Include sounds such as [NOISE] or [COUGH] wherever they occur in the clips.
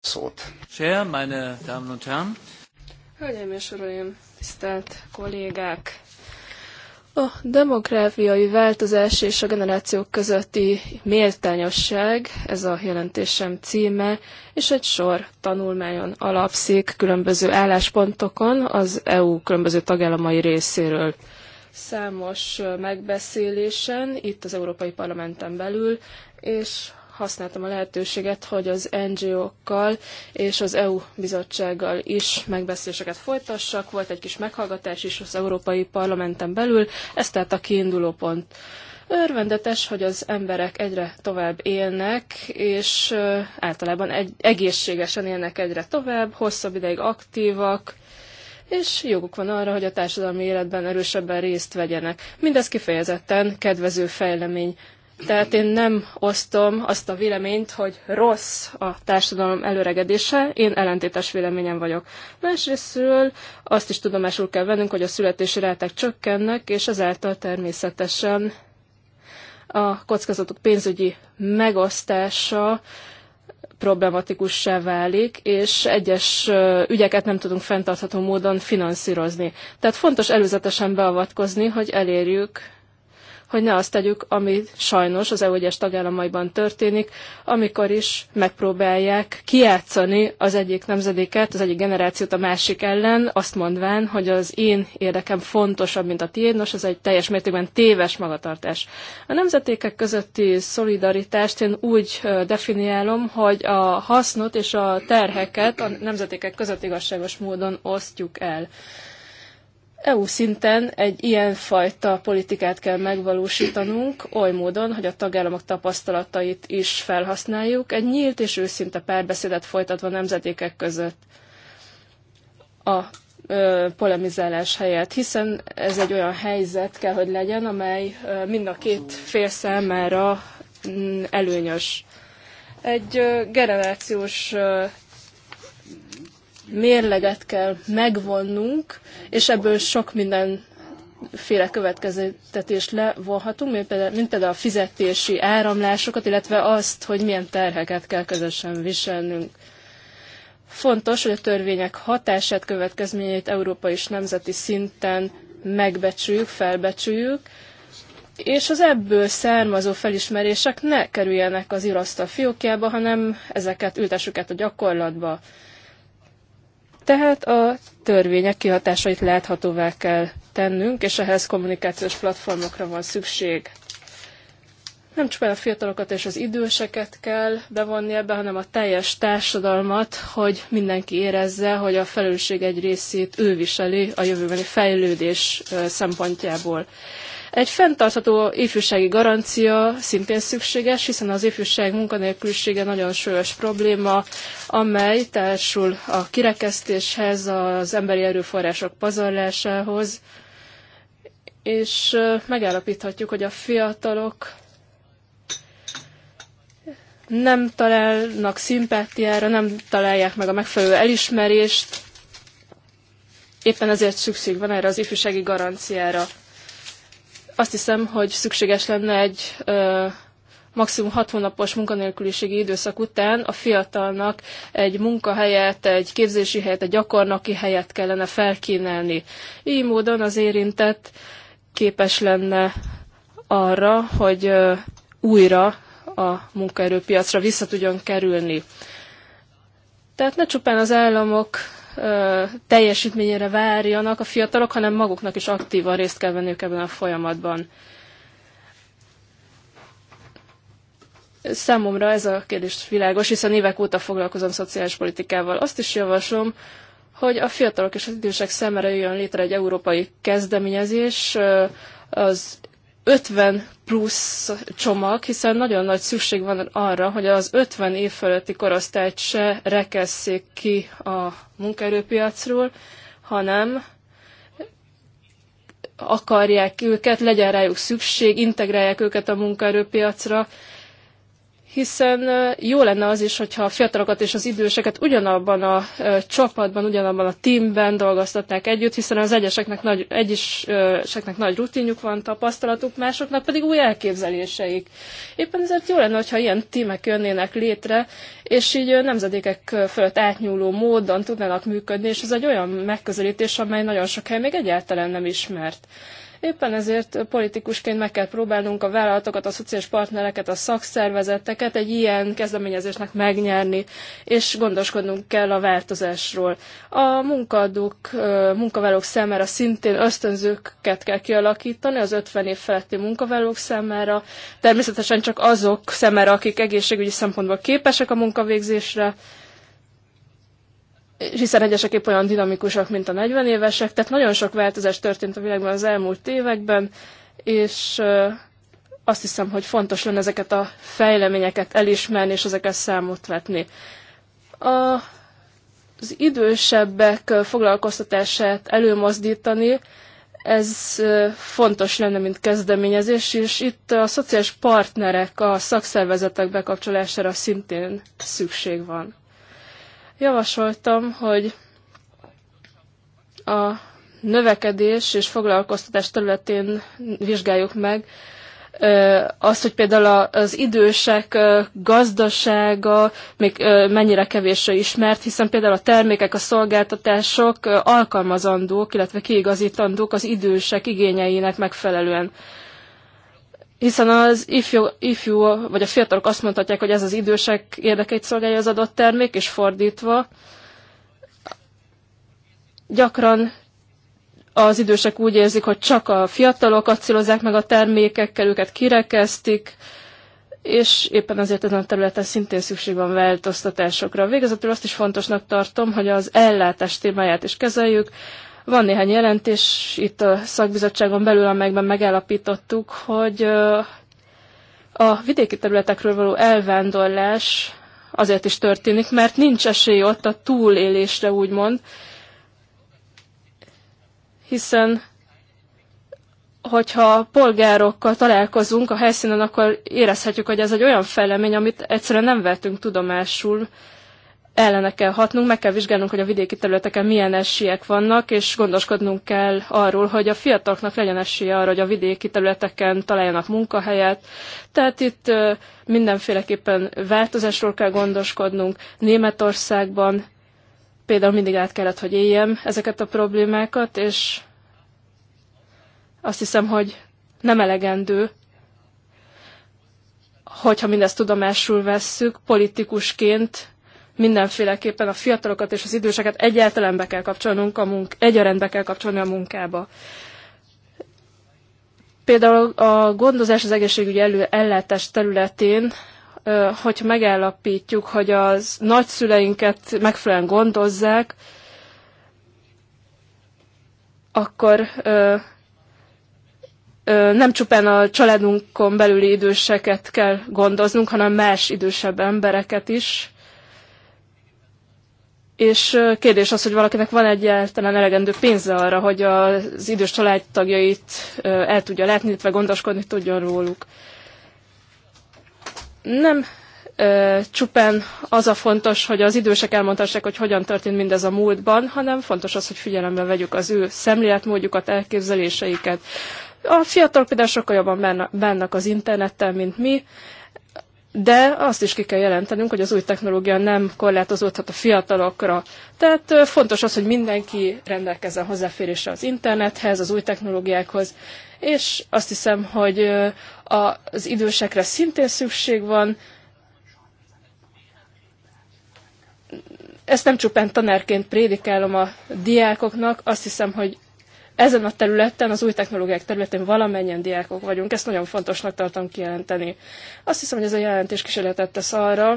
szót. Chair, meine Damen und Herren. Hölgyeim és uraim, tisztelt kollégák! A demográfiai változás és a generációk közötti méltányosság, ez a jelentésem címe, és egy sor tanulmányon alapszik különböző álláspontokon az EU különböző tagállamai részéről. Számos megbeszélésen, itt az Európai Parlamenten belül, és használtam a lehetőséget, hogy az NGO-kkal és az EU bizottsággal is megbeszéléseket folytassak. Volt egy kis meghallgatás is az Európai Parlamenten belül, ez tehát a kiinduló pont. Örvendetes, hogy az emberek egyre tovább élnek, és általában egy, egészségesen élnek egyre tovább, hosszabb ideig aktívak, és joguk van arra, hogy a társadalmi életben erősebben részt vegyenek. Mindez kifejezetten kedvező fejlemény. Tehát én nem osztom azt a véleményt, hogy rossz a társadalom előregedése, én ellentétes véleményen vagyok. Másrésztről azt is tudomásul kell vennünk, hogy a születési ráták csökkennek, és ezáltal természetesen a kockázatok pénzügyi megosztása problematikussá válik, és egyes ügyeket nem tudunk fenntartható módon finanszírozni. Tehát fontos előzetesen beavatkozni, hogy elérjük hogy ne azt tegyük, ami sajnos az EU-egyes tagállamaiban történik, amikor is megpróbálják kiátszani az egyik nemzedéket, az egyik generációt a másik ellen, azt mondván, hogy az én érdekem fontosabb, mint a tiéd, nos, ez egy teljes mértékben téves magatartás. A nemzetékek közötti szolidaritást én úgy definiálom, hogy a hasznot és a terheket a nemzetékek között igazságos módon osztjuk el. EU szinten egy ilyenfajta politikát kell megvalósítanunk, oly módon, hogy a tagállamok tapasztalatait is felhasználjuk, egy nyílt és őszinte párbeszédet folytatva nemzetékek között a ö, polemizálás helyett, hiszen ez egy olyan helyzet kell, hogy legyen, amely ö, mind a két fél számára mm, előnyös. Egy ö, generációs mérleget kell megvonnunk, és ebből sok minden féle következtetést levonhatunk, mint például, mint például a fizetési áramlásokat, illetve azt, hogy milyen terheket kell közösen viselnünk. Fontos, hogy a törvények hatását, következményeit európai és nemzeti szinten megbecsüljük, felbecsüljük, és az ebből származó felismerések ne kerüljenek az irasztal fiókjába, hanem ezeket ültessük át a gyakorlatba. Tehát a törvények kihatásait láthatóvá kell tennünk, és ehhez kommunikációs platformokra van szükség. Nem csak a fiatalokat és az időseket kell bevonni ebbe, hanem a teljes társadalmat, hogy mindenki érezze, hogy a felelősség egy részét ő viseli a jövőbeni fejlődés szempontjából. Egy fenntartható ifjúsági garancia szintén szükséges, hiszen az ifjúság munkanélkülisége nagyon súlyos probléma, amely társul a kirekesztéshez, az emberi erőforrások pazarlásához, és megállapíthatjuk, hogy a fiatalok nem találnak szimpátiára, nem találják meg a megfelelő elismerést, éppen ezért szükség van erre az ifjúsági garanciára. Azt hiszem, hogy szükséges lenne egy ö, maximum 6 hónapos munkanélküliségi időszak után a fiatalnak egy munkahelyet, egy képzési helyet, egy gyakornoki helyet kellene felkínálni. Így módon az érintett képes lenne arra, hogy ö, újra a munkaerőpiacra vissza tudjon kerülni. Tehát ne csupán az államok teljesítményére várjanak a fiatalok, hanem maguknak is aktívan részt kell venniük ebben a folyamatban. Számomra ez a kérdés világos, hiszen évek óta foglalkozom szociális politikával. Azt is javaslom, hogy a fiatalok és az idősek szemére jöjjön létre egy európai kezdeményezés az 50 plusz csomag, hiszen nagyon nagy szükség van arra, hogy az 50 év fölötti korosztályt se rekesszék ki a munkaerőpiacról, hanem akarják őket, legyen rájuk szükség, integrálják őket a munkaerőpiacra, hiszen jó lenne az is, hogyha a fiatalokat és az időseket ugyanabban a csapatban, ugyanabban a teamben dolgoztatnák együtt, hiszen az egyeseknek nagy, egyeseknek nagy rutinjuk van, tapasztalatuk, másoknak pedig új elképzeléseik. Éppen ezért jó lenne, hogyha ilyen tímek jönnének létre, és így nemzedékek fölött átnyúló módon tudnának működni, és ez egy olyan megközelítés, amely nagyon sok hely még egyáltalán nem ismert. Éppen ezért politikusként meg kell próbálnunk a vállalatokat, a szociális partnereket, a szakszervezeteket egy ilyen kezdeményezésnek megnyerni, és gondoskodnunk kell a változásról. A munkadók, munkavállalók számára szintén ösztönzőket kell kialakítani, az 50 év feletti munkavállalók számára, természetesen csak azok számára, akik egészségügyi szempontból képesek a munkavégzésre, hiszen egyesek épp olyan dinamikusak, mint a 40 évesek, tehát nagyon sok változás történt a világban az elmúlt években, és azt hiszem, hogy fontos lenne ezeket a fejleményeket elismerni, és ezeket számot vetni. A, az idősebbek foglalkoztatását előmozdítani, ez fontos lenne, mint kezdeményezés, és itt a szociális partnerek, a szakszervezetek bekapcsolására szintén szükség van. Javasoltam, hogy a növekedés és foglalkoztatás területén vizsgáljuk meg, azt, hogy például az idősek gazdasága még mennyire kevésre ismert, hiszen például a termékek, a szolgáltatások alkalmazandók, illetve kiigazítandók az idősek igényeinek megfelelően hiszen az ifjú, ifjú vagy a fiatalok azt mondhatják, hogy ez az idősek érdekeit szolgálja az adott termék, és fordítva gyakran az idősek úgy érzik, hogy csak a fiatalok acélozzák meg a termékekkel, őket kirekeztik, és éppen azért ezen a területen szintén szükség van változtatásokra. Végezetül azt is fontosnak tartom, hogy az ellátás témáját is kezeljük. Van néhány jelentés itt a szakbizottságon belül, amelyben megállapítottuk, hogy a vidéki területekről való elvándorlás azért is történik, mert nincs esély ott a túlélésre, úgymond, hiszen hogyha polgárokkal találkozunk a helyszínen, akkor érezhetjük, hogy ez egy olyan fejlemény, amit egyszerűen nem vettünk tudomásul, ellene kell hatnunk, meg kell vizsgálnunk, hogy a vidéki területeken milyen esélyek vannak, és gondoskodnunk kell arról, hogy a fiataloknak legyen esélye arra, hogy a vidéki területeken találjanak munkahelyet. Tehát itt mindenféleképpen változásról kell gondoskodnunk. Németországban például mindig át kellett, hogy éljem ezeket a problémákat, és azt hiszem, hogy nem elegendő, hogyha mindezt tudomásul vesszük, politikusként mindenféleképpen a fiatalokat és az időseket egyáltalán be kell kapcsolnunk a munk, egyaránt be kell kapcsolni a munkába. Például a gondozás az egészségügyi elő, ellátás területén hogyha megállapítjuk, hogy az nagyszüleinket megfelelően gondozzák, akkor nem csupán a családunkon belüli időseket kell gondoznunk, hanem más idősebb embereket is. És kérdés az, hogy valakinek van egyáltalán elegendő pénze arra, hogy az idős családtagjait el tudja látni, illetve gondoskodni tudjon róluk. Nem csupán az a fontos, hogy az idősek elmondhassák, hogy hogyan történt mindez a múltban, hanem fontos az, hogy figyelembe vegyük az ő szemléletmódjukat, elképzeléseiket. A fiatal például sokkal jobban bennak az interneten, mint mi, de azt is ki kell jelentenünk, hogy az új technológia nem korlátozódhat a fiatalokra. Tehát fontos az, hogy mindenki rendelkezzen hozzáférésre az internethez, az új technológiákhoz, és azt hiszem, hogy az idősekre szintén szükség van. Ezt nem csupán tanárként prédikálom a diákoknak, azt hiszem, hogy ezen a területen, az új technológiák területén valamennyien diákok vagyunk. Ezt nagyon fontosnak tartom kijelenteni. Azt hiszem, hogy ez a jelentés kísérletet tesz arra,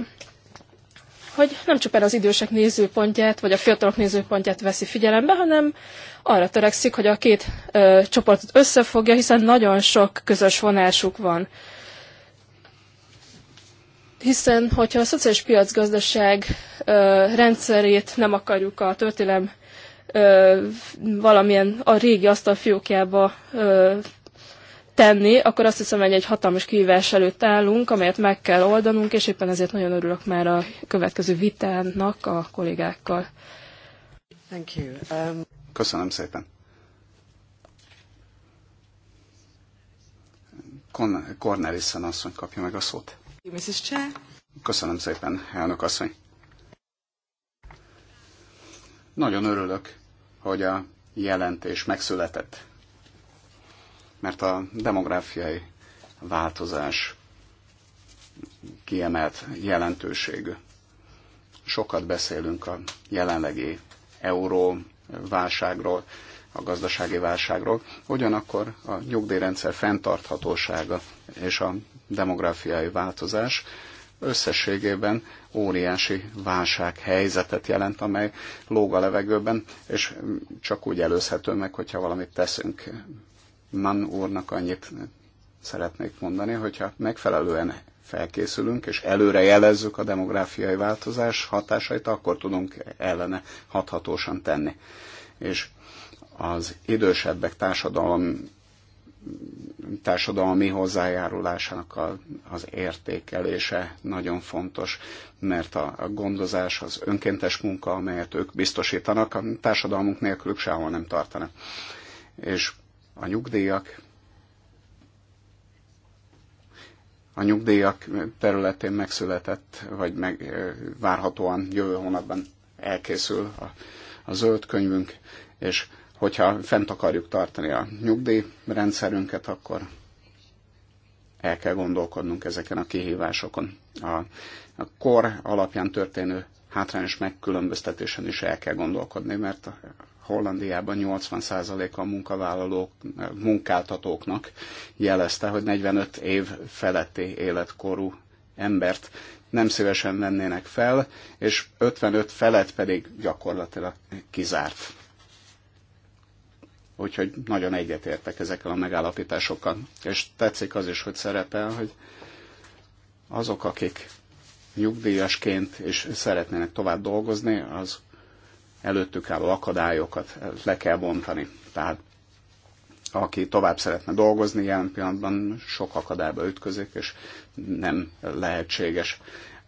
hogy nem csupán az idősek nézőpontját, vagy a fiatalok nézőpontját veszi figyelembe, hanem arra törekszik, hogy a két ö, csoportot összefogja, hiszen nagyon sok közös vonásuk van. Hiszen, hogyha a szociális piacgazdaság ö, rendszerét nem akarjuk a történelem valamilyen a régi asztal fiókjába tenni, akkor azt hiszem, hogy egy hatalmas kihívás előtt állunk, amelyet meg kell oldanunk, és éppen ezért nagyon örülök már a következő vitának a kollégákkal. Thank you. Um... Köszönöm szépen. Cornelissen asszony kapja meg a szót. Mrs. Chair. Köszönöm szépen, elnök asszony. Nagyon örülök hogy a jelentés megszületett. Mert a demográfiai változás kiemelt jelentőségű. Sokat beszélünk a jelenlegi euró válságról, a gazdasági válságról, ugyanakkor a nyugdíjrendszer fenntarthatósága és a demográfiai változás összességében óriási válsághelyzetet jelent, amely lóg a levegőben, és csak úgy előzhető meg, hogyha valamit teszünk. Mann úrnak annyit szeretnék mondani, hogyha megfelelően felkészülünk, és előre jelezzük a demográfiai változás hatásait, akkor tudunk ellene hathatósan tenni. És az idősebbek társadalom társadalmi hozzájárulásának a, az értékelése nagyon fontos, mert a, a gondozás, az önkéntes munka, amelyet ők biztosítanak, a társadalmunk nélkülük sehol nem tartana. És a nyugdíjak, a nyugdíjak területén megszületett, vagy meg várhatóan jövő hónapban elkészül a, a zöld könyvünk, és hogyha fent akarjuk tartani a nyugdíjrendszerünket, akkor el kell gondolkodnunk ezeken a kihívásokon. A, a kor alapján történő hátrányos megkülönböztetésen is el kell gondolkodni, mert a Hollandiában 80% a munkavállalók, munkáltatóknak jelezte, hogy 45 év feletti életkorú embert nem szívesen vennének fel, és 55 felett pedig gyakorlatilag kizárt Úgyhogy nagyon egyetértek ezekkel a megállapításokkal. És tetszik az is, hogy szerepel, hogy azok, akik nyugdíjasként és szeretnének tovább dolgozni, az előttük álló akadályokat le kell bontani. Tehát aki tovább szeretne dolgozni, jelen pillanatban sok akadályba ütközik, és nem lehetséges.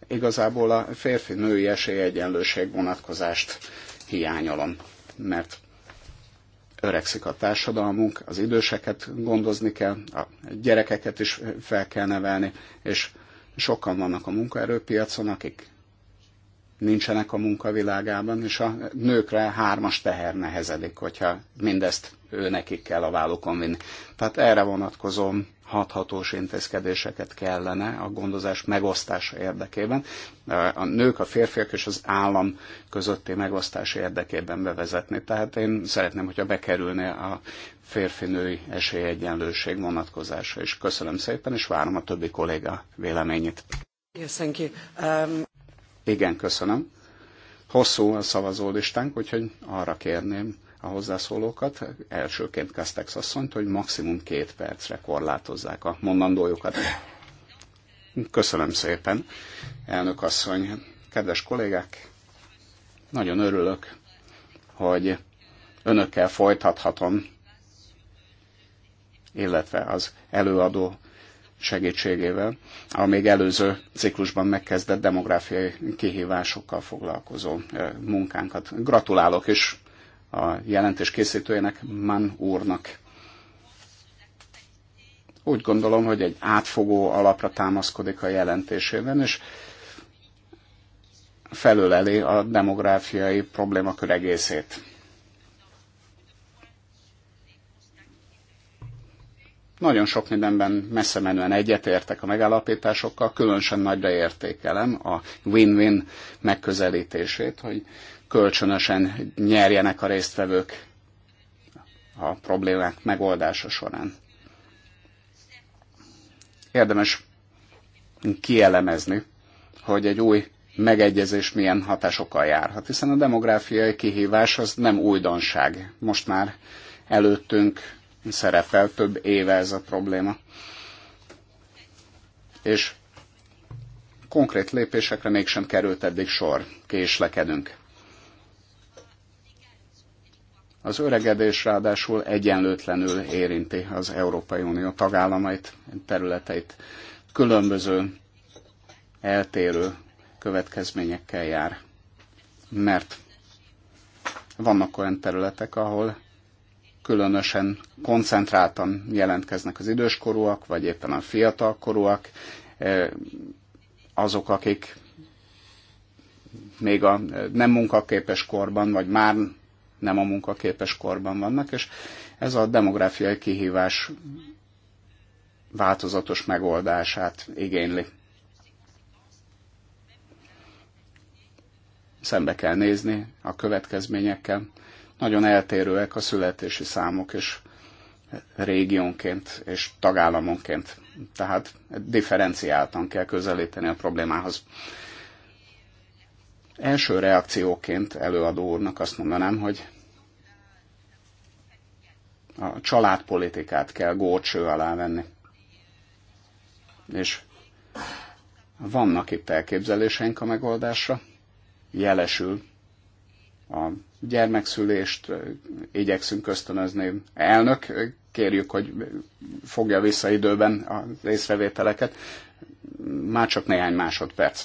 Igazából a férfi-női esélyegyenlőség vonatkozást hiányolom, mert öregszik a társadalmunk, az időseket gondozni kell, a gyerekeket is fel kell nevelni, és sokan vannak a munkaerőpiacon, akik nincsenek a munkavilágában, és a nőkre hármas teher nehezedik, hogyha mindezt ő nekik kell a vállukon vinni. Tehát erre vonatkozom hathatós intézkedéseket kellene a gondozás megosztása érdekében, a nők, a férfiak és az állam közötti megosztás érdekében bevezetni. Tehát én szeretném, hogyha bekerülne a férfinői esélyegyenlőség vonatkozása is. Köszönöm szépen, és várom a többi kolléga véleményét. Yes, thank you. Um... Igen, köszönöm. Hosszú a szavazólistánk, úgyhogy arra kérném a hozzászólókat, elsőként Kastex asszonyt, hogy maximum két percre korlátozzák a mondandójukat. Köszönöm szépen, elnök asszony, kedves kollégák, nagyon örülök, hogy önökkel folytathatom, illetve az előadó segítségével a még előző ciklusban megkezdett demográfiai kihívásokkal foglalkozó eh, munkánkat. Gratulálok, és a jelentés készítőjének, Mann úrnak. Úgy gondolom, hogy egy átfogó alapra támaszkodik a jelentésében, és felöleli a demográfiai problémakör egészét. Nagyon sok mindenben messze menően egyetértek a megállapításokkal, különösen nagyra értékelem a win-win megközelítését, hogy kölcsönösen nyerjenek a résztvevők a problémák megoldása során. Érdemes kielemezni, hogy egy új megegyezés milyen hatásokkal járhat, hiszen a demográfiai kihívás az nem újdonság. Most már előttünk szerepel több éve ez a probléma. És konkrét lépésekre mégsem került eddig sor, késlekedünk. Az öregedés ráadásul egyenlőtlenül érinti az Európai Unió tagállamait, területeit. Különböző, eltérő következményekkel jár. Mert vannak olyan területek, ahol különösen koncentráltan jelentkeznek az időskorúak, vagy éppen a fiatalkorúak, eh, azok, akik még a nem munkaképes korban, vagy már nem a munkaképes korban vannak, és ez a demográfiai kihívás változatos megoldását igényli. Szembe kell nézni a következményekkel. Nagyon eltérőek a születési számok, és régiónként és tagállamonként. Tehát differenciáltan kell közelíteni a problémához. Első reakcióként előadó úrnak azt mondanám, hogy a családpolitikát kell górcső alá venni. És vannak itt elképzeléseink a megoldásra, jelesül a gyermekszülést igyekszünk ösztönözni. Elnök, kérjük, hogy fogja vissza időben az észrevételeket. Már csak néhány másodperc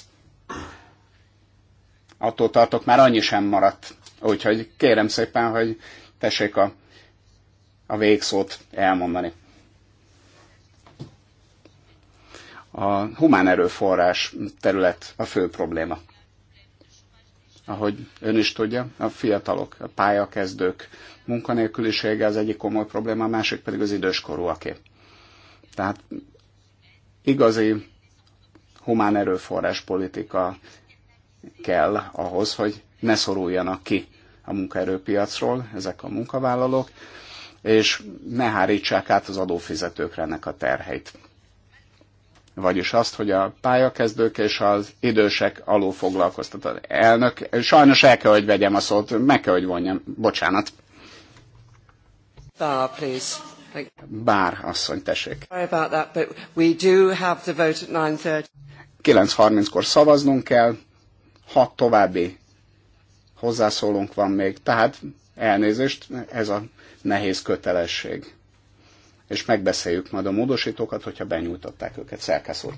attól tartok, már annyi sem maradt. Úgyhogy kérem szépen, hogy tessék a, a végszót elmondani. A humán erőforrás terület a fő probléma. Ahogy ön is tudja, a fiatalok, a pályakezdők munkanélkülisége az egyik komoly probléma, a másik pedig az időskorúaké. Tehát igazi humán erőforrás politika kell ahhoz, hogy ne szoruljanak ki a munkaerőpiacról ezek a munkavállalók, és ne hárítsák át az adófizetőkre ennek a terheit. Vagyis azt, hogy a pályakezdők és az idősek alul foglalkoztatott elnök, sajnos el kell, hogy vegyem a szót, meg kell, hogy vonjam, bocsánat. Bar, please. Bár, asszony, tessék. 9.30-kor szavaznunk kell, hat további hozzászólónk van még, tehát elnézést, ez a nehéz kötelesség. És megbeszéljük majd a módosítókat, hogyha benyújtották őket. Szerkesz úr.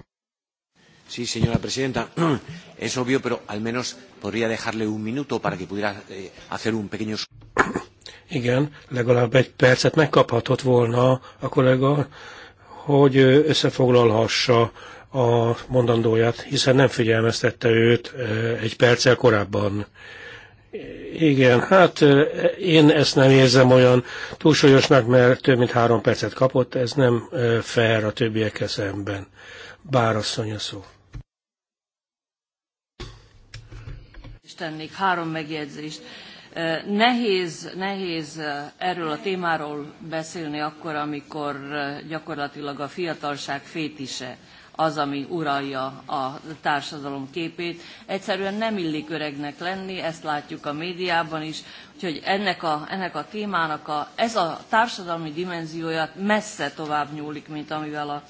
Sí, señora presidenta. [CLEARS THROAT] Es obvio, pero al menos podría dejarle un minuto para que pudiera eh, hacer un pequeño... [CLEARS THROAT] Igen, legalább egy percet megkaphatott volna a kollega, hogy összefoglalhassa a mondandóját, hiszen nem figyelmeztette őt egy perccel korábban. Igen, hát én ezt nem érzem olyan túlsúlyosnak, mert több mint három percet kapott, ez nem fair a többiek szemben. Bár asszony a szó. Tennék három megjegyzést. Nehéz, nehéz erről a témáról beszélni akkor, amikor gyakorlatilag a fiatalság fétise az, ami uralja a társadalom képét. Egyszerűen nem illik öregnek lenni, ezt látjuk a médiában is, úgyhogy ennek a, ennek a témának a, ez a társadalmi dimenziója messze tovább nyúlik, mint amivel a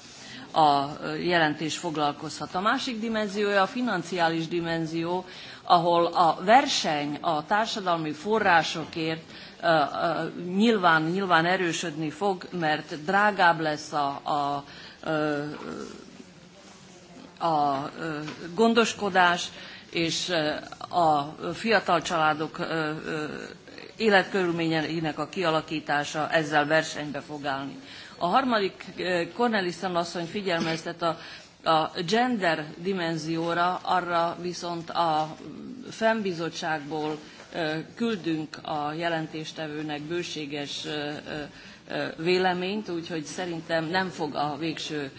a jelentés foglalkozhat. A másik dimenziója a financiális dimenzió, ahol a verseny a társadalmi forrásokért nyilván, nyilván erősödni fog, mert drágább lesz a, a a gondoskodás és a fiatal családok életkörülményeinek a kialakítása ezzel versenybe fog állni. A harmadik Cornelissen asszony figyelmeztet a, a gender dimenzióra, arra viszont a fennbizottságból küldünk a jelentéstevőnek bőséges véleményt, úgyhogy szerintem nem fog a végső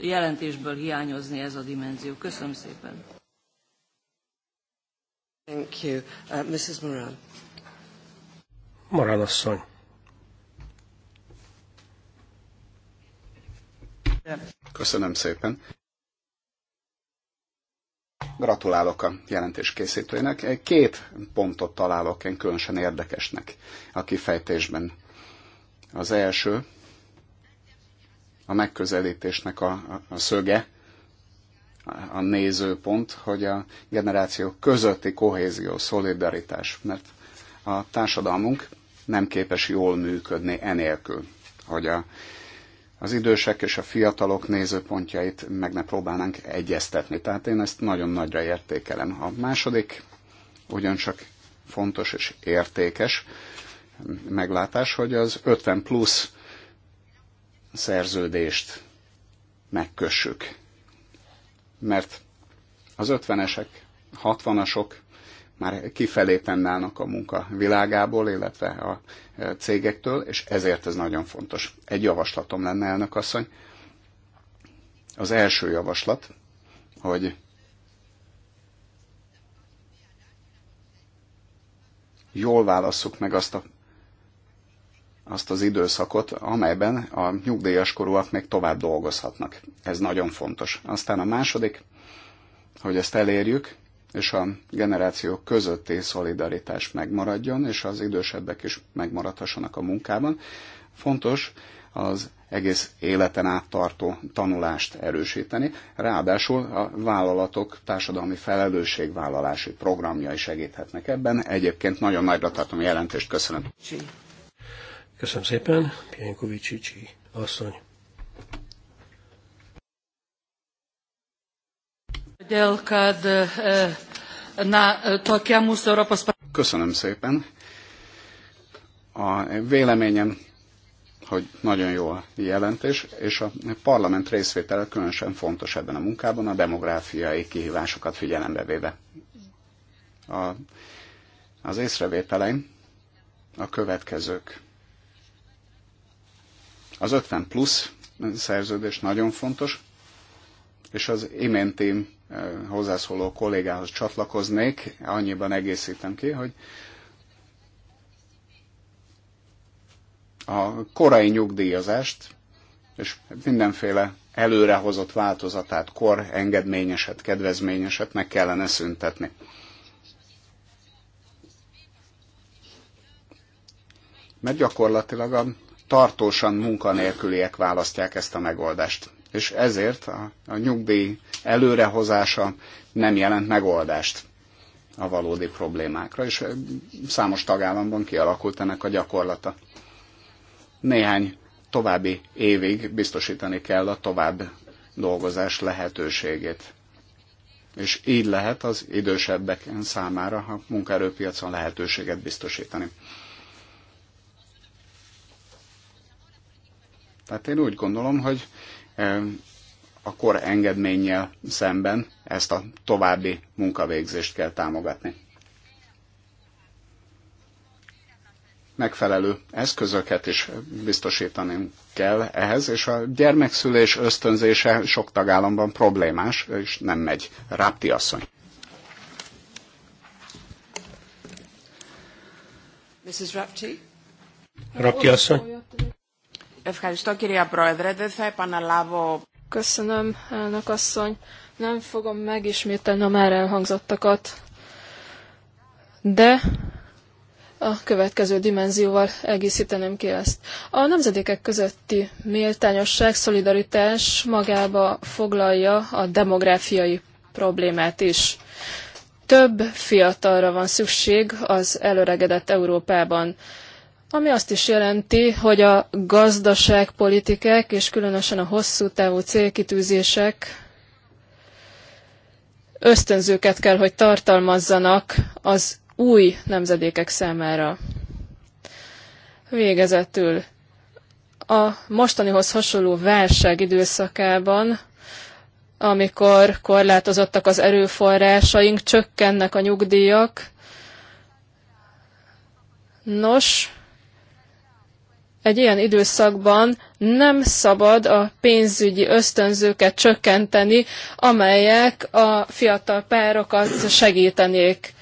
jelentésből hiányozni ez a dimenzió. Köszönöm szépen. Thank you. Uh, Mrs. Moran. Moran asszony. Köszönöm szépen. Gratulálok a jelentés készítőjének. Két pontot találok én különösen érdekesnek a kifejtésben. Az első, a megközelítésnek a, a szöge, a nézőpont, hogy a generációk közötti kohézió, szolidaritás, mert a társadalmunk nem képes jól működni enélkül, hogy a, az idősek és a fiatalok nézőpontjait meg ne próbálnánk egyeztetni. Tehát én ezt nagyon nagyra értékelem. A második ugyancsak fontos és értékes meglátás, hogy az 50 plusz szerződést megkössük. Mert az ötvenesek, hatvanasok már kifelé tennálnak a munka világából, illetve a e, cégektől, és ezért ez nagyon fontos. Egy javaslatom lenne, elnök asszony. Az első javaslat, hogy jól válasszuk meg azt a azt az időszakot, amelyben a nyugdíjas korúak még tovább dolgozhatnak. Ez nagyon fontos. Aztán a második, hogy ezt elérjük, és a generációk közötti szolidaritás megmaradjon, és az idősebbek is megmaradhassanak a munkában. Fontos az egész életen át tartó tanulást erősíteni, ráadásul a vállalatok társadalmi felelősségvállalási programjai segíthetnek ebben. Egyébként nagyon nagyra tartom a jelentést, köszönöm. Csí. Köszönöm szépen, Pienkovics Csicsi asszony. Eh, eh, eh, Köszönöm szépen. A véleményem, hogy nagyon jó a jelentés, és a parlament részvétele különösen fontos ebben a munkában, a demográfiai kihívásokat figyelembe véve. A, az észrevételeim a következők az 50 plusz szerződés nagyon fontos, és az iménti eh, hozzászóló kollégához csatlakoznék, annyiban egészítem ki, hogy a korai nyugdíjazást és mindenféle előrehozott változatát, kor engedményeset, kedvezményeset meg kellene szüntetni. Mert gyakorlatilag a tartósan munkanélküliek választják ezt a megoldást. És ezért a, a nyugdíj előrehozása nem jelent megoldást a valódi problémákra, és eh, számos tagállamban kialakult ennek a gyakorlata. Néhány további évig biztosítani kell a tovább dolgozás lehetőségét. És így lehet az idősebbek számára a munkaerőpiacon lehetőséget biztosítani. Tehát én úgy gondolom, hogy e, a kor engedménnyel szemben ezt a további munkavégzést kell támogatni. Megfelelő eszközöket is biztosítani kell ehhez, és a gyermekszülés ösztönzése sok tagállamban problémás, és nem megy. Rápti asszony. Mrs. Rapti? Rapti asszony. Köszönöm, elnök asszony. Nem fogom megismételni a már elhangzottakat, de a következő dimenzióval egészíteném ki ezt. A nemzedékek közötti méltányosság, szolidaritás magába foglalja a demográfiai problémát is. Több fiatalra van szükség az előregedett Európában ami azt is jelenti, hogy a gazdaságpolitikák és különösen a hosszú távú célkitűzések ösztönzőket kell, hogy tartalmazzanak az új nemzedékek számára. Végezetül a mostanihoz hasonló válság időszakában, amikor korlátozottak az erőforrásaink, csökkennek a nyugdíjak. Nos, egy ilyen időszakban nem szabad a pénzügyi ösztönzőket csökkenteni, amelyek a fiatal párokat segítenék.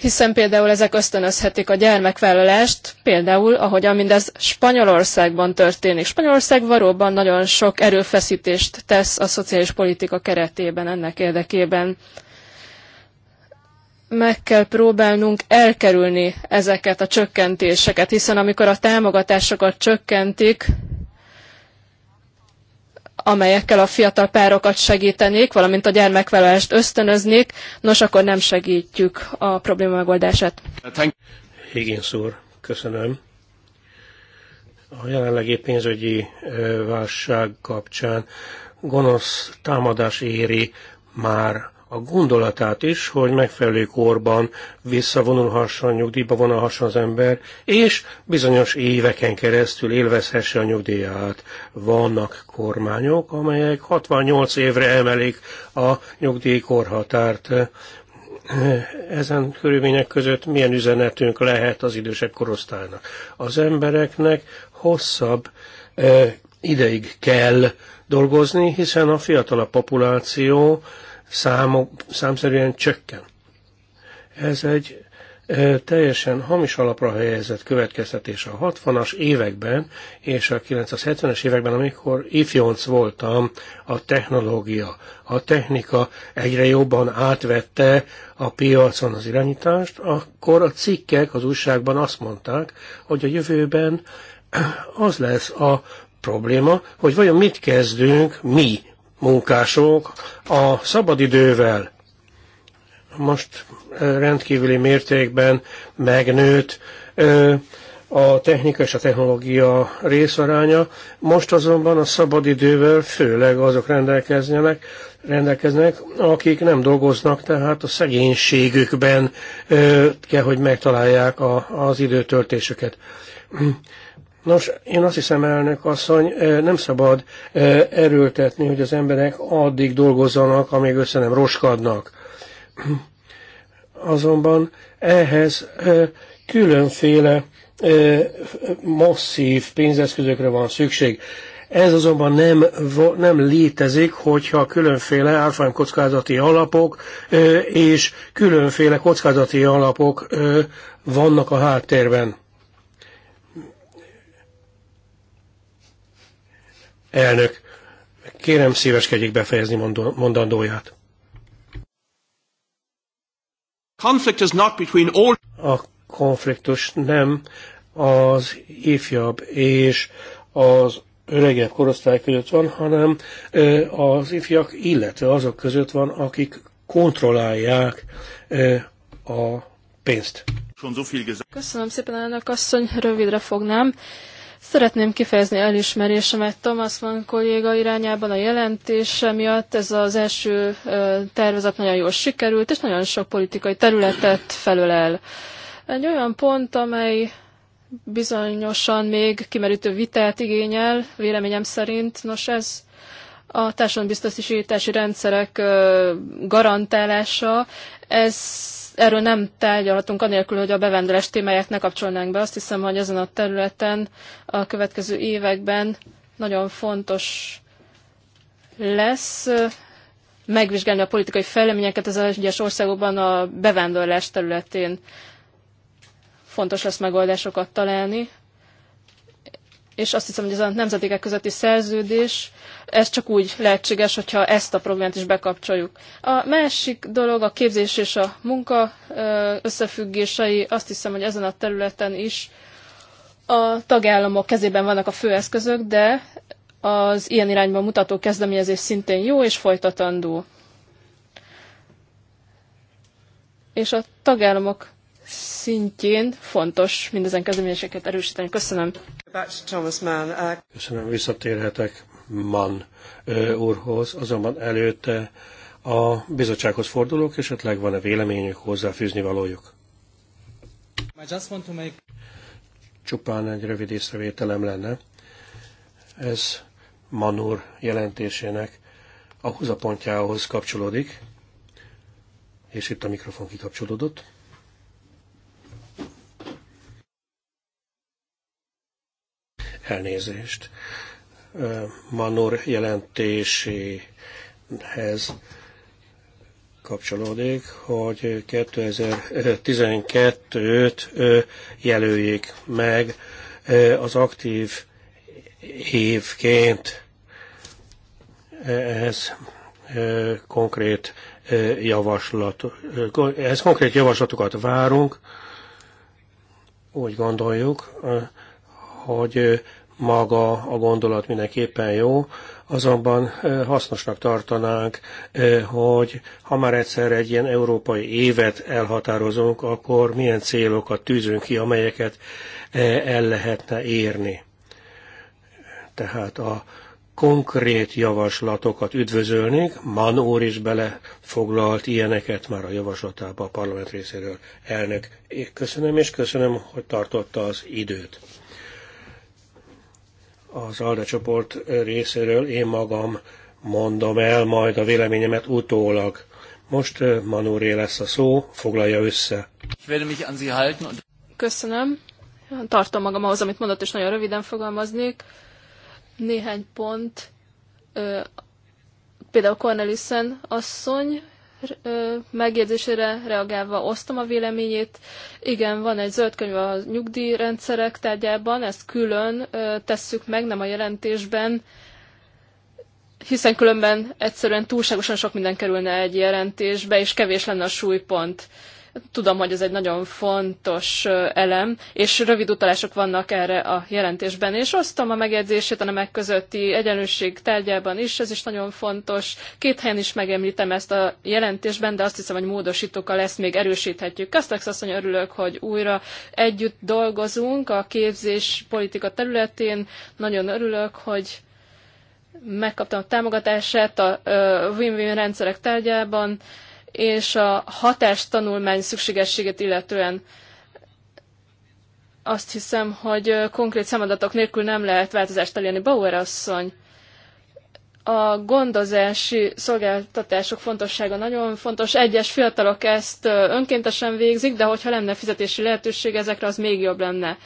Hiszen például ezek ösztönözhetik a gyermekvállalást, például ahogyan mindez Spanyolországban történik. Spanyolország valóban nagyon sok erőfeszítést tesz a szociális politika keretében ennek érdekében meg kell próbálnunk elkerülni ezeket a csökkentéseket, hiszen amikor a támogatásokat csökkentik, amelyekkel a fiatal párokat segítenék, valamint a gyermekvállalást ösztönöznék, nos, akkor nem segítjük a probléma megoldását. Higgins úr, köszönöm. A jelenlegi pénzügyi válság kapcsán gonosz támadás éri már a gondolatát is, hogy megfelelő korban visszavonulhasson, nyugdíjba vonalhasson az ember, és bizonyos éveken keresztül élvezhesse a nyugdíját. Vannak kormányok, amelyek 68 évre emelik a nyugdíjkorhatárt. Ezen körülmények között milyen üzenetünk lehet az idősebb korosztálynak? Az embereknek hosszabb eh, ideig kell dolgozni, hiszen a fiatalabb populáció számok, számszerűen csökken. Ez egy teljesen hamis alapra helyezett következtetés a 60-as években és a 970 es években, amikor ifjonc voltam, a technológia, a technika egyre jobban átvette a piacon az irányítást, akkor a cikkek az újságban azt mondták, hogy a jövőben az lesz a probléma, hogy vajon mit kezdünk mi munkások a szabadidővel most rendkívüli mértékben megnőtt a technika és a technológia részaránya. Most azonban a szabadidővel főleg azok rendelkeznek, rendelkeznek, akik nem dolgoznak, tehát a szegénységükben kell, hogy megtalálják a, az időtöltésüket. Nos, én azt hiszem, elnök asszony, nem szabad erőltetni, hogy az emberek addig dolgozzanak, amíg össze nem roskadnak. Azonban ehhez különféle masszív pénzeszközökre van szükség. Ez azonban nem, nem létezik, hogyha különféle árfolyam kockázati alapok és különféle kockázati alapok vannak a háttérben. Elnök, kérem szíveskedjék befejezni mondandóját. A konfliktus nem az ifjabb és az öregebb korosztály között van, hanem az ifjak, illetve azok között van, akik kontrollálják a pénzt. Köszönöm szépen, elnök asszony, rövidre fognám. Szeretném kifejezni elismerésemet Thomas Mann kolléga irányában a jelentése miatt. Ez az első tervezet nagyon jól sikerült, és nagyon sok politikai területet felölel. Egy olyan pont, amely bizonyosan még kimerítő vitát igényel, véleményem szerint. Nos, ez a társadalombiztosítási rendszerek garantálása. Ez erről nem tárgyalhatunk anélkül, hogy a bevándorlás témáját ne kapcsolnánk be. Azt hiszem, hogy ezen a területen a következő években nagyon fontos lesz megvizsgálni a politikai fejleményeket az egyes országokban a bevándorlás területén. Fontos lesz megoldásokat találni és azt hiszem, hogy ez a nemzetékek közötti szerződés, ez csak úgy lehetséges, hogyha ezt a problémát is bekapcsoljuk. A másik dolog a képzés és a munka összefüggései, azt hiszem, hogy ezen a területen is a tagállamok kezében vannak a főeszközök, de az ilyen irányba mutató kezdeményezés szintén jó és folytatandó. És a tagállamok szintjén fontos mindezen kezdeményezéseket erősíteni. Köszönöm. Uh, Köszönöm, visszatérhetek Mann úrhoz, azonban előtte a bizottsághoz fordulók, esetleg van-e véleményük, hozzáfűzni valójuk? Csupán egy rövid észrevételem lenne. Ez Manur jelentésének a pontjához kapcsolódik, és itt a mikrofon kikapcsolódott. elnézést. Manor jelentéséhez kapcsolódik, hogy 2012-t jelöljék meg az aktív évként. Ez konkrét javaslat, ez konkrét javaslatokat várunk, úgy gondoljuk, hogy maga a gondolat mindenképpen jó, azonban hasznosnak tartanánk, hogy ha már egyszer egy ilyen európai évet elhatározunk, akkor milyen célokat tűzünk ki, amelyeket el lehetne érni. Tehát a konkrét javaslatokat üdvözölnék, Manór is belefoglalt ilyeneket már a javaslatába a parlament részéről. Elnök, köszönöm és köszönöm, hogy tartotta az időt az ALDE csoport részéről én magam mondom el majd a véleményemet utólag. Most Manóré lesz a szó, foglalja össze. Köszönöm. Tartom magam ahhoz, amit mondott, és nagyon röviden fogalmaznék. Néhány pont. Például Cornelissen asszony megjegyzésére reagálva osztom a véleményét. Igen, van egy zöld könyv a nyugdíjrendszerek tárgyában, ezt külön tesszük meg, nem a jelentésben, hiszen különben egyszerűen túlságosan sok minden kerülne egy jelentésbe, és kevés lenne a súlypont. Tudom, hogy ez egy nagyon fontos elem, és rövid utalások vannak erre a jelentésben, és osztom a megjegyzését a nemek közötti egyenlőség tárgyában is, ez is nagyon fontos. Két helyen is megemlítem ezt a jelentésben, de azt hiszem, hogy módosítókkal ezt még erősíthetjük. Kastex asszony, örülök, hogy újra együtt dolgozunk a képzés politika területén. Nagyon örülök, hogy megkaptam a támogatását a win-win rendszerek tárgyában és a hatástanulmány szükségességet illetően azt hiszem, hogy konkrét számadatok nélkül nem lehet változást elérni. Bauer asszony, a gondozási szolgáltatások fontossága nagyon fontos. Egyes fiatalok ezt önkéntesen végzik, de hogyha lenne fizetési lehetőség ezekre, az még jobb lenne.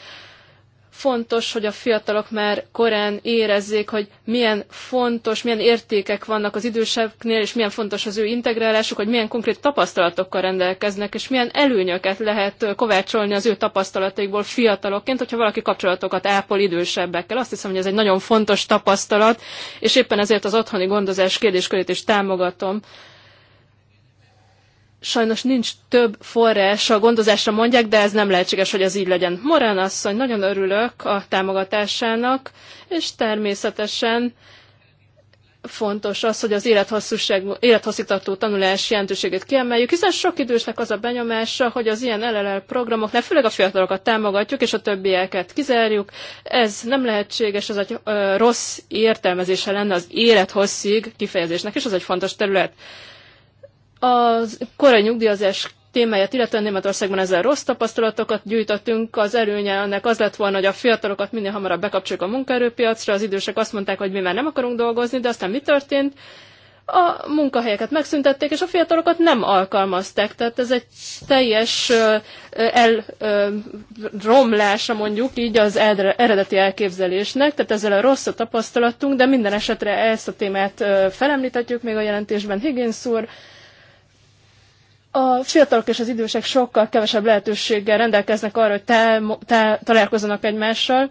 Fontos, hogy a fiatalok már korán érezzék, hogy milyen fontos, milyen értékek vannak az idősebbnél, és milyen fontos az ő integrálásuk, hogy milyen konkrét tapasztalatokkal rendelkeznek, és milyen előnyöket lehet kovácsolni az ő tapasztalataikból fiatalokként, hogyha valaki kapcsolatokat ápol idősebbekkel. Azt hiszem, hogy ez egy nagyon fontos tapasztalat, és éppen ezért az otthoni gondozás kérdéskörét is támogatom sajnos nincs több forrás a gondozásra mondják, de ez nem lehetséges, hogy ez így legyen. Morán asszony, nagyon örülök a támogatásának, és természetesen fontos az, hogy az tartó tanulás jelentőségét kiemeljük, hiszen sok idősnek az a benyomása, hogy az ilyen LLL programoknál főleg a fiatalokat támogatjuk, és a többieket kizárjuk. Ez nem lehetséges, ez egy rossz értelmezése lenne az élethosszig kifejezésnek, és ez egy fontos terület. A korai nyugdíjazás témáját, illetően Németországban ezzel rossz tapasztalatokat gyűjtöttünk. Az előnye ennek az lett volna, hogy a fiatalokat minél hamarabb bekapcsoljuk a munkaerőpiacra, az idősek azt mondták, hogy mi már nem akarunk dolgozni, de aztán mi történt? A munkahelyeket megszüntették, és a fiatalokat nem alkalmazták. Tehát ez egy teljes elromlása mondjuk így az eredeti elképzelésnek, tehát ezzel a rossz a tapasztalatunk, de minden esetre ezt a témát felemlítetjük még a jelentésben Higgins úr a fiatalok és az idősek sokkal kevesebb lehetőséggel rendelkeznek arra, hogy te, te találkozzanak egymással.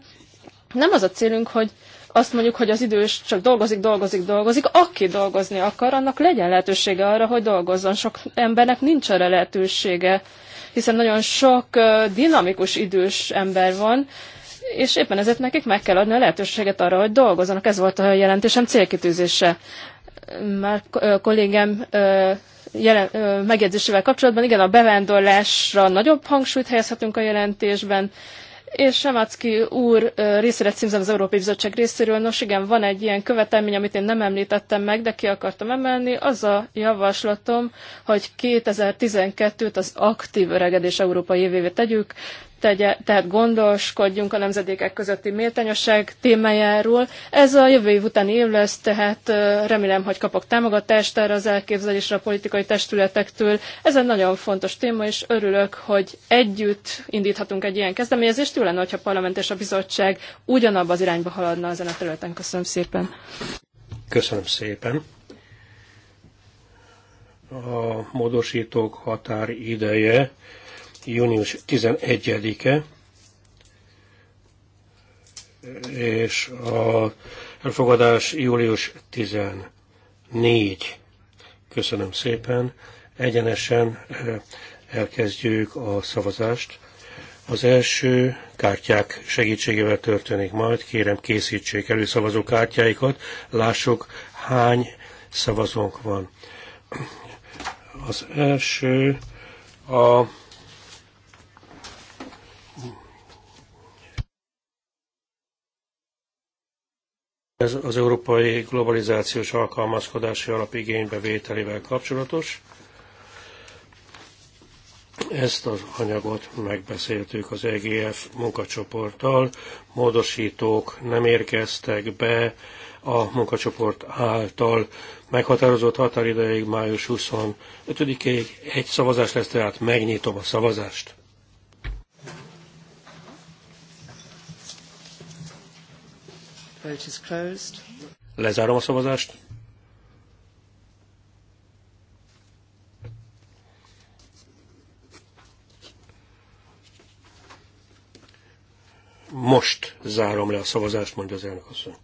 Nem az a célunk, hogy azt mondjuk, hogy az idős csak dolgozik, dolgozik, dolgozik. Aki dolgozni akar, annak legyen lehetősége arra, hogy dolgozzon. Sok embernek nincs erre lehetősége, hiszen nagyon sok dinamikus idős ember van, és éppen ezért nekik meg kell adni a lehetőséget arra, hogy dolgozzanak. Ez volt a jelentésem célkitűzése. Már kollégám jelen, ö, megjegyzésével kapcsolatban, igen, a bevándorlásra nagyobb hangsúlyt helyezhetünk a jelentésben, és Samacki úr részére címzem az Európai Bizottság részéről. Nos igen, van egy ilyen követelmény, amit én nem említettem meg, de ki akartam emelni. Az a javaslatom, hogy 2012-t az aktív öregedés Európai évévé tegyük tegye, tehát gondoskodjunk a nemzedékek közötti méltányosság témájáról. Ez a jövő év után év lesz, tehát remélem, hogy kapok támogatást erre az elképzelésre a politikai testületektől. Ez egy nagyon fontos téma, és örülök, hogy együtt indíthatunk egy ilyen kezdeményezést. Jó lenne, hogyha a parlament és a bizottság ugyanabba az irányba haladna ezen a területen. Köszönöm szépen. Köszönöm szépen a módosítók határideje június 11-e, és a elfogadás július 14. Köszönöm szépen. Egyenesen eh, elkezdjük a szavazást. Az első kártyák segítségével történik majd. Kérem készítsék elő szavazókártyáikat. Lássuk, hány szavazónk van. Az első a Ez az európai globalizációs alkalmazkodási alapigénybevételével kapcsolatos. Ezt az anyagot megbeszéltük az EGF munkacsoporttal. Módosítók nem érkeztek be a munkacsoport által meghatározott határidőig május 25-ig. Egy szavazás lesz, tehát megnyitom a szavazást. Vote is closed. Lezárom a szavazást. Most zárom le a szavazást, mondja az elnök asszony.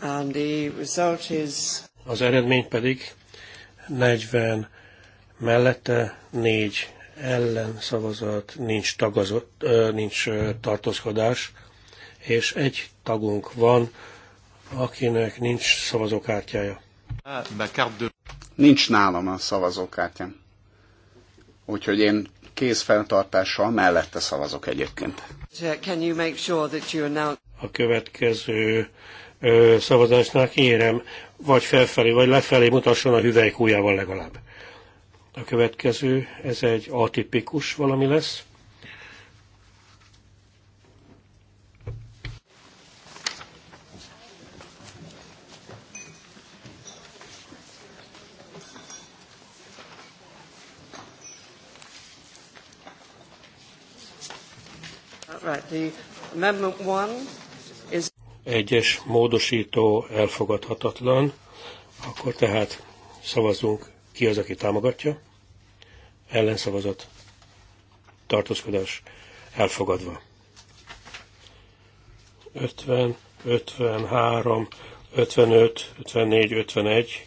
And the result is... Az eredmény pedig 40 mellette 4 ellen szavazat, nincs, tagazott, nincs tartózkodás, és egy tagunk van, akinek nincs szavazókártyája. Nincs nálam a szavazókártyám. Úgyhogy én kézfeltartással mellette szavazok egyébként. A következő ö, szavazásnál kérem, vagy felfelé, vagy lefelé mutasson a hüvelyk ujjával legalább a következő, ez egy atipikus valami lesz. Egyes módosító elfogadhatatlan, akkor tehát szavazunk ki az, aki támogatja ellenszavazat, tartózkodás elfogadva. 50, 53, 55, 54, 51,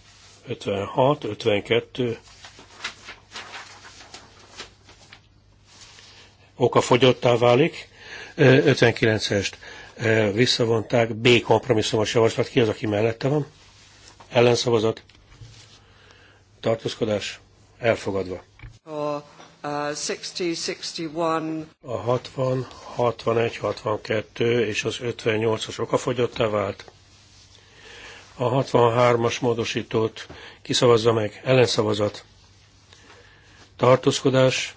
56, 52, oka fogyottá válik, 59-est visszavonták, B kompromisszumos javaslat, ki az, aki mellette van? Ellenszavazat, tartózkodás, elfogadva. 60, 61. A 60, 61, 62 és az 58-as okafogyottá vált. A 63-as módosítót kiszavazza meg. Ellenszavazat. Tartózkodás.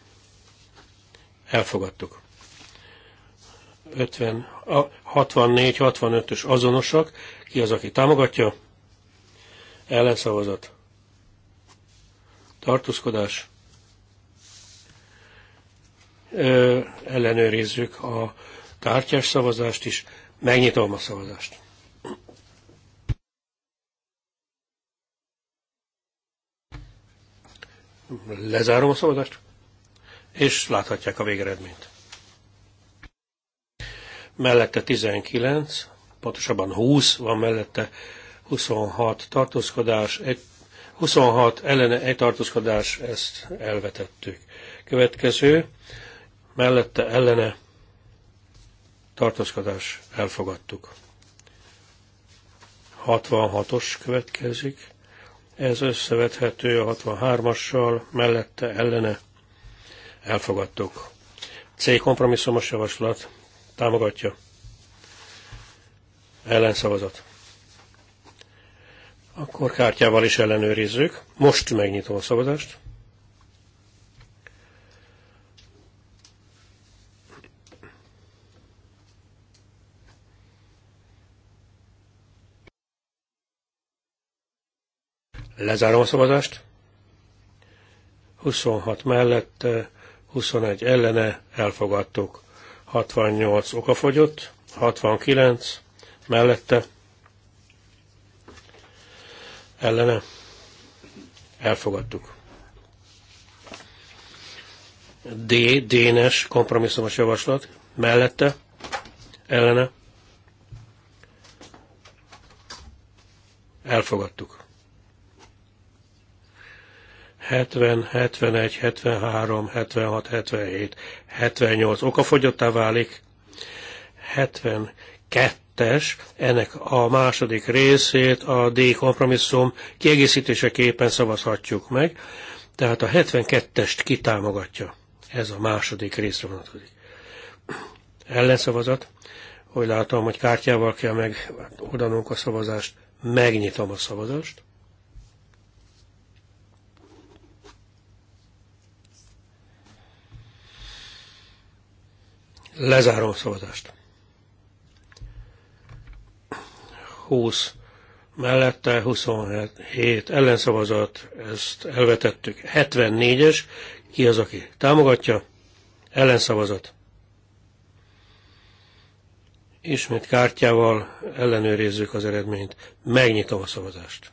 Elfogadtuk. 50, a 64, 65-ös azonosak. Ki az, aki támogatja? Ellenszavazat. Tartózkodás ellenőrizzük a kártyás szavazást is. Megnyitom a szavazást. Lezárom a szavazást, és láthatják a végeredményt. Mellette 19, pontosabban 20, van mellette 26 tartózkodás, egy, 26 ellene egy tartózkodás, ezt elvetettük. Következő, mellette ellene tartózkodás elfogadtuk. 66-os következik, ez összevethető a 63-assal, mellette ellene elfogadtuk. C kompromisszumos javaslat támogatja ellenszavazat. Akkor kártyával is ellenőrizzük. Most megnyitom a szavazást. Lezárom a szavazást. 26 mellett, 21 ellene elfogadtuk. 68 okafogyott, 69 mellette, ellene elfogadtuk. D. Dénes kompromisszumos javaslat mellette, ellene elfogadtuk. 70, 71, 73, 76, 77, 78 okafogyottá válik, 72-es, ennek a második részét a D kompromisszum kiegészítéseképpen szavazhatjuk meg, tehát a 72-est kitámogatja. Ez a második részre vonatkozik. Ellenszavazat, hogy látom, hogy kártyával kell megodanunk a szavazást, megnyitom a szavazást. Lezárom a szavazást. 20 mellette 27 ellenszavazat, ezt elvetettük. 74-es, ki az, aki támogatja? Ellenszavazat. Ismét kártyával ellenőrizzük az eredményt. Megnyitom a szavazást.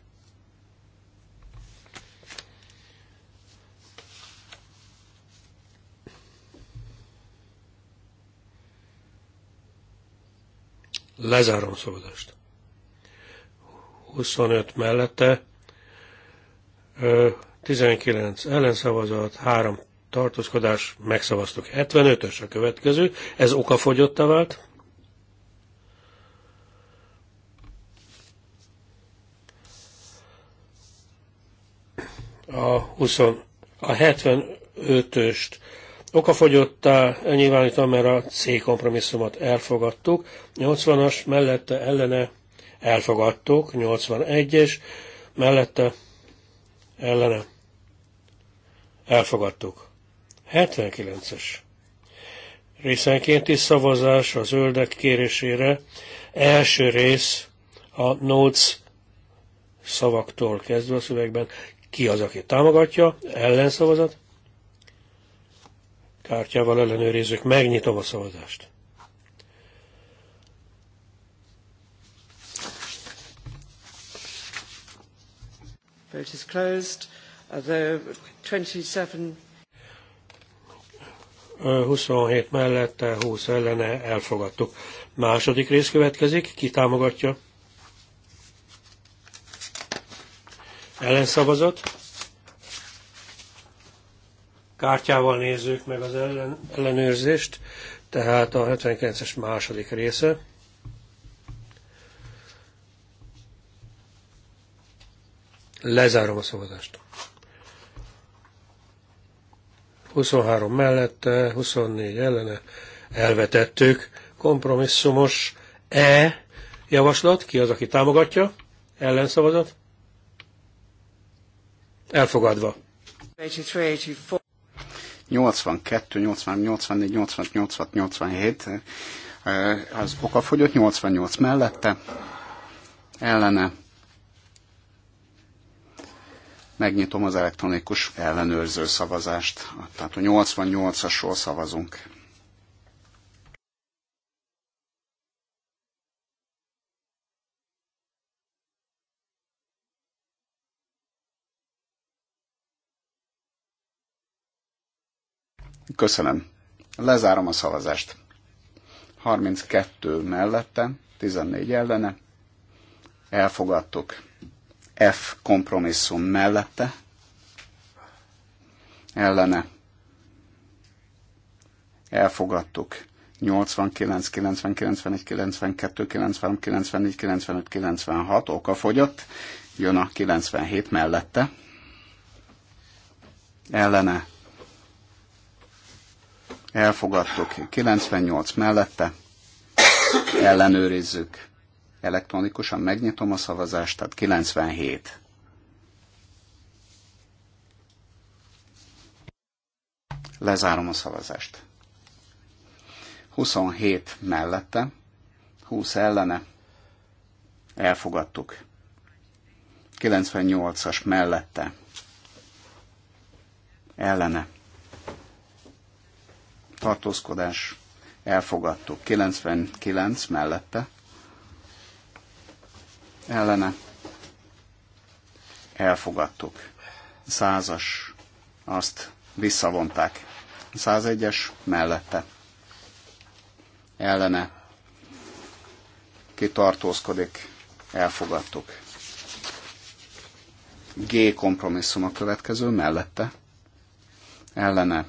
Lezárom szavazást. 25 mellette, 19 ellenszavazat, 3 tartózkodás, megszavaztuk. 75-ös a következő, ez okafogyottá vált. A, 20, a 75-öst okafogyottá nyilvánítva, mert a C kompromisszumot elfogadtuk, 80-as mellette ellene elfogadtuk, 81-es mellette ellene elfogadtuk. 79-es részenkénti szavazás a zöldek kérésére. Első rész a notes szavaktól kezdve a szövegben. Ki az, aki támogatja? Ellenszavazat? kártyával ellenőrizzük. Megnyitom a szavazást. Vote is closed. Uh, the 27... 27 mellette, 20 ellene elfogadtuk. Második rész következik. Ki támogatja? Ellenszavazat kártyával nézzük meg az ellen, ellenőrzést, tehát a 79-es második része. Lezárom a szavazást. 23 mellette, 24 ellene elvetettük. Kompromisszumos E javaslat. Ki az, aki támogatja? Ellenszavazat? Elfogadva. 83, 84. 82, 80, 84, 86, 86, 87 az okafogyott, 88 mellette, ellene. Megnyitom az elektronikus ellenőrző szavazást, tehát a 88-asról szavazunk. Köszönöm. Lezárom a szavazást. 32 mellette, 14 ellene. Elfogadtuk. F kompromisszum mellette, ellene. Elfogadtuk. 89, 90, 91, 92, 93, 94, 95, 96 oka fogyott. Jön a 97 mellette. Ellene elfogadtuk, 98 mellette, ellenőrizzük. Elektronikusan megnyitom a szavazást, tehát 97. Lezárom a szavazást. 27 mellette, 20 ellene, elfogadtuk. 98-as mellette, ellene, tartózkodás elfogadtuk. 99 mellette ellene elfogadtuk. Százas azt visszavonták. 101-es mellette ellene kitartózkodik, elfogadtuk. G kompromisszum a következő mellette ellene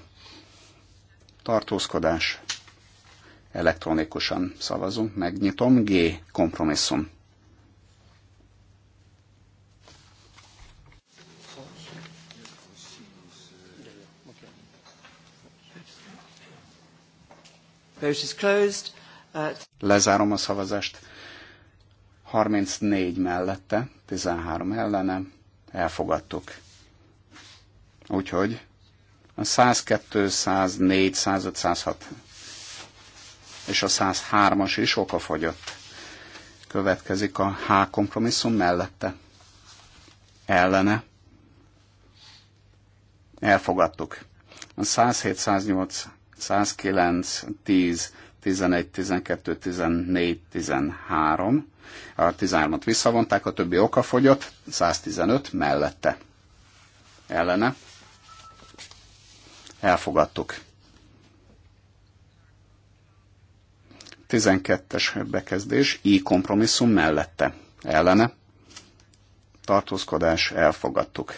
tartózkodás, elektronikusan szavazunk, megnyitom, G, kompromisszum. Uh, Lezárom a szavazást. 34 mellette, 13 ellene, elfogadtuk. Úgyhogy a 102, 104, 105, 106 és a 103-as is okafogyott. Következik a H kompromisszum mellette. Ellene. Elfogadtuk. A 107, 108, 109, 10, 11, 12, 14, 13. A 13-at visszavonták, a többi okafogyott, 115 mellette. Ellene elfogadtuk. 12-es bekezdés, így kompromisszum mellette, ellene, tartózkodás, elfogadtuk.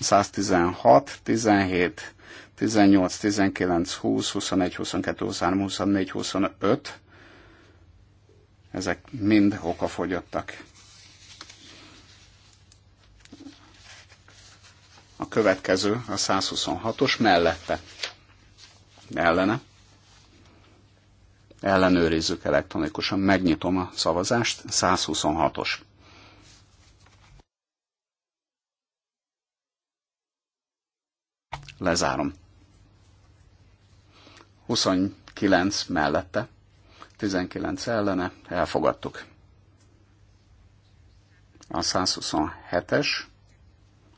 116, 17, 18, 19, 20, 21, 22, 23, 24, 25, ezek mind okafogyottak. A következő a 126-os mellette. Ellene. Ellenőrizzük elektronikusan. Megnyitom a szavazást. 126-os. Lezárom. 29 mellette, 19 ellene, elfogadtuk. A 127-es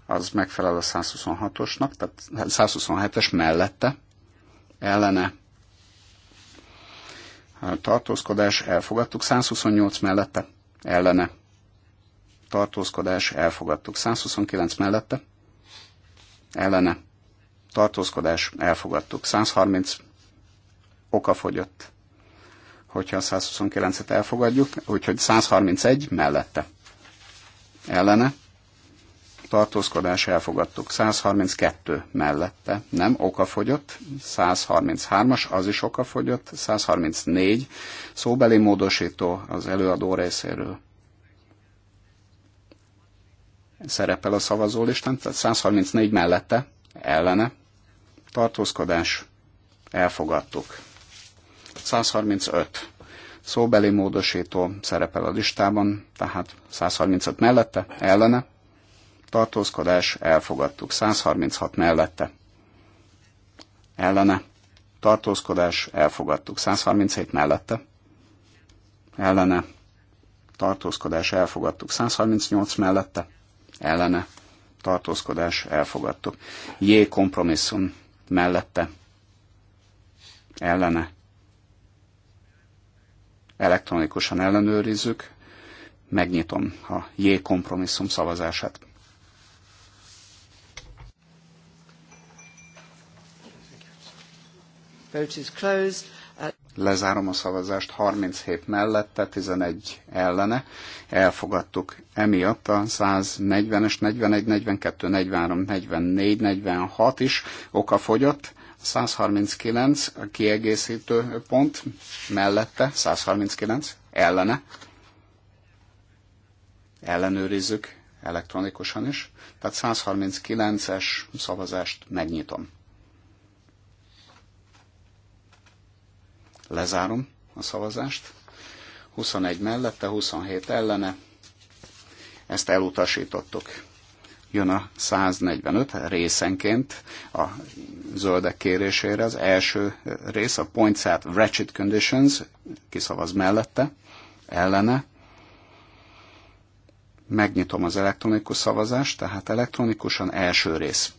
az megfelel a 126-osnak, tehát 127-es mellette, ellene tartózkodás, elfogadtuk, 128 mellette, ellene tartózkodás, elfogadtuk, 129 mellette, ellene tartózkodás, elfogadtuk, 130 okafogyott, hogyha a 129-et elfogadjuk, úgyhogy 131 mellette, ellene tartózkodás elfogadtuk. 132 mellette nem okafogyott, 133-as az is okafogyott, 134 szóbeli módosító az előadó részéről szerepel a szavazólistán, tehát 134 mellette, ellene, tartózkodás, elfogadtuk. 135 szóbeli módosító szerepel a listában, tehát 135 mellette, ellene, tartózkodás, elfogadtuk. 136 mellette, ellene, tartózkodás, elfogadtuk. 137 mellette, ellene, tartózkodás, elfogadtuk. 138 mellette, ellene, tartózkodás, elfogadtuk. J kompromisszum mellette, ellene, elektronikusan ellenőrizzük, megnyitom a J kompromisszum szavazását. Vote is closed. Uh, Lezárom a szavazást 37 mellette, 11 ellene. Elfogadtuk emiatt a 140-es, 41, 42, 43, 44, 46 is oka fogyott. 139 a kiegészítő pont mellette, 139 ellene. Ellenőrizzük elektronikusan is. Tehát 139-es szavazást megnyitom. Lezárom a szavazást. 21 mellette, 27 ellene. Ezt elutasítottuk. Jön a 145 részenként a zöldek kérésére. Az első rész a Points at Wretched Conditions, kiszavaz mellette, ellene. Megnyitom az elektronikus szavazást, tehát elektronikusan első rész.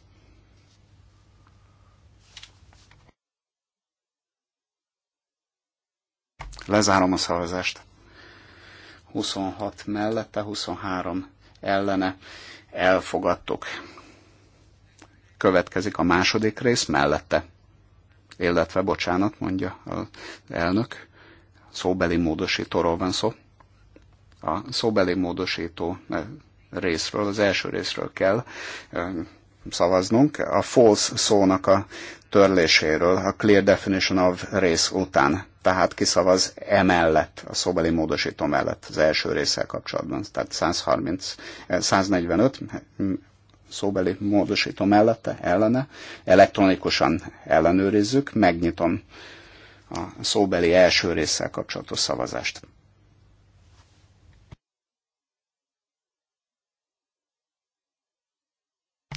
Lezárom a szavazást. 26 mellette, 23 ellene elfogadtuk. Következik a második rész mellette. Illetve, bocsánat, mondja az elnök, szóbeli módosítóról van szó. A szóbeli módosító eh, részről, az első részről kell eh, szavaznunk. A false szónak a törléséről a clear definition of rész után. Tehát kiszavaz emellett, a szóbeli módosító mellett az első résszel kapcsolatban. Tehát 130, 145 eh, hm, szóbeli módosító mellette, ellene. Elektronikusan ellenőrizzük, megnyitom a szóbeli első résszel kapcsolatos szavazást.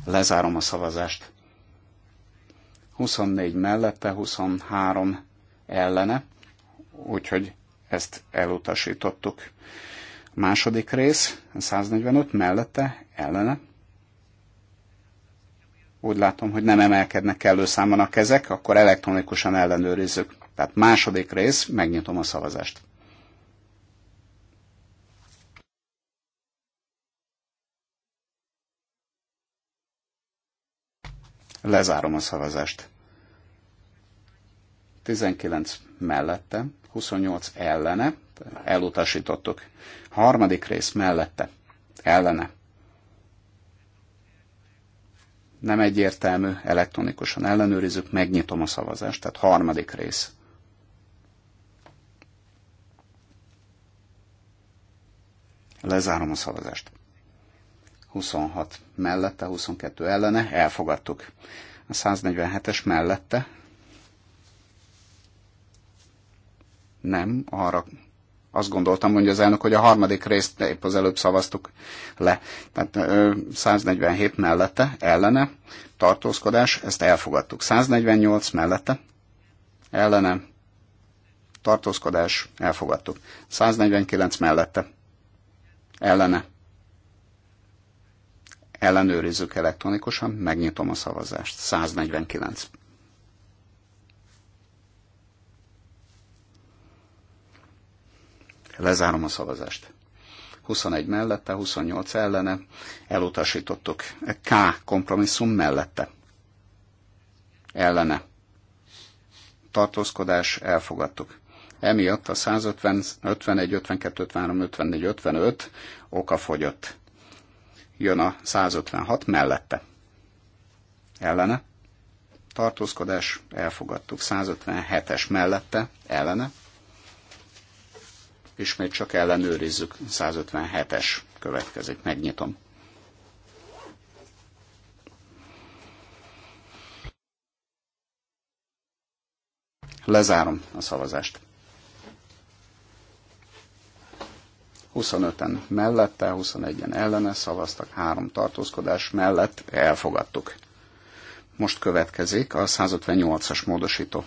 Lezárom a szavazást. 24 mellette, 23 ellene, úgyhogy ezt elutasítottuk. Második rész, 145 mellette, ellene. Úgy látom, hogy nem emelkednek kellő számon a kezek, akkor elektronikusan ellenőrizzük. Tehát második rész, megnyitom a szavazást. Lezárom a szavazást. 19 mellette, 28 ellene, elutasítottuk. Harmadik rész mellette, ellene. Nem egyértelmű, elektronikusan ellenőrizzük, megnyitom a szavazást, tehát harmadik rész. Lezárom a szavazást. 26 mellette, 22 ellene, elfogadtuk. A 147-es mellette nem, arra azt gondoltam, mondja az elnök, hogy a harmadik részt épp az előbb szavaztuk le. Tehát 147 mellette, ellene, tartózkodás, ezt elfogadtuk. 148 mellette, ellene, tartózkodás, elfogadtuk. 149 mellette, ellene, Ellenőrizzük elektronikusan, megnyitom a szavazást. 149. Lezárom a szavazást. 21 mellette, 28 ellene, elutasítottuk. K kompromisszum mellette. Ellene. Tartózkodás, elfogadtuk. Emiatt a 150, 51, 52, 53, 54, 55 oka fogyott jön a 156 mellette. Ellene. Tartózkodás, elfogadtuk. 157-es mellette, ellene. Ismét csak ellenőrizzük. 157-es következik, megnyitom. Lezárom a szavazást. 25-en mellette, 21-en ellene szavaztak, három tartózkodás mellett elfogadtuk. Most következik a 158-as módosító.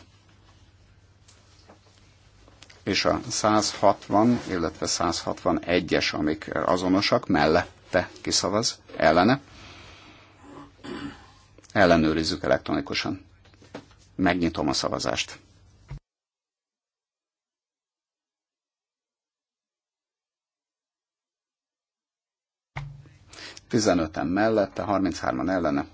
És a 160, illetve 161-es, amik azonosak, mellette kiszavaz, ellene. Ellenőrizzük elektronikusan. Megnyitom a szavazást. 15-en mellette, 33-an ellene.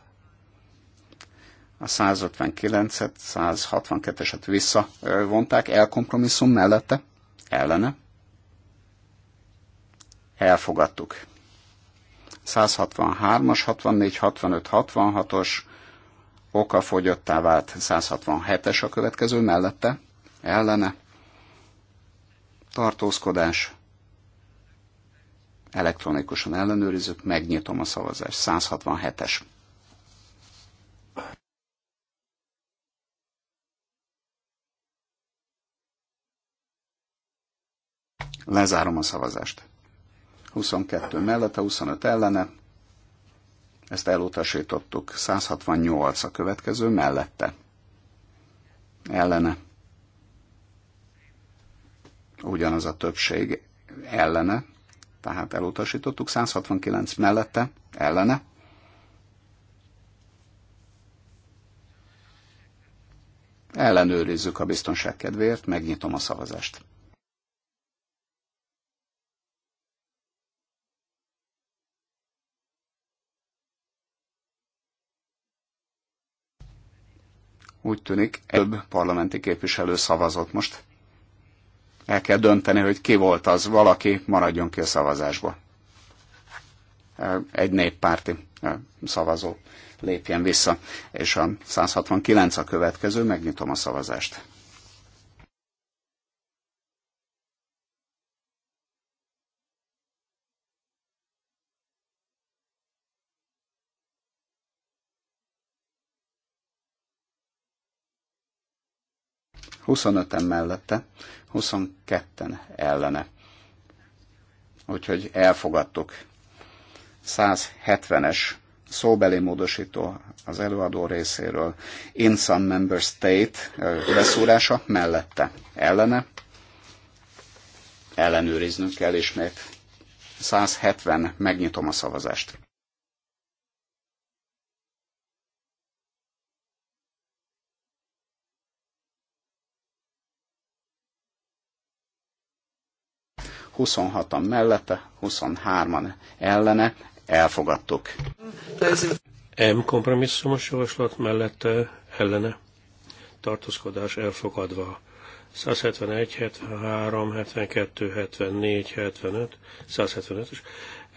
A 159-et, 162-eset visszavonták, elkompromisszum mellette, ellene. Elfogadtuk. 163-as, 64, 65, 66-os, oka fogyottá vált 167-es a következő mellette, ellene, tartózkodás, elektronikusan ellenőrizzük, megnyitom a szavazás. 167-es. Lezárom a szavazást. 22 mellett a 25 ellene. Ezt elutasítottuk. 168 a következő mellette. Ellene. Ugyanaz a többség ellene, tehát elutasítottuk, 169 mellette, ellene. Ellenőrizzük a biztonság kedvéért, megnyitom a szavazást. Úgy tűnik, több parlamenti képviselő szavazott most el kell dönteni, hogy ki volt az, valaki maradjon ki a szavazásból. Egy néppárti eh, szavazó lépjen vissza, és a 169 a következő, megnyitom a szavazást. 25-en mellette, 22-en ellene. Úgyhogy elfogadtuk. 170-es szóbeli módosító az előadó részéről, in some member state beszúrása mellette, ellene. Ellenőriznünk kell ismét. 170, megnyitom a szavazást. 26-an mellette, 23-an ellene elfogadtuk. M kompromisszumos javaslat mellette ellene tartózkodás elfogadva. 171, 73, 72, 74, 75, 175-ös.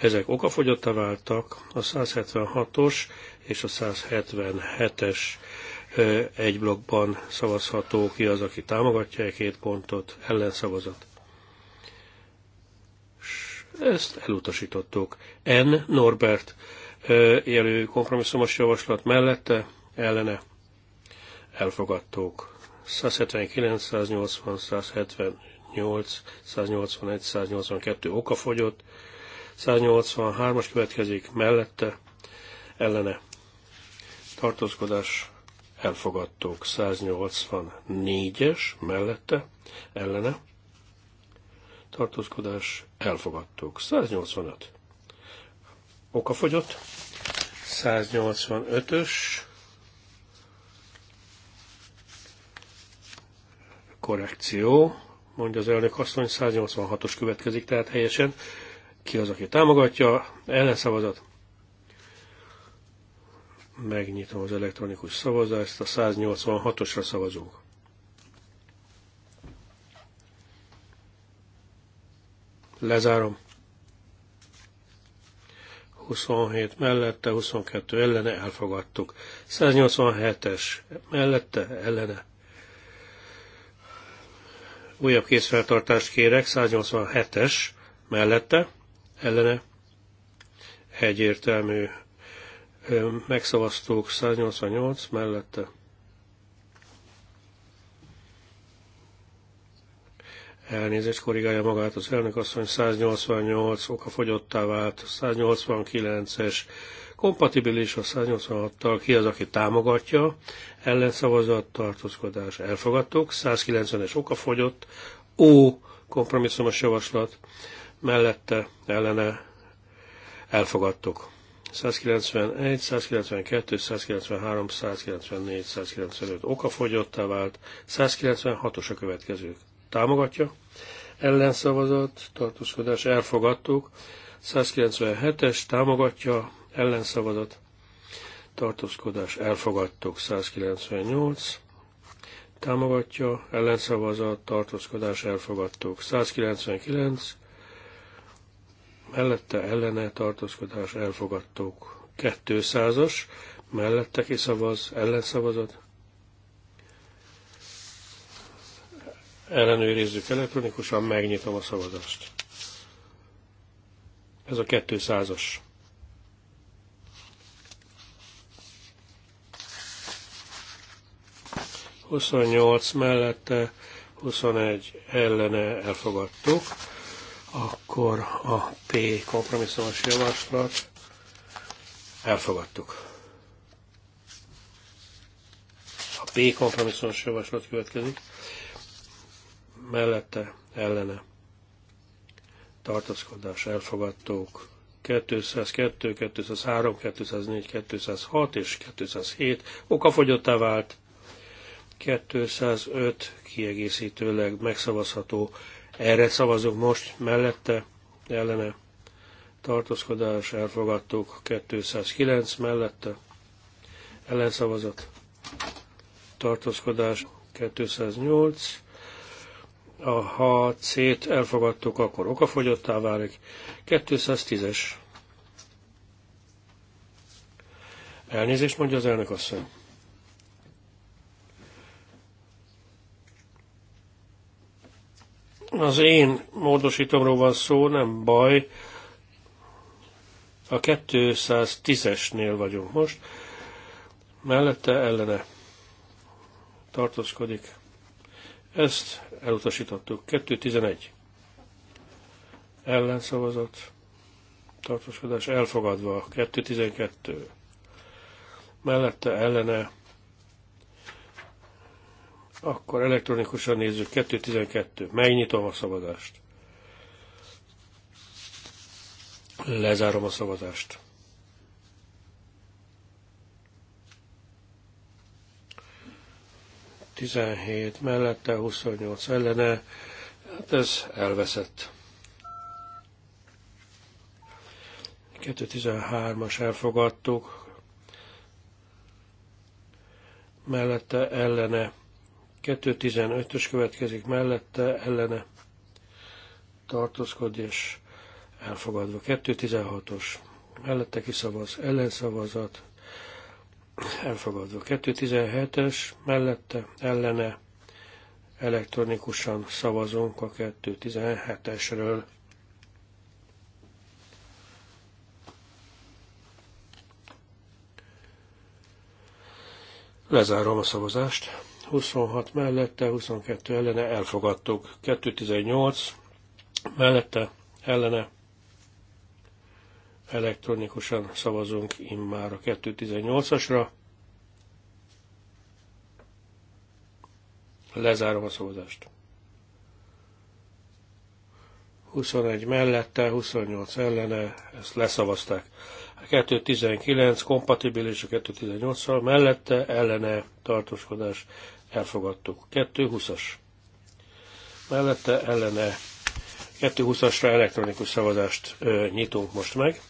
Ezek okafogyottá váltak, a 176-os és a 177-es egy blokkban szavazható ki az, aki támogatja egy két pontot, ellenszavazat ezt elutasítottuk. N. Norbert élő kompromisszumos javaslat mellette, ellene elfogadtuk. 179, 180, 178, 181, 182 fogyott. 183-as következik mellette, ellene tartózkodás elfogadtuk 184-es mellette, ellene tartózkodás, elfogadtuk. 185. Oka fogyott. 185-ös. Korrekció, mondja az elnök asszony, 186-os következik, tehát helyesen. Ki az, aki támogatja? Ellenszavazat. Megnyitom az elektronikus szavazást, a 186-osra szavazunk. Lezárom. 27 mellette, 22 ellene elfogadtuk. 187-es mellette, ellene. Újabb készfeltartást kérek, 187-es mellette, ellene. Egyértelmű. Megszavaztuk 188 mellette, Elnézést korrigálja magát az elnök asszony, 188 oka fogyottá vált, 189-es kompatibilis a 186-tal, ki az, aki támogatja, ellenszavazat, tartózkodás, elfogadtuk, 190-es oka fogyott, ó, kompromisszumos javaslat, mellette, ellene, elfogadtuk. 191, 192, 193, 194, 195 oka fogyottá vált, 196-os a következők támogatja, ellenszavazat, tartózkodás elfogadtuk, 197-es támogatja, ellenszavazat, tartózkodás elfogadtuk, 198 támogatja, ellenszavazat, tartózkodás elfogadtuk, 199 mellette ellene tartózkodás elfogadtuk, 200-as mellette kiszavaz, ellenszavazat, ellenőrizzük elektronikusan, megnyitom a szavazást. Ez a 200-as. Huszonnyolc mellette, 21 ellene elfogadtuk, akkor a P kompromisszumos javaslat elfogadtuk. A P kompromisszumos javaslat következik mellette ellene Tartaszkodás, elfogadtók 202, 203, 204, 206 és 207 okafogyottá vált, 205 kiegészítőleg megszavazható. Erre szavazunk most, mellette, ellene, tartózkodás, elfogadtuk, 209 mellette, ellenszavazat, tartózkodás, 208, a, ha C-t elfogadtuk, akkor okafogyottá válik. 210-es. Elnézést mondja az elnök asszony. Az én módosítomról van szó, nem baj. A 210-esnél vagyunk most. Mellette ellene tartózkodik ezt elutasítottuk. 211. Ellenszavazat. Tartoskodás elfogadva. 212. Mellette ellene. Akkor elektronikusan nézzük. 212. Megnyitom a szavazást. Lezárom a szavazást. 17 mellette, 28 ellene, hát ez elveszett. 2.13-as elfogadtuk, mellette ellene, 2.15-ös következik mellette ellene, és elfogadva. 2.16-os mellette kiszavaz ellenszavazat, elfogadva. 217-es mellette ellene elektronikusan szavazunk a 217-esről. Lezárom a szavazást. 26 mellette, 22 ellene elfogadtuk. 218 mellette ellene elektronikusan szavazunk immár a 218-asra. Lezárom a szavazást. 21 mellette, 28 ellene, ezt leszavazták. A 219 kompatibilis a 218-szal, mellette, ellene, tartózkodás, elfogadtuk. 220-as. Mellette, ellene, 220-asra elektronikus szavazást ö, nyitunk most meg.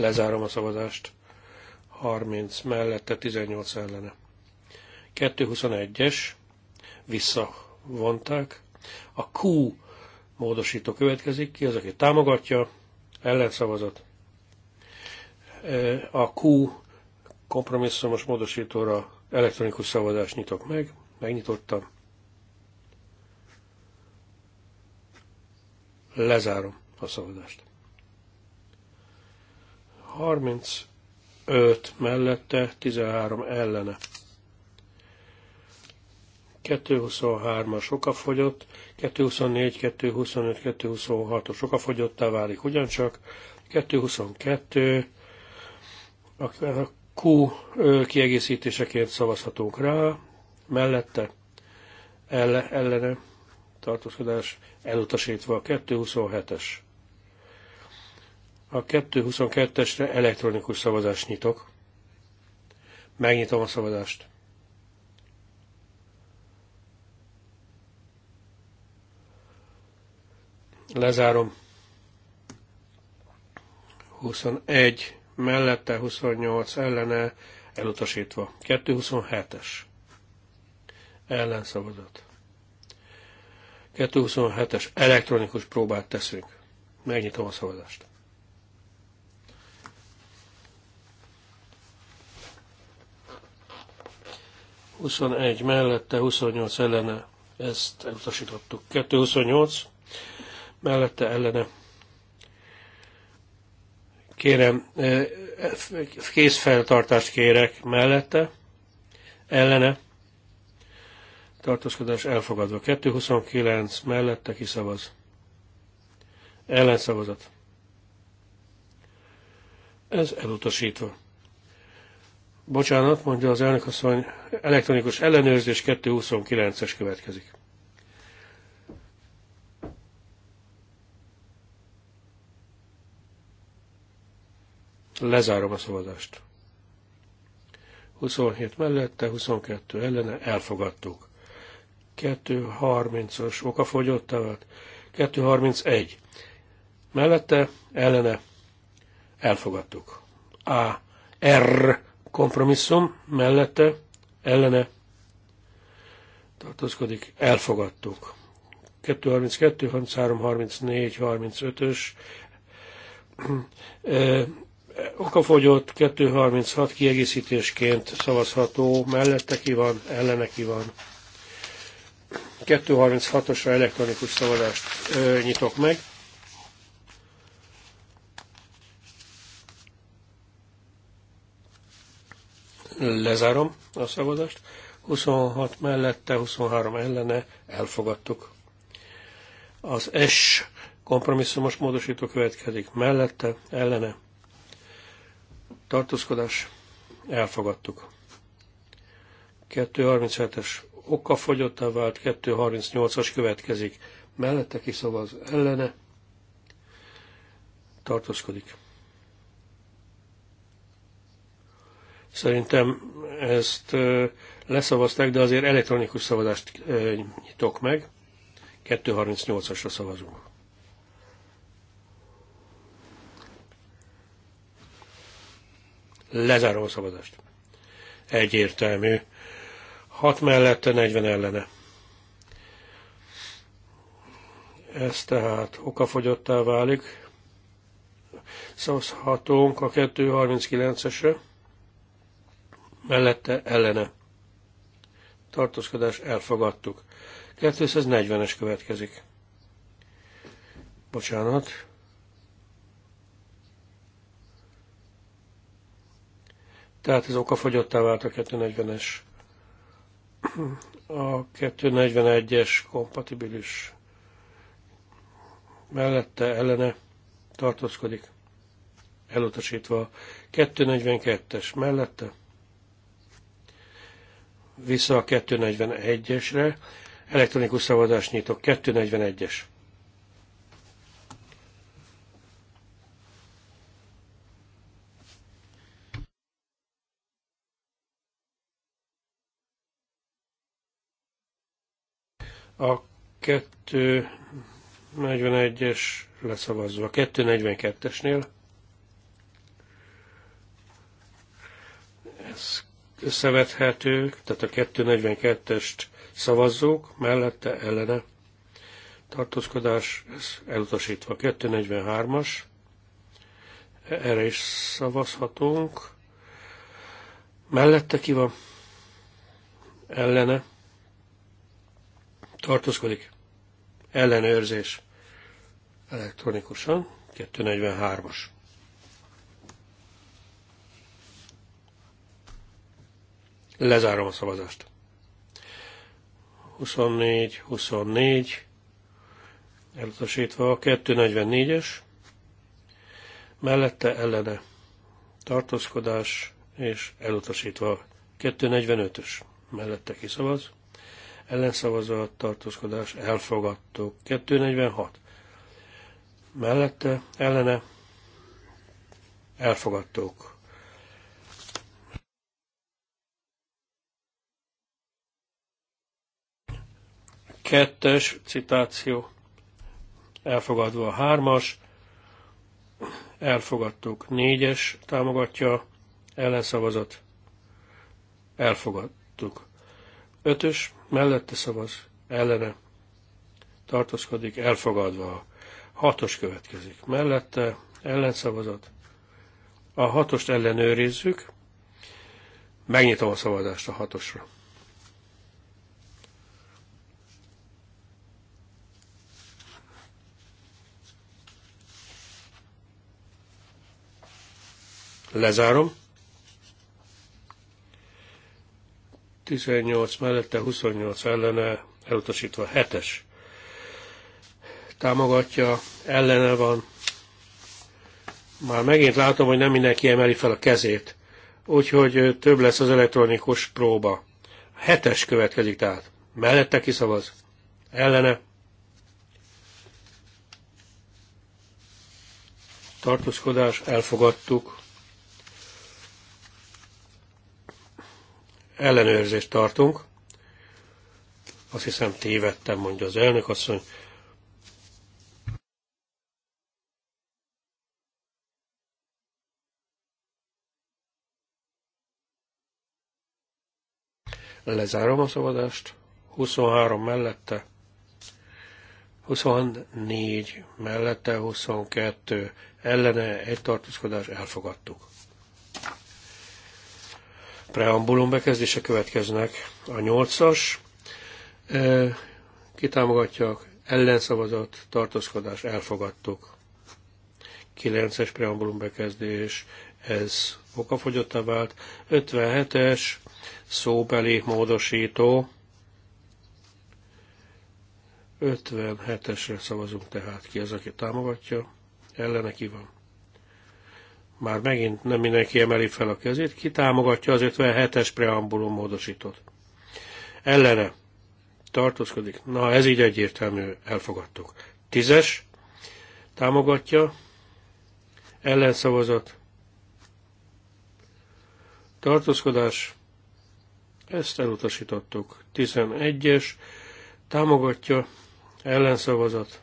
Lezárom a szavazást. 30 mellette, 18 ellene. 221-es, visszavonták. A Q módosító következik, ki az, aki támogatja, ellenszavazat. E, a Q kompromisszumos módosítóra elektronikus szavazást nyitok meg, megnyitottam. Lezárom a szavazást. 35 mellette, 13 ellene. 223 a soka fogyott, 224, 225, 226 a soka fogyottá válik ugyancsak, 222, a Q kiegészítéseként szavazhatunk rá, mellette ellene tartózkodás elutasítva a 227-es a 222-esre elektronikus szavazást nyitok. Megnyitom a szavazást. Lezárom. 21 mellette, 28 ellene, elutasítva. 227-es ellenszavazat. 227-es elektronikus próbát teszünk. Megnyitom a szavazást. 21 mellette, 28 ellene, ezt elutasítottuk. 228 mellette ellene. Kérem, e, e, kézfeltartást kérek mellette, ellene, tartózkodás elfogadva. 229 mellette kiszavaz. Ellenszavazat. Ez elutasítva. Bocsánat, mondja az elnök asszony, elektronikus ellenőrzés 229-es következik. Lezárom a szavazást. 27 mellette, 22 ellene, elfogadtuk. 230 os okafogyott, tehát 2.31. Mellette, ellene, elfogadtuk. A. R kompromisszum mellette ellene tartózkodik, elfogadtuk. 232, 33, 34, 35-ös okafogyott 236 kiegészítésként szavazható, mellette ki van, ellene ki van. 236-osra elektronikus szavazást ö, nyitok meg. Lezárom a szavazást. 26 mellette, 23 ellene elfogadtuk. Az S kompromisszumos módosító következik mellette, ellene. Tartózkodás elfogadtuk. 237-es fogyottá vált, 238-as következik. Mellette kiszavaz ellene, tartózkodik. Szerintem ezt leszavazták, de azért elektronikus szavazást nyitok meg. 238-asra szavazunk. Lezárom a szavazást. Egyértelmű. 6 mellette, 40 ellene. Ez tehát okafogyottá válik. Szavazhatunk a 239-esre mellette ellene tartózkodás elfogadtuk. 240-es következik. Bocsánat. Tehát ez okafogyottá vált a 240-es. A 241-es kompatibilis mellette ellene tartózkodik, elutasítva. 242-es mellette vissza a 241-esre. Elektronikus szavazás nyitok. 241-es. A 241-es leszavazva. A 242-esnél. Ez összevethetők, tehát a 242-est szavazzók, mellette ellene tartózkodás elutasítva. 243-as, erre is szavazhatunk. Mellette ki van? Ellene. Tartózkodik. Ellenőrzés. Elektronikusan. 243-as. Lezárom a szavazást. 24, 24, elutasítva a 244-es, mellette ellene tartózkodás és elutasítva 245-ös, mellette kiszavaz, ellenszavazat, tartózkodás, elfogadtuk, 246, mellette ellene elfogadtuk, Kettes citáció. Elfogadva a hármas. Elfogadtuk. Négyes támogatja. Ellenszavazat. Elfogadtuk. Ötös mellette szavaz. Ellene. Tartózkodik. Elfogadva. Hatos következik. Mellette. Ellenszavazat. A hatost ellenőrizzük. Megnyitom a szavazást a hatosra. Lezárom. 18 mellette, 28 ellene, elutasítva 7-es. Támogatja, ellene van. Már megint látom, hogy nem mindenki emeli fel a kezét. Úgyhogy több lesz az elektronikus próba. 7-es következik tehát. Mellette kiszavaz. Ellene. Tartózkodás, elfogadtuk. ellenőrzést tartunk. Azt hiszem tévedtem, mondja az elnök asszony. Lezárom a szavazást. 23 mellette, 24 mellette, 22 ellene, egy tartózkodás, elfogadtuk preambulum bekezdése következnek. A nyolcas eh, kitámogatja, ellenszavazat, tartózkodás, elfogadtuk. Kilences preambulum bekezdés, ez okafogyottá vált. 57-es szóbeli módosító, 57-esre szavazunk tehát ki az, aki támogatja, ellene ki van már megint nem mindenki emeli fel a kezét. Ki támogatja az 57-es preambulum módosítót? Ellene. Tartózkodik. Na, ez így egyértelmű. Elfogadtuk. Tízes. Támogatja. Ellenszavazat. Tartózkodás. Ezt elutasítottuk. 11-es. Támogatja. Ellenszavazat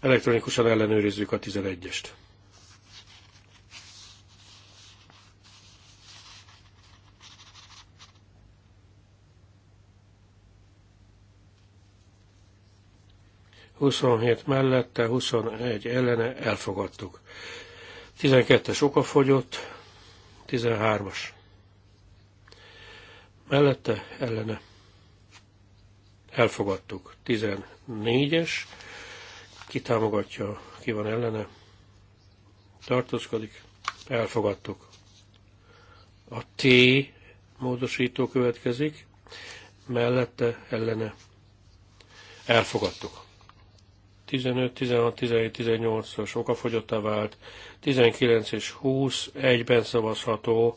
Elektronikusan ellenőrizzük a 11-est. Huszonhét mellette, 21 ellene elfogadtuk. 12-es oka fogyott, 13-as. Mellette, ellene. Elfogadtuk. 14-es ki támogatja, ki van ellene? Tartózkodik? Elfogadtuk. A T módosító következik, mellette ellene elfogadtuk. 15, 16, 17, 18-as okafogyottá vált, 19 és 20 egyben szavazható,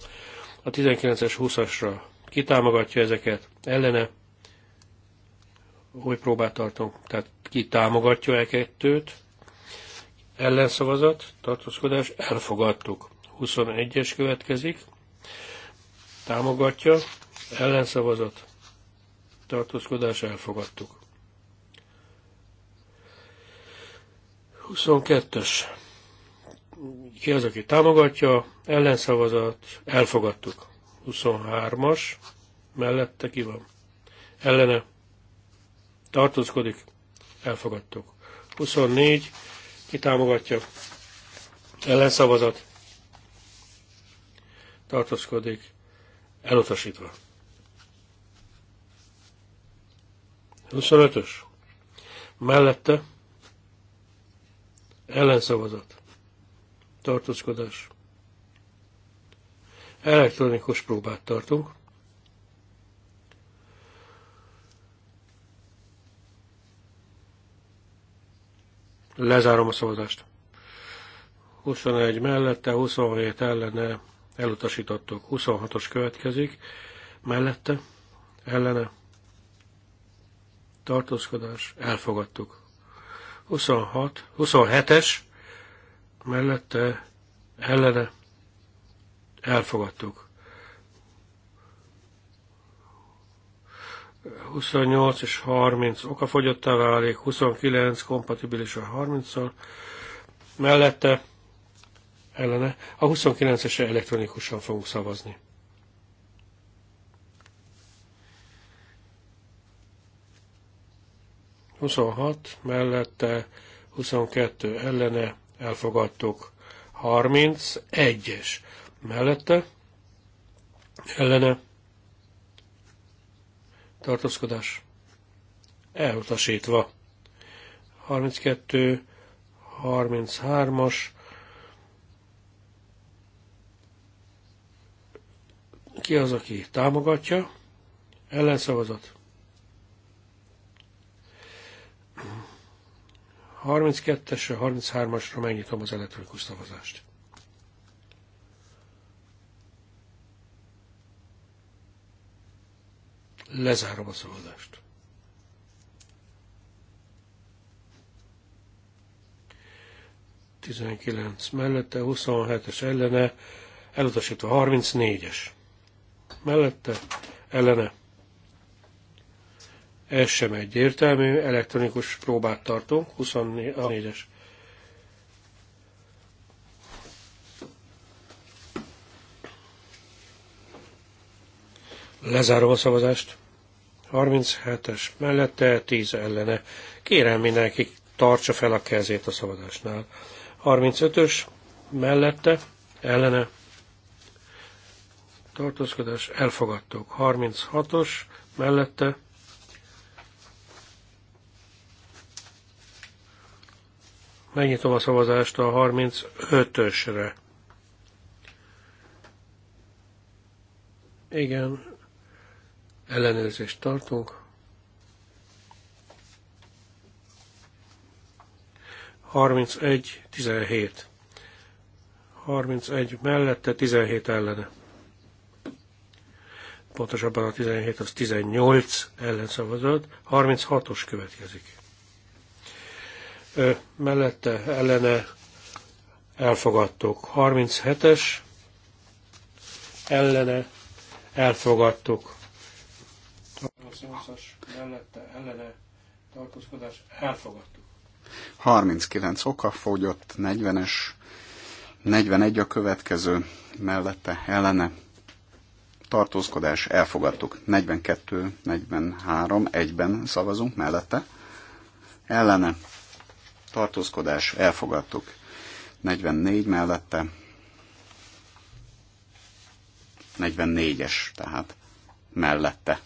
a 19-es 20-asra kitámogatja ezeket, ellene új próbát tartunk. Tehát ki támogatja e kettőt, ellenszavazat, tartózkodás, elfogadtuk. 21-es következik, támogatja, ellenszavazat, tartózkodás, elfogadtuk. 22-es. Ki az, aki támogatja, ellenszavazat, elfogadtuk. 23-as, mellette ki van? Ellene, tartózkodik, elfogadtuk. 24, ki támogatja, ellenszavazat, tartózkodik, elutasítva. 25-ös, mellette, ellenszavazat, tartózkodás. Elektronikus próbát tartunk. Lezárom a szavazást. 21 mellette, 27 ellene elutasítottuk. 26-os következik, mellette, ellene, tartózkodás, elfogadtuk. 26, 27-es, mellette, ellene, elfogadtuk. 28 és 30 okafogyottá válik, 29 kompatibilis a 30-szal, mellette ellene a 29-esre elektronikusan fogunk szavazni. Huszonhat mellette, 22 ellene elfogadtuk, 31-es mellette, ellene tartózkodás elutasítva. 32, 33-as, ki az, aki támogatja, ellenszavazat. 32-esre, 33-asra megnyitom az elektronikus szavazást. Lezárom a szavazást. Tizenkilenc mellette, 27-es ellene, elutasítva 34-es. Mellette, ellene. Ez sem egyértelmű, elektronikus próbát tartunk, 24-es. Lezárom a szavazást. 37-es mellette, 10 ellene. Kérem mindenki tartsa fel a kezét a szavazásnál. 35-ös mellette, ellene. Tartózkodás elfogadtuk. 36-os mellette. Megnyitom a szavazást a 35-ösre. Igen, ellenőrzést tartunk. 31, 17. 31 mellette, 17 ellene. Pontosabban a 17 az 18 szavazott. 36 hatos következik. Ö, mellette, ellene elfogadtuk. 37 hetes ellene elfogadtuk. 38-as mellette ellene tartózkodás elfogadtuk. 39 oka fogyott, 40-es, 41 a következő mellette ellene tartózkodás elfogadtuk. 42, 43, egyben szavazunk mellette. Ellene tartózkodás elfogadtuk. 44 mellette 44-es, tehát mellette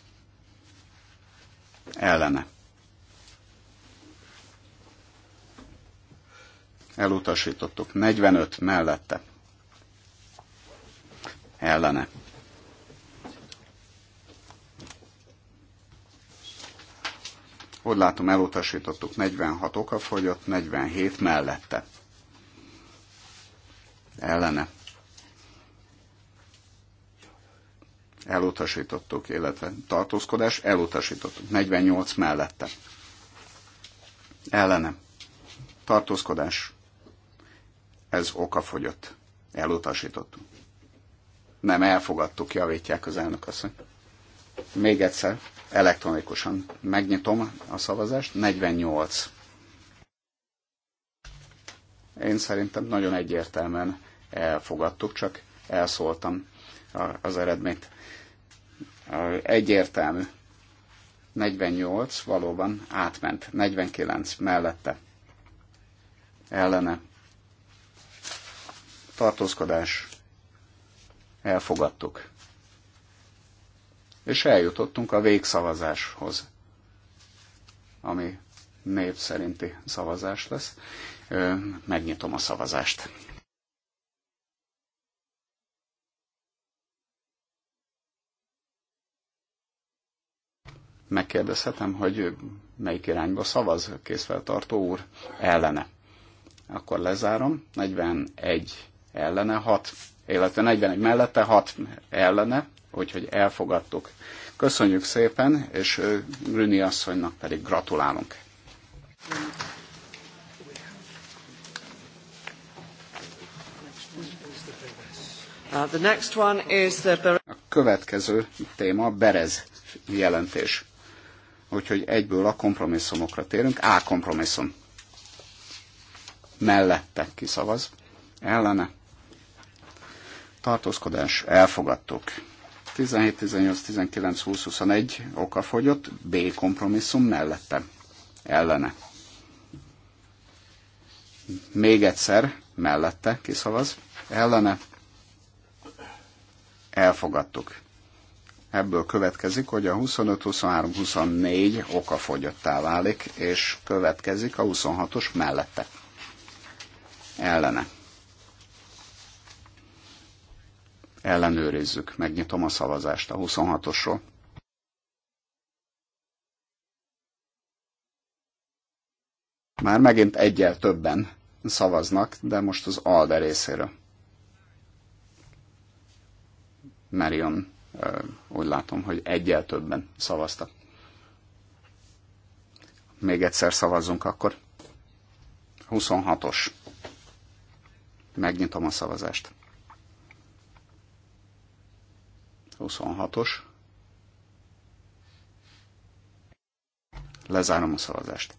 ellene. Elutasítottuk. 45 mellette ellene. Úgy látom, elutasítottuk 46 oka fogyott, 47 mellette. Ellene. elutasítottuk, illetve tartózkodás elutasítottuk. 48 mellette. Ellene. Tartózkodás. Ez okafogyott. Elutasítottuk. Nem, elfogadtuk, javítják az elnök asszony. Még egyszer, elektronikusan megnyitom a szavazást. 48. Én szerintem nagyon egyértelműen elfogadtuk, csak elszóltam az eredményt. Egyértelmű. 48 valóban átment, 49 mellette ellene. Tartózkodás. Elfogadtuk. És eljutottunk a végszavazáshoz, ami név szerinti szavazás lesz. Megnyitom a szavazást. megkérdezhetem, hogy melyik irányba szavaz készfeltartó úr ellene. Akkor lezárom, 41 ellene, 6, illetve 41 mellette, 6 ellene, úgyhogy elfogadtuk. Köszönjük szépen, és Grüni asszonynak pedig gratulálunk. Uh, A következő téma Berez jelentés. Úgyhogy egyből a kompromisszumokra térünk. A kompromisszum. Mellette kiszavaz. Ellene. Tartózkodás. Elfogadtuk. 17, 18, 19, 20, 21 oka fogyott. B kompromisszum mellette. Ellene. Még egyszer mellette kiszavaz. Ellene. Elfogadtuk. Ebből következik, hogy a 25-23-24 okafogyottá válik, és következik a 26-os mellette. Ellene. Ellenőrizzük, megnyitom a szavazást a 26-osról. Már megint egyel többen szavaznak, de most az ALDE részéről. Marion úgy látom, hogy egyel többen szavaztak. Még egyszer szavazzunk akkor. 26-os. Megnyitom a szavazást. 26-os. Lezárom a szavazást.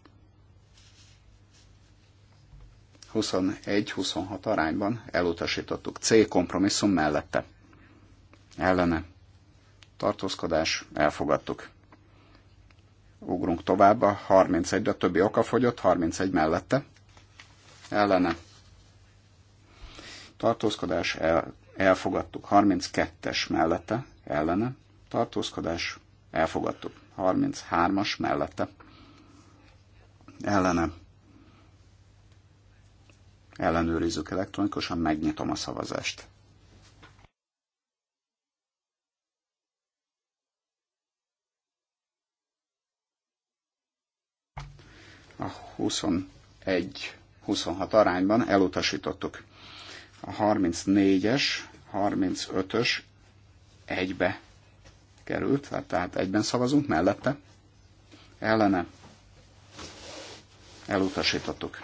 21-26 arányban elutasítottuk. C kompromisszum mellette. Ellene tartózkodás, elfogadtuk. Ugrunk tovább a 31-re, többi oka fogyott, 31 mellette, ellene, tartózkodás, el, elfogadtuk. 32-es mellette, ellene, tartózkodás, elfogadtuk. 33-as mellette, ellene, ellenőrizzük elektronikusan, megnyitom a szavazást. a 21-26 arányban elutasítottuk. A 34-es, 35-ös egybe került, hát tehát egyben szavazunk mellette, ellene elutasítottuk.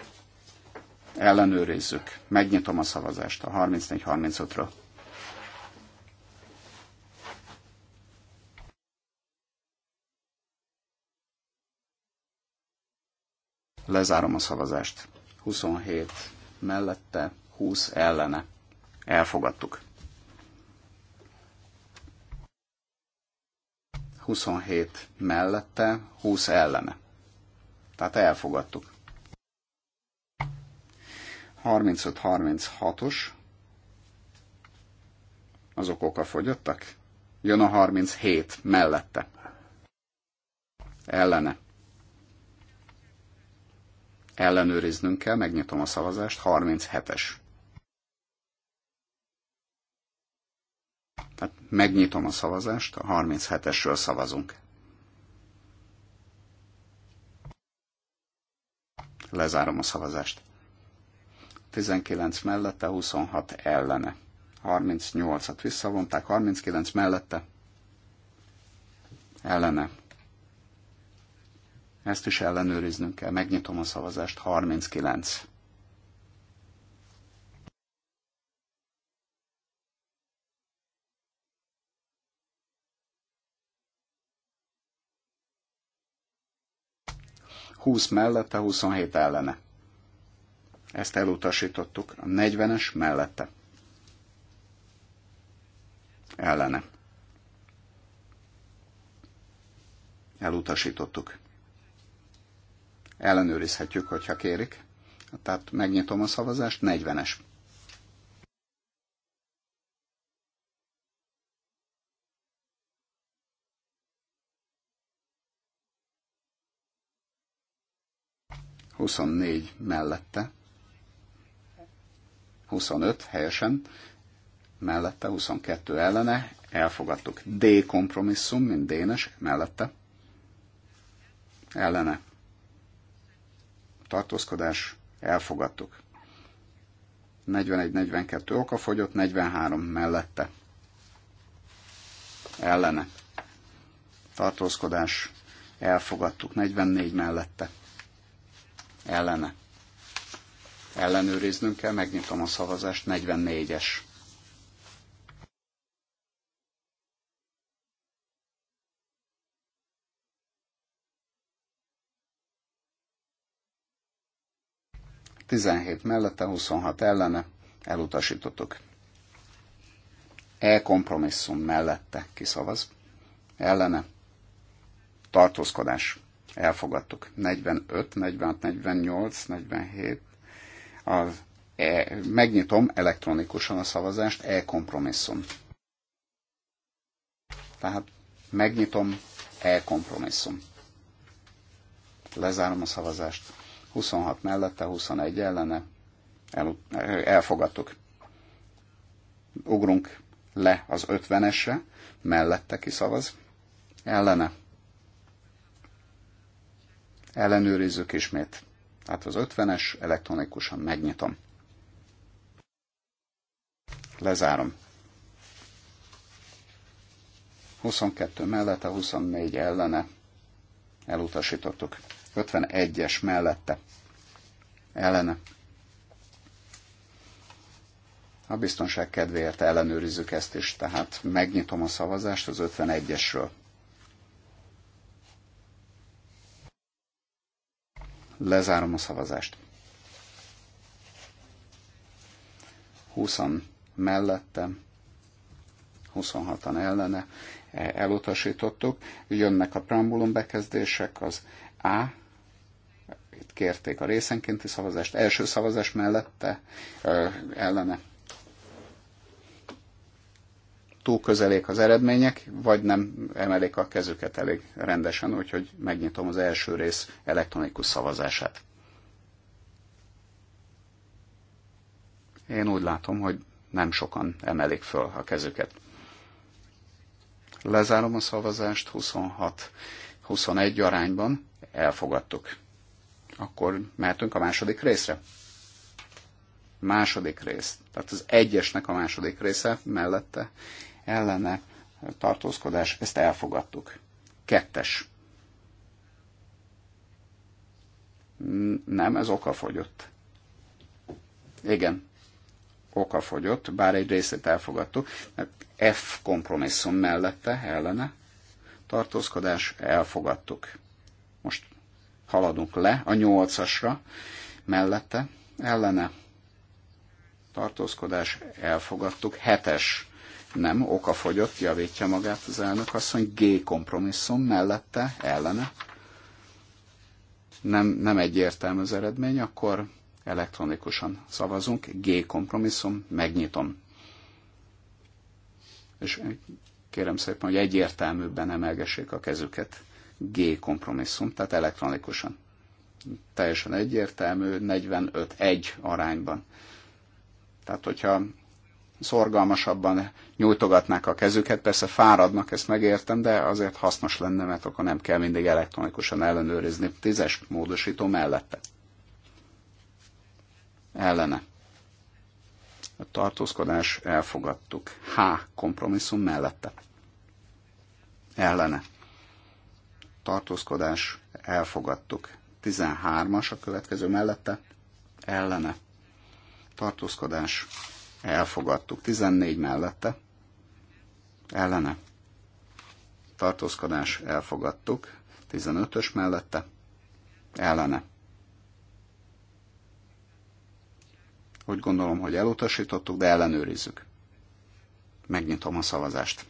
Ellenőrizzük. Megnyitom a szavazást a 34-35-ről. Lezárom a szavazást. 27 mellette, 20 ellene. Elfogadtuk. 27 mellette, 20 ellene. Tehát elfogadtuk. 35-36-os. Azok oka fogyottak? Jön a 37 mellette. Ellene ellenőriznünk kell, megnyitom a szavazást, 37-es. Tehát megnyitom a szavazást, a 37-esről szavazunk. Lezárom a szavazást. 19 mellette, 26 ellene. 38-at visszavonták, 39 mellette, ellene ezt is ellenőriznünk kell. Megnyitom a szavazást. 39. Húsz mellette, 27 ellene. Ezt elutasítottuk. A 40-es mellette. Ellene. Elutasítottuk ellenőrizhetjük, hogyha kérik. Tehát megnyitom a szavazást, 40-es. Huszonnégy mellette, 25 helyesen, mellette 22 ellene, elfogadtuk. D kompromisszum, mint dénes, mellette, ellene tartózkodás, elfogadtuk. 41-42 oka fogyott, 43 mellette. Ellene. Tartózkodás, elfogadtuk, 44 mellette. Ellene. Ellenőriznünk kell, megnyitom a szavazást, 44-es. 17 mellette, 26 ellene elutasítottuk. E kompromisszum mellette kiszavaz, ellene tartózkodás elfogadtuk. 45, 46, 48, 47. Az e, megnyitom elektronikusan a szavazást, e kompromisszum. Tehát megnyitom e kompromisszum. Lezárom a szavazást. 26 mellette, 21 ellene, el, elfogadtuk. Ugrunk le az 50-esre, mellette kiszavaz, ellene. Ellenőrizzük ismét. Tehát az 50-es elektronikusan megnyitom. Lezárom. 22 mellette, 24 ellene elutasítottuk. 51-es mellette ellene. A biztonság kedvéért ellenőrizzük ezt is, tehát megnyitom a szavazást az 51-esről. Lezárom a szavazást. 20 mellette, 26-an ellene e- elutasítottuk. Jönnek a preambulum bekezdések, az A itt kérték a részenkénti szavazást, első szavazás mellette ö, ellene. Túl közelék az eredmények, vagy nem emelik a kezüket elég rendesen, úgyhogy megnyitom az első rész elektronikus szavazását. Én úgy látom, hogy nem sokan emelik föl a kezüket. Lezárom a szavazást 26-21 arányban, elfogadtuk. Akkor mehetünk a második részre. Második rész. Tehát az egyesnek a második része mellette ellene tartózkodás. Ezt elfogadtuk. Kettes. Nem, ez okafogyott. Igen, okafogyott, bár egy részét elfogadtuk. Mert F kompromisszum mellette, ellene tartózkodás, elfogadtuk. Most haladunk le a nyolcasra, mellette ellene tartózkodás elfogadtuk, hetes nem, Oka fogyott. javítja magát az elnök asszony, G kompromisszum mellette, ellene. Nem, nem egyértelmű az eredmény, akkor elektronikusan szavazunk, G kompromisszum, megnyitom. És kérem szépen, hogy egyértelműbben emelgessék a kezüket. G kompromisszum, tehát elektronikusan. Teljesen egyértelmű, 45-1 arányban. Tehát, hogyha szorgalmasabban nyújtogatnák a kezüket, persze fáradnak, ezt megértem, de azért hasznos lenne, mert akkor nem kell mindig elektronikusan ellenőrizni tízes módosító mellette. Ellene. A tartózkodás elfogadtuk. H kompromisszum mellette. Ellene tartózkodás, elfogadtuk. 13-as a következő mellette, ellene, tartózkodás, elfogadtuk. 14 mellette, ellene, tartózkodás, elfogadtuk. 15-ös mellette, ellene. Úgy gondolom, hogy elutasítottuk, de ellenőrizzük. Megnyitom a szavazást.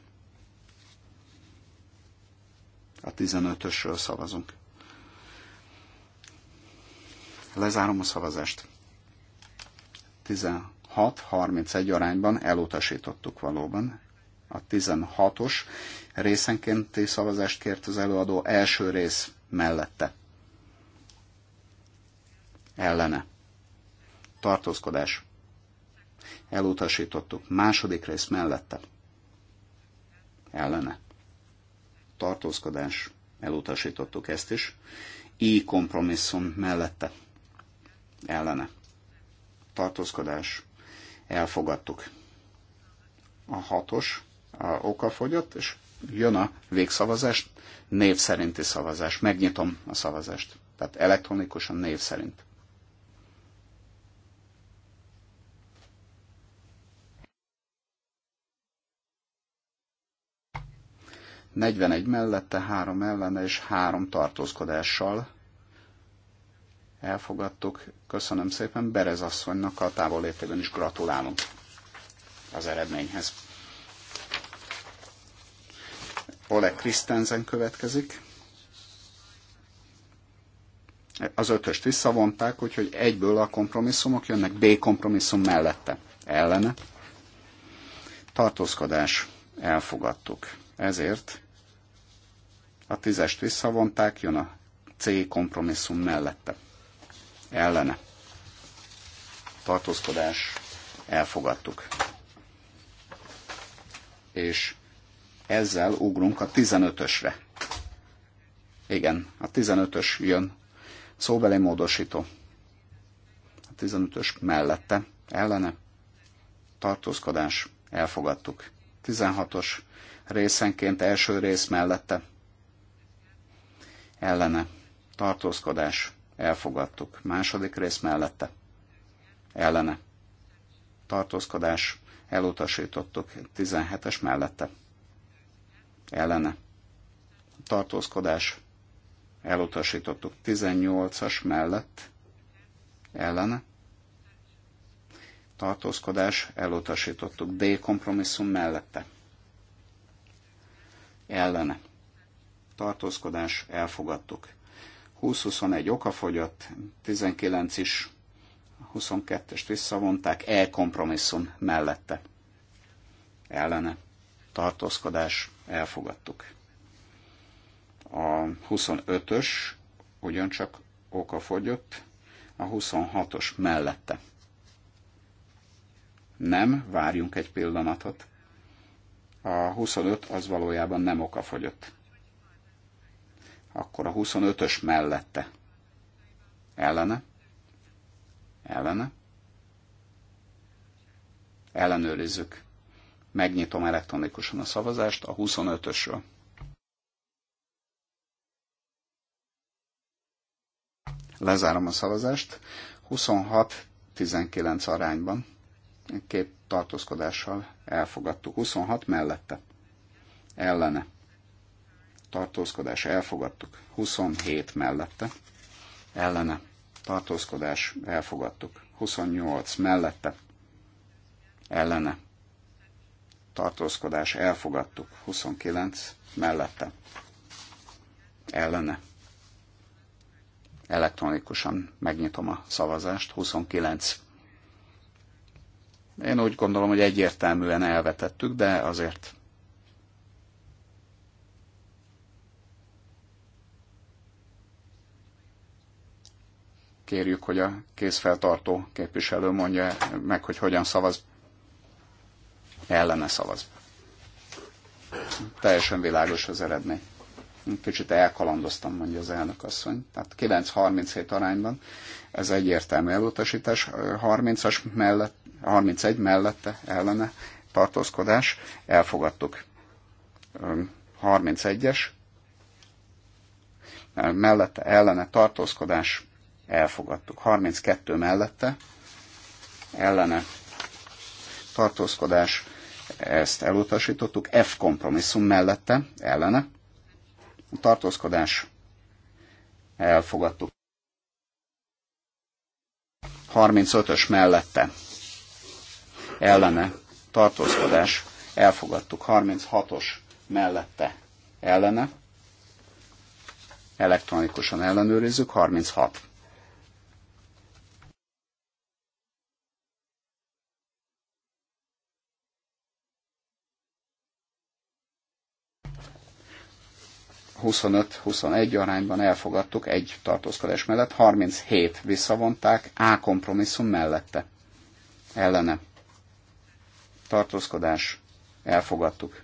A 15-ösről szavazunk. Lezárom a szavazást. 16-31 arányban elutasítottuk valóban. A 16-os részenkénti szavazást kért az előadó első rész mellette. Ellene. Tartózkodás. Elutasítottuk. Második rész mellette. Ellene tartózkodás, elutasítottuk ezt is. I kompromisszum mellette, ellene, tartózkodás, elfogadtuk. A hatos, a oka fogyott, és jön a végszavazás, név szerinti szavazás. Megnyitom a szavazást. Tehát elektronikusan név szerint. 41 mellette, 3 ellene és 3 tartózkodással elfogadtuk. Köszönöm szépen Berez asszonynak a távol is gratulálunk az eredményhez. Oleg Krisztenzen következik. Az ötöst visszavonták, úgyhogy egyből a kompromisszumok jönnek B kompromisszum mellette. Ellene. Tartózkodás. Elfogadtuk. Ezért a tízest visszavonták, jön a C kompromisszum mellette. Ellene. Tartózkodás. Elfogadtuk. És ezzel ugrunk a 15-ösre. Igen, a 15-ös jön. Szóbeli módosító. A 15-ös mellette. Ellene. Tartózkodás. Elfogadtuk. 16-os részenként első rész mellette ellene tartózkodás elfogadtuk. Második rész mellette ellene tartózkodás elutasítottuk. 17-es mellette ellene tartózkodás elutasítottuk. 18-as mellett ellene tartózkodás elutasítottuk. D kompromisszum mellette ellene tartózkodás elfogadtuk. 20-21 okafogyott, 19 is, 22-est visszavonták, El kompromisszum mellette ellene tartózkodás elfogadtuk. A 25-ös ugyancsak okafogyott, a 26-os mellette. Nem, várjunk egy pillanatot a 25 az valójában nem okafogyott. Akkor a 25-ös mellette. Ellene? Ellene? Ellenőrizzük. Megnyitom elektronikusan a szavazást a 25-ösről. Lezárom a szavazást. 26-19 arányban két tartózkodással elfogadtuk. 26 mellette ellene tartózkodás elfogadtuk. 27 mellette ellene tartózkodás elfogadtuk. 28 mellette ellene tartózkodás elfogadtuk. 29 mellette ellene elektronikusan megnyitom a szavazást. 29 én úgy gondolom, hogy egyértelműen elvetettük, de azért kérjük, hogy a kézfeltartó képviselő mondja meg, hogy hogyan szavaz. Ellene szavaz. Teljesen világos az eredmény. Kicsit elkalandoztam, mondja az elnök asszony. Tehát 9-37 arányban ez egyértelmű elutasítás. 30-as mellett 31 mellette ellene tartózkodás, elfogadtuk. 31-es mellette ellene tartózkodás, elfogadtuk. 32 mellette ellene tartózkodás, ezt elutasítottuk. F kompromisszum mellette ellene tartózkodás, elfogadtuk. 35-ös mellette ellene tartózkodás elfogadtuk. 36-os mellette ellene elektronikusan ellenőrizzük. 36. ...25-21 arányban elfogadtuk egy tartózkodás mellett, 37 visszavonták, A kompromisszum mellette, ellene tartózkodás, elfogadtuk.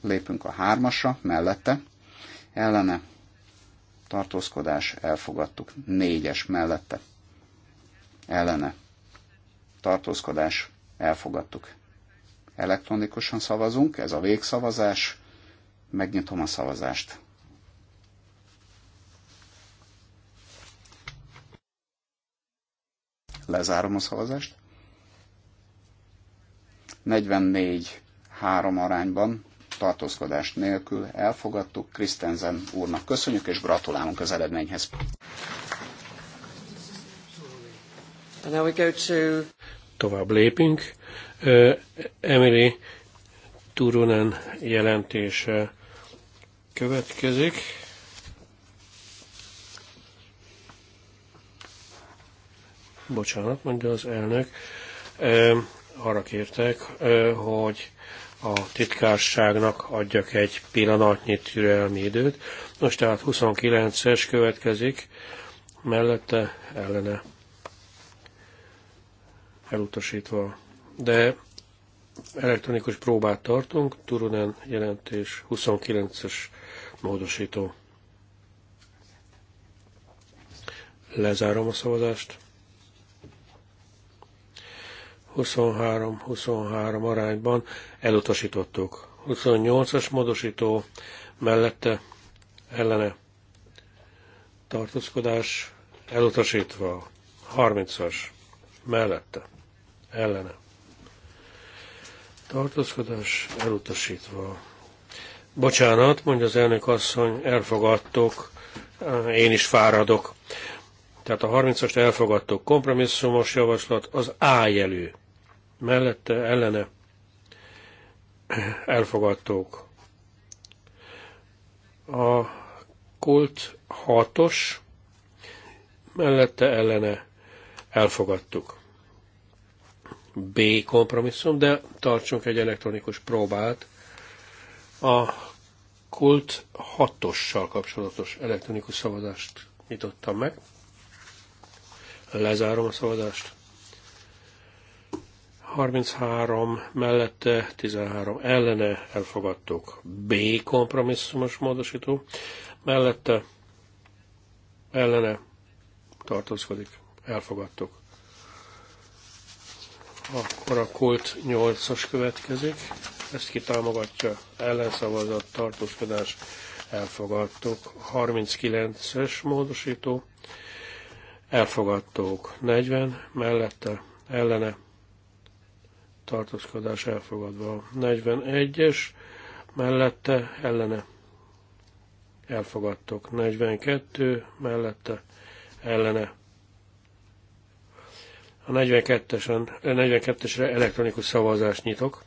Lépünk a hármasra, mellette, ellene, tartózkodás, elfogadtuk. Négyes, mellette, ellene, tartózkodás, elfogadtuk. Elektronikusan szavazunk, ez a végszavazás, megnyitom a szavazást. Lezárom a szavazást. 44 3 arányban tartózkodás nélkül elfogadtuk. Krisztenzen úrnak köszönjük, és gratulálunk az eredményhez. To... Tovább lépünk. Emily Turunen jelentése következik. Bocsánat, mondja az elnök arra kértek, hogy a titkárságnak adjak egy pillanatnyi türelmi időt. Most tehát 29-es következik, mellette ellene elutasítva. De elektronikus próbát tartunk, Turunen jelentés 29-es módosító. Lezárom a szavazást. 23-23 arányban elutasítottuk. 28-as módosító mellette ellene tartózkodás elutasítva. 30-as mellette ellene tartózkodás elutasítva. Bocsánat, mondja az elnök asszony, elfogadtok, én is fáradok. Tehát a 30-ast elfogadtok, Kompromisszumos javaslat az A jelű mellette ellene elfogadtók. A kult 6-os mellette ellene elfogadtuk. B kompromisszum, de tartsunk egy elektronikus próbát. A kult 6-ossal kapcsolatos elektronikus szavazást nyitottam meg. Lezárom a szavazást. 33 mellette, 13 ellene elfogadtuk. B kompromisszumos módosító mellette, ellene tartózkodik, elfogadtuk. Akkor a kult 8-as következik, ezt kitámogatja, ellenszavazat, tartózkodás, elfogadtuk. 39-es módosító, elfogadtuk. 40 mellette, ellene tartózkodás elfogadva. 41-es mellette ellene elfogadtok. 42 mellette ellene. A 42-esen, 42-esre elektronikus szavazást nyitok.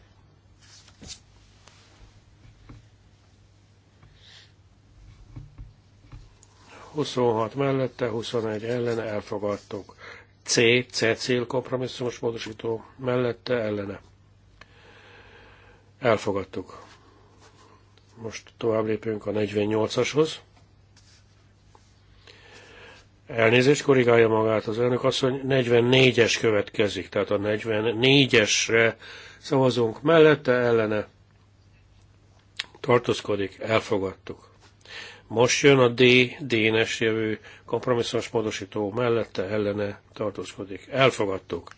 Huszonhat mellette, 21 ellene elfogadtok. C, C cél kompromisszumos módosító mellette ellene. Elfogadtuk. Most tovább lépünk a 48-ashoz. Elnézést korrigálja magát az elnök asszony, 44-es következik, tehát a 44-esre szavazunk mellette, ellene tartózkodik, elfogadtuk. Most jön a D, d jövő kompromisszumos módosító mellette ellene tartózkodik. Elfogadtuk.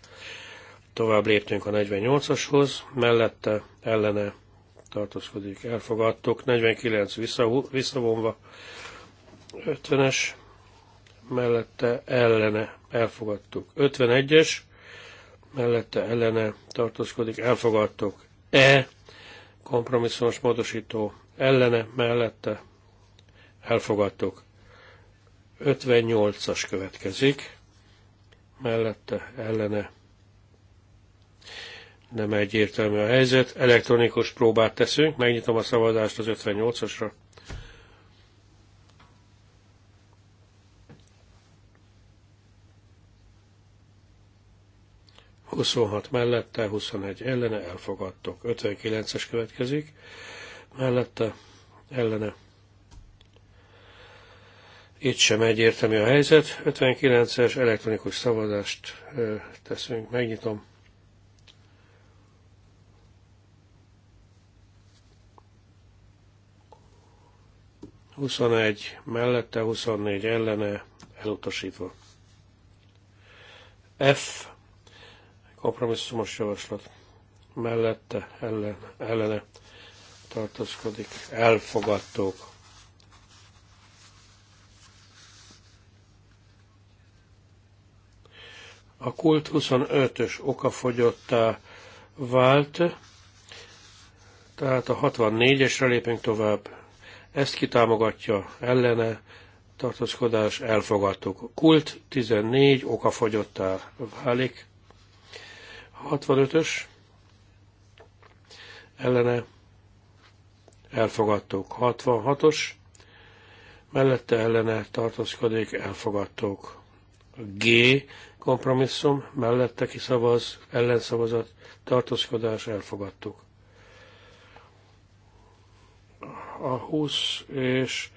Tovább léptünk a 48-ashoz, mellette ellene tartózkodik. Elfogadtuk. 49 vissza, visszavonva. 50-es mellette ellene elfogadtuk. 51-es mellette ellene tartózkodik. Elfogadtuk. E kompromisszumos módosító ellene, mellette, elfogadtuk. 58-as következik, mellette ellene nem egyértelmű a helyzet. Elektronikus próbát teszünk, megnyitom a szavazást az 58-asra. Huszonhat mellette, 21 ellene, elfogadtok. 59-es következik, mellette, ellene, itt sem egyértelmű a helyzet. 59-es elektronikus szavazást teszünk, megnyitom. Huszonegy mellette, 24 ellene, elutasítva. F. Kompromisszumos javaslat. Mellette, ellen, ellene Tartozkodik. Elfogadtók. A kult 25-ös okafogyottá vált, tehát a 64-esre lépünk tovább. Ezt kitámogatja ellene, tartózkodás, elfogadtuk. Kult 14 okafogyottá válik. 65-ös ellene elfogadtuk. 66-os mellette ellene tartózkodik, elfogadtuk. G kompromisszum, mellette kiszavaz, ellenszavazat, tartózkodás, elfogadtuk. A 20 és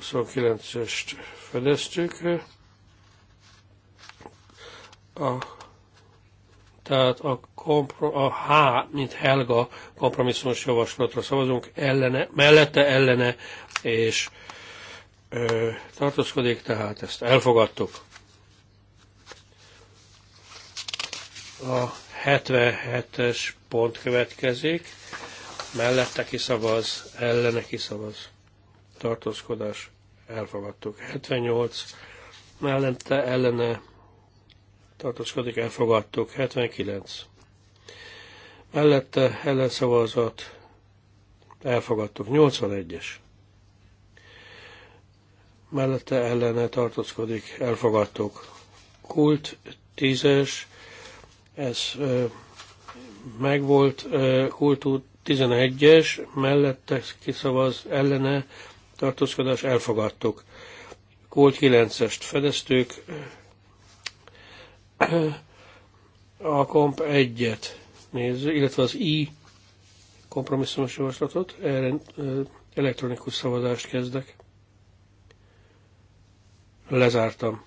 29-est fedeztük. A, tehát a, kompro, a H, mint Helga kompromisszumos javaslatra szavazunk, ellene, mellette ellene, és ö, tartózkodik, tehát ezt elfogadtuk. A 77-es pont következik, mellette kiszavaz, ellene kiszavaz. Tartózkodás, elfogadtuk. 78, mellette, ellene, tartózkodik, elfogadtuk. 79. Mellette ellen szavazat elfogadtuk. 81-es. Mellette ellene tartózkodik, elfogadtuk. Kult 10-es, ez megvolt kultú 11-es, mellette kiszavaz ellene tartózkodás, elfogadtuk. Kult 9-est fedeztük, a komp 1-et nézzük, illetve az i kompromisszumos javaslatot, erre elektronikus szavazást kezdek. Lezártam.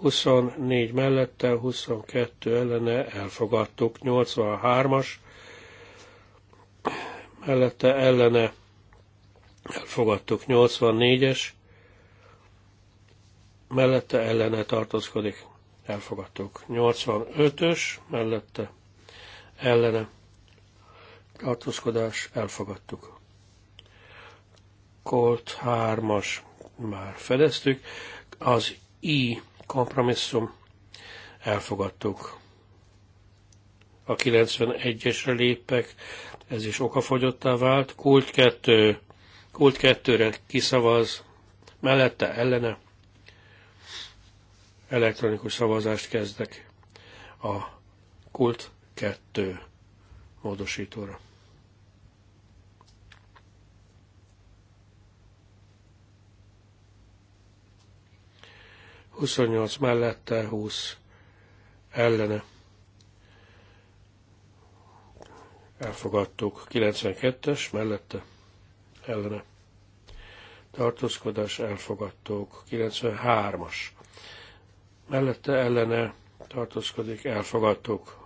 24 mellette, 22 ellene elfogadtuk. 83-as mellette ellene elfogadtuk. 84-es mellette ellene tartózkodik. Elfogadtuk. 85-ös mellette ellene tartózkodás elfogadtuk. Kolt 3-as már fedeztük. Az I kompromisszum, elfogadtuk. A 91-esre lépek, ez is okafogyottá vált. Kult 2, Kult 2-re kiszavaz, mellette ellene elektronikus szavazást kezdek a Kult 2 módosítóra. 28 mellette, 20 ellene. Elfogadtuk. 92-es mellette, ellene. Tartózkodás elfogadtuk. 93-as. Mellette ellene tartózkodik, elfogadtuk.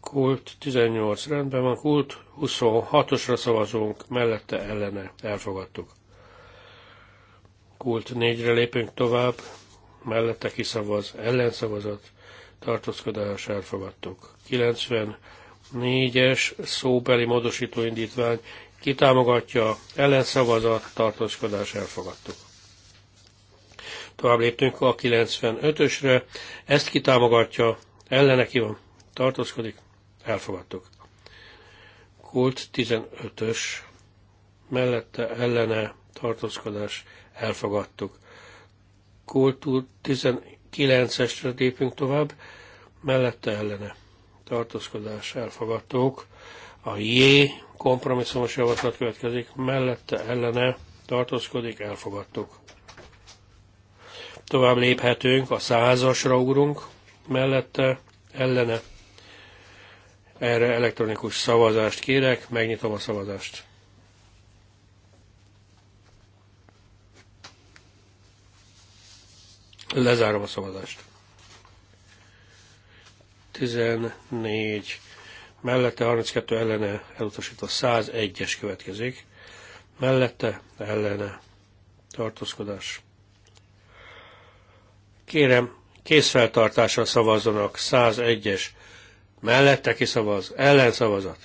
Kult 18 rendben van, kult 26-osra szavazunk, mellette ellene elfogadtuk. Kult 4-re lépünk tovább, mellette kiszavaz, ellenszavazat, tartózkodás elfogadtuk. 94-es szóbeli módosítóindítvány indítvány kitámogatja, ellenszavazat, tartózkodás elfogadtuk. Tovább léptünk a 95-ösre, ezt kitámogatja, ellene ki van, tartózkodik, elfogadtuk. Kult 15-ös, mellette ellene tartózkodás, elfogadtuk. Kultúr 19-esre lépünk tovább, mellette ellene tartózkodás elfogadtók. A J kompromisszumos javaslat következik, mellette ellene tartózkodik, elfogadtók. Tovább léphetünk, a százasra ugrunk, mellette ellene. Erre elektronikus szavazást kérek, megnyitom a szavazást. Lezárom a szavazást. 14 mellette 32 ellene elutasítva 101-es következik, mellette ellene tartózkodás. Kérem, készfeltartásra szavazzanak 101-es, mellette kiszavaz, ellenszavazat.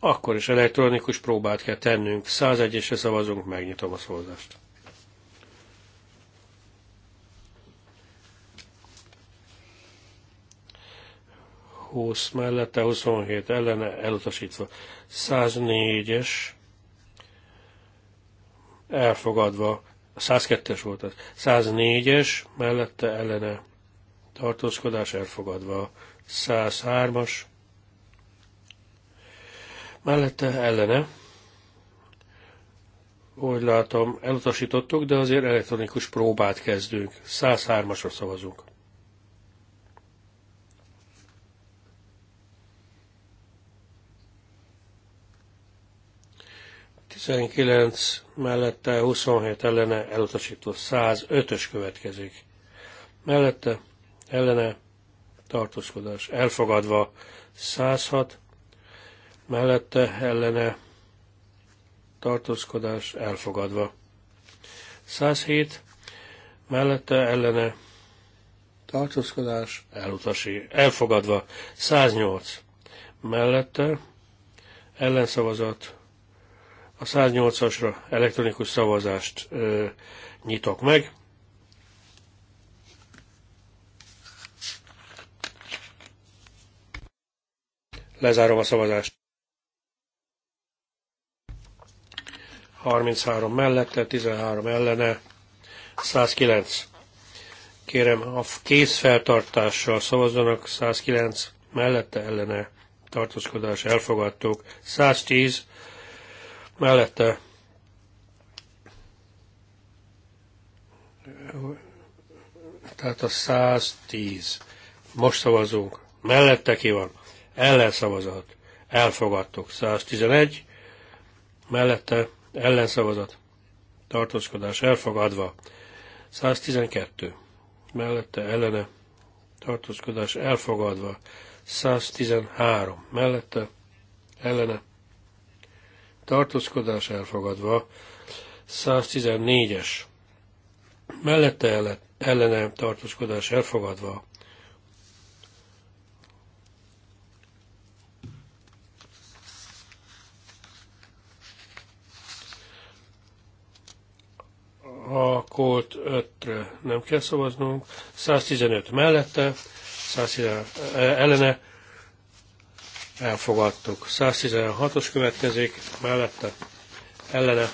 Akkor is elektronikus próbát kell tennünk, 101-esre szavazunk, megnyitom a szavazást. 20 mellette, 27 ellene elutasítva. 104-es elfogadva, 102-es volt ez. 104-es mellette ellene tartózkodás elfogadva. 103-as mellette ellene úgy látom, elutasítottuk, de azért elektronikus próbát kezdünk. 103-asra szavazunk. 19 mellette, 27 ellene, elutasító 105-ös következik. Mellette, ellene, tartózkodás elfogadva 106, mellette, ellene, tartózkodás elfogadva. 107, mellette, ellene, tartózkodás elutasi, elfogadva. 108, mellette, ellenszavazat a 108-asra elektronikus szavazást ö, nyitok meg. Lezárom a szavazást. 33 mellette, 13 ellene, 109. Kérem, a feltartással szavazzanak, 109 mellette ellene tartózkodás elfogadtók, 110 mellette tehát a 110 most szavazunk, mellette ki van, ellenszavazat, elfogadtok, 111, mellette ellenszavazat, tartózkodás elfogadva, 112, mellette ellene, tartózkodás elfogadva, 113, mellette ellene, tartózkodás elfogadva, 114-es mellette ellene tartózkodás elfogadva, a Colt 5-re nem kell szavaznunk, 115 mellette, 115 e, ellene elfogadtuk. 116-os következik, mellette ellene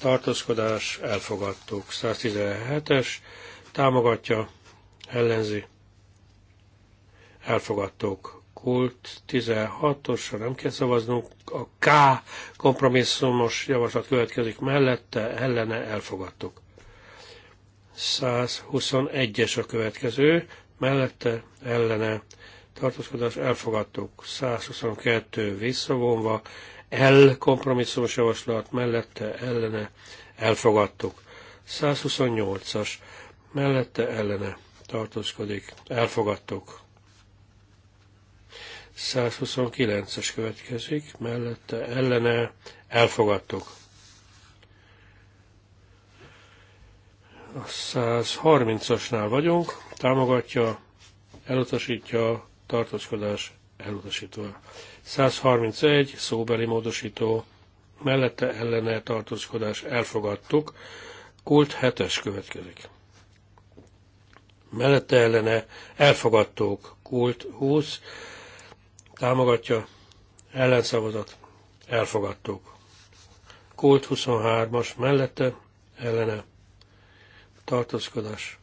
tartózkodás, elfogadtuk. 117-es támogatja, ellenzi, elfogadtuk. Kult 16-osra nem kell szavaznunk, a K kompromisszumos javaslat következik mellette, ellene elfogadtuk. 121-es a következő, mellette, ellene tartózkodás elfogadtuk. 122 visszavonva, L kompromisszumos javaslat mellette ellene elfogadtuk. 128-as mellette ellene tartózkodik, elfogadtuk. 129-es következik, mellette ellene elfogadtuk. A 130-asnál vagyunk, támogatja, elutasítja, tartózkodás elutasítva. 131 szóbeli módosító, mellette ellene tartózkodás elfogadtuk, kult 7-es következik. Mellette ellene elfogadtuk, kult 20, támogatja, ellenszavazat, elfogadtuk. Kult 23-as mellette ellene tartózkodás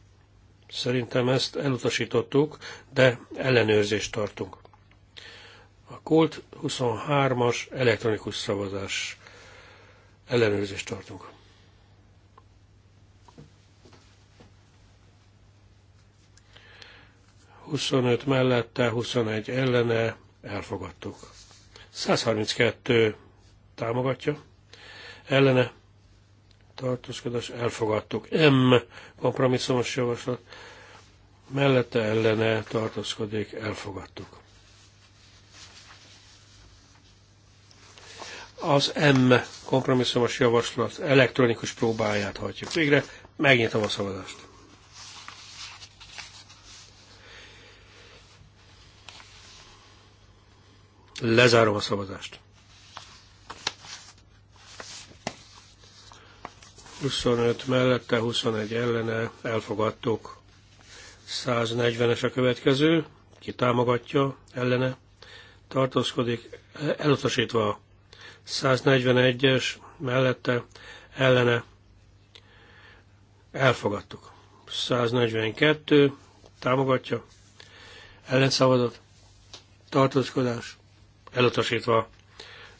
Szerintem ezt elutasítottuk, de ellenőrzést tartunk. A kult 23-as elektronikus szavazás ellenőrzést tartunk. Huszonöt mellette, 21 ellene elfogadtuk. 132 támogatja, ellene tartózkodás elfogadtuk. M kompromisszumos javaslat mellette ellene tartózkodik, elfogadtuk. Az M kompromisszumos javaslat elektronikus próbáját hagyjuk végre, megnyitom a szavazást. Lezárom a szavazást. 25 mellette, 21 ellene elfogadtuk. 140-es a következő, ki támogatja, ellene tartózkodik, elutasítva. 141-es mellette, ellene elfogadtuk. 142 támogatja, ellenszavazott, tartózkodás, elutasítva.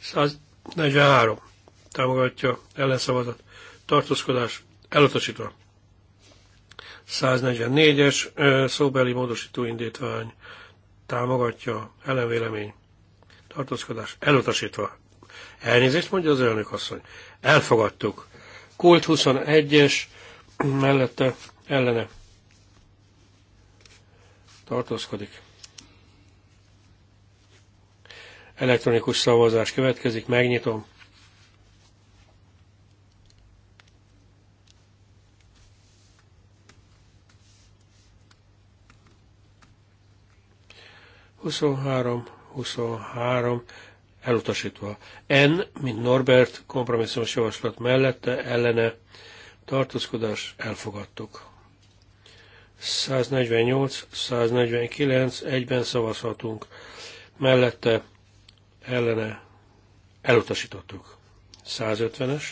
143 támogatja, ellenszavazott, tartózkodás elutasítva. 144-es szóbeli módosító indítvány támogatja ellenvélemény tartózkodás elutasítva. Elnézést mondja az elnök asszony. Elfogadtuk. Kult 21-es mellette ellene tartózkodik. Elektronikus szavazás következik, megnyitom. 23, 23, elutasítva. N, mint Norbert, kompromisszumos javaslat mellette, ellene, tartózkodás, elfogadtuk. 148, 149, egyben szavazhatunk. Mellette, ellene, elutasítottuk. 150-es.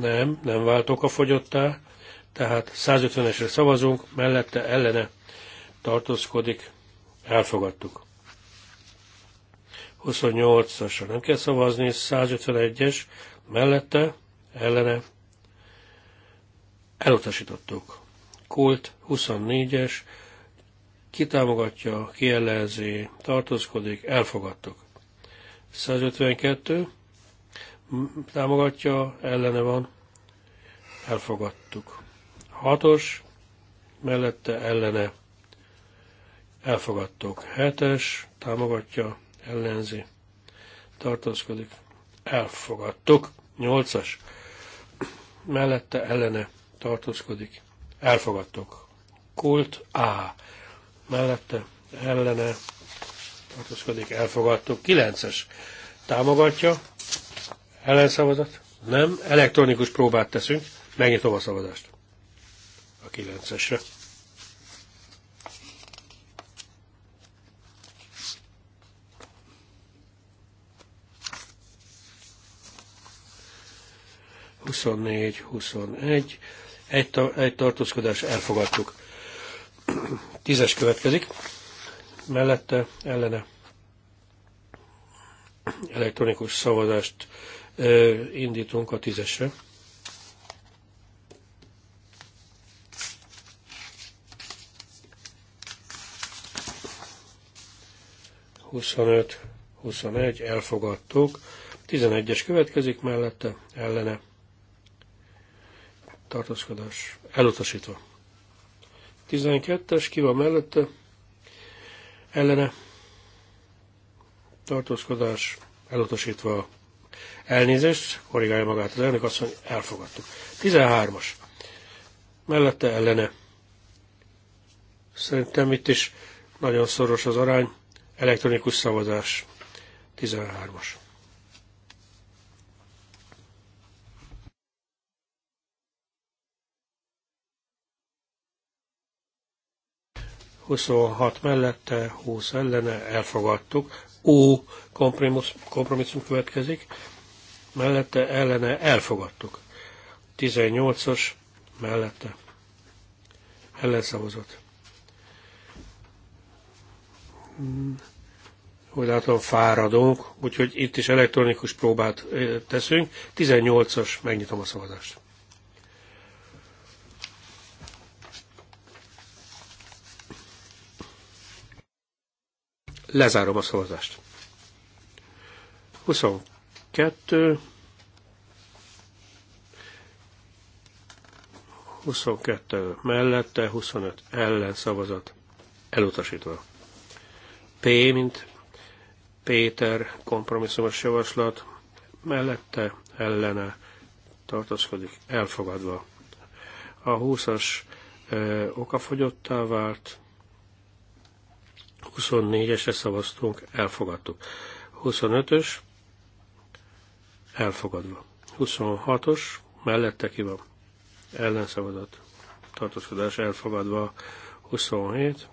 Nem, nem váltok a fogyottá. Tehát 150-esre szavazunk, mellette ellene tartózkodik, elfogadtuk. 28-asra nem kell szavazni, 151-es mellette ellene elutasítottuk. Kult 24-es, kitámogatja, kiellenzi, tartózkodik, elfogadtuk. 152, támogatja, ellene van, elfogadtuk. Hatos mellette ellene elfogadtok Hetes támogatja, ellenzi, tartózkodik, elfogadtok Nyolcas mellette ellene tartózkodik, elfogadtok Kult A mellette ellene tartózkodik, elfogadtok Kilences támogatja, ellenszavazat, nem, elektronikus próbát teszünk, megnyitom a szavazást a 9-esre. Huszonnégy, huszonegy. Egy, ta, egy tartózkodás elfogadtuk. Tízes következik. Mellette ellene elektronikus szavazást ö, indítunk a tízesre. 25, 21, elfogadtuk. 11-es következik mellette, ellene. Tartózkodás elutasítva. 12-es, ki van mellette? Ellene. Tartózkodás elutasítva. Elnézést, korrigálja magát az elnök, azt mondja, elfogadtuk. 13-as. Mellette ellene. Szerintem itt is nagyon szoros az arány. Elektronikus szavazás 13-as. Huszonhat mellette, 20 ellene, elfogadtuk. Ó, kompromisszum következik, mellette, ellene, elfogadtuk. 18-as mellette, ellenszavazott hogy látom fáradunk, úgyhogy itt is elektronikus próbát teszünk. 18-as, megnyitom a szavazást. Lezárom a szavazást. 22 22 mellette, 25 ellen szavazat elutasítva. P, mint Péter kompromisszumos javaslat, mellette ellene tartózkodik, elfogadva. A 20-as ö, okafogyottá vált, 24-esre szavaztunk, elfogadtuk. 25-ös, elfogadva. 26-os, mellette ki van, ellenszavazat, tartózkodás elfogadva. 27,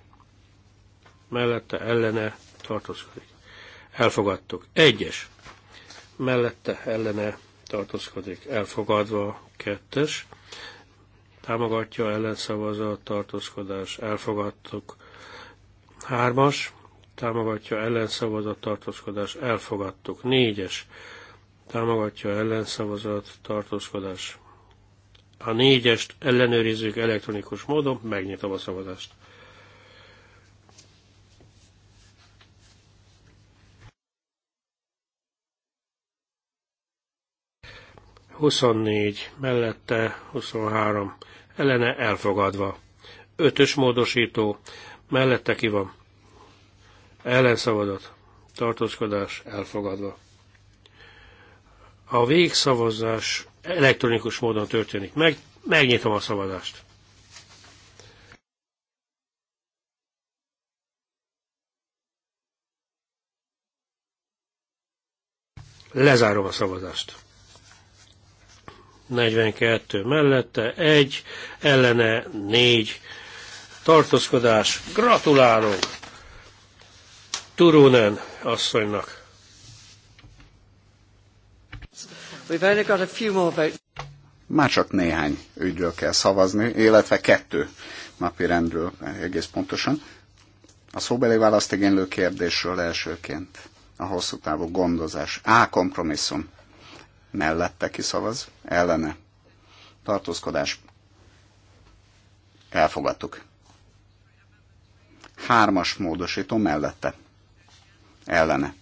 mellette ellene tartózkodik. Elfogadtuk. Egyes mellette ellene tartózkodik. Elfogadva kettes támogatja ellenszavazat, tartózkodás, elfogadtuk. Hármas, támogatja ellenszavazat, tartózkodás, elfogadtuk. Négyes, támogatja ellenszavazat, tartózkodás. A négyest ellenőrizzük elektronikus módon, megnyitom a szavazást. 24 mellette 23 ellene elfogadva. Ötös módosító mellette ki van. Ellenszavazat. Tartózkodás elfogadva. A végszavazás elektronikus módon történik meg. Megnyitom a szavazást. Lezárom a szavazást. 42 mellette, 1 ellene, 4 tartózkodás. Gratulálunk Turunen asszonynak. Már csak néhány ügyről kell szavazni, illetve kettő napi rendről egész pontosan. A szóbeli igénylő kérdésről elsőként a hosszú távú gondozás. A kompromisszum mellette kiszavaz, ellene tartózkodás elfogadtuk. Hármas módosító mellette ellene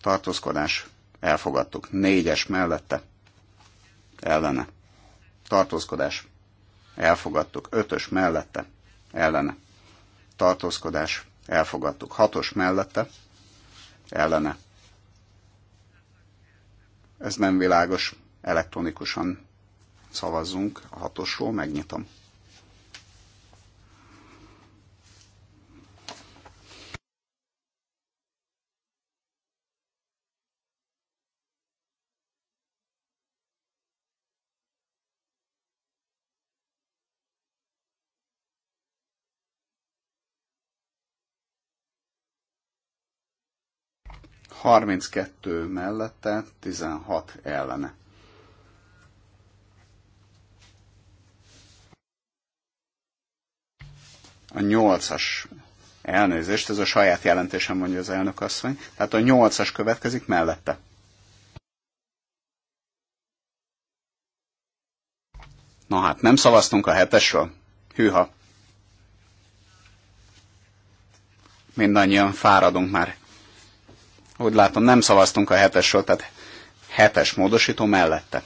tartózkodás elfogadtuk. Négyes mellette ellene tartózkodás elfogadtuk. Ötös mellette ellene tartózkodás elfogadtuk. Hatos mellette ellene ez nem világos, elektronikusan szavazzunk a hatosról, megnyitom. 32 mellette, 16 ellene. A 8-as elnézést, ez a saját jelentésem mondja az elnök asszony, tehát a 8-as következik mellette. Na hát, nem szavaztunk a hetesről? Hűha! Mindannyian fáradunk már úgy látom nem szavaztunk a hetesről, tehát hetes módosító mellette.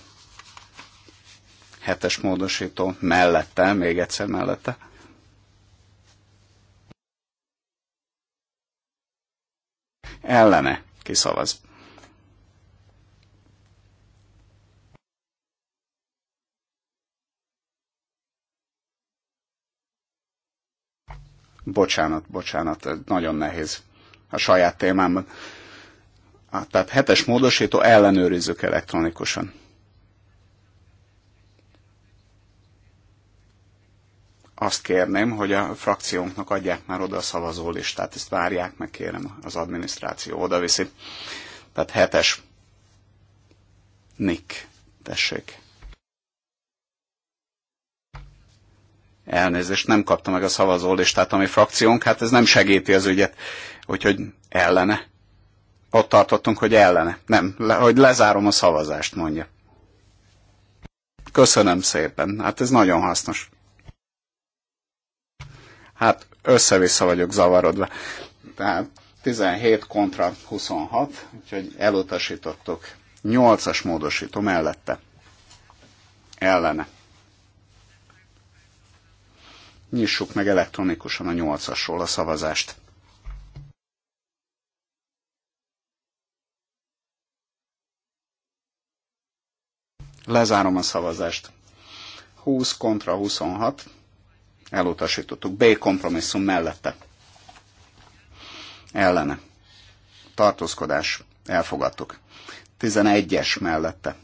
Hetes módosító mellette, még egyszer mellette. Ellene kiszavaz. Bocsánat, bocsánat, nagyon nehéz a saját témámban. Ah, tehát hetes módosító ellenőrizzük elektronikusan. Azt kérném, hogy a frakciónknak adják már oda a listát, ezt várják, meg kérem, az adminisztráció oda viszi. Tehát hetes. Nick, tessék. Elnézést, nem kapta meg a szavazólistát, ami frakciónk, hát ez nem segíti az ügyet, úgyhogy ellene ott tartottunk, hogy ellene. Nem, le, hogy lezárom a szavazást, mondja. Köszönöm szépen. Hát ez nagyon hasznos. Hát össze-vissza vagyok zavarodva. Tehát 17 kontra 26, úgyhogy elutasítottuk. 8-as módosító mellette. Ellene. Nyissuk meg elektronikusan a 8-asról a szavazást. Lezárom a szavazást. 20 kontra 26. Elutasítottuk. B kompromisszum mellette. Ellene. Tartózkodás. Elfogadtuk. 11-es mellette.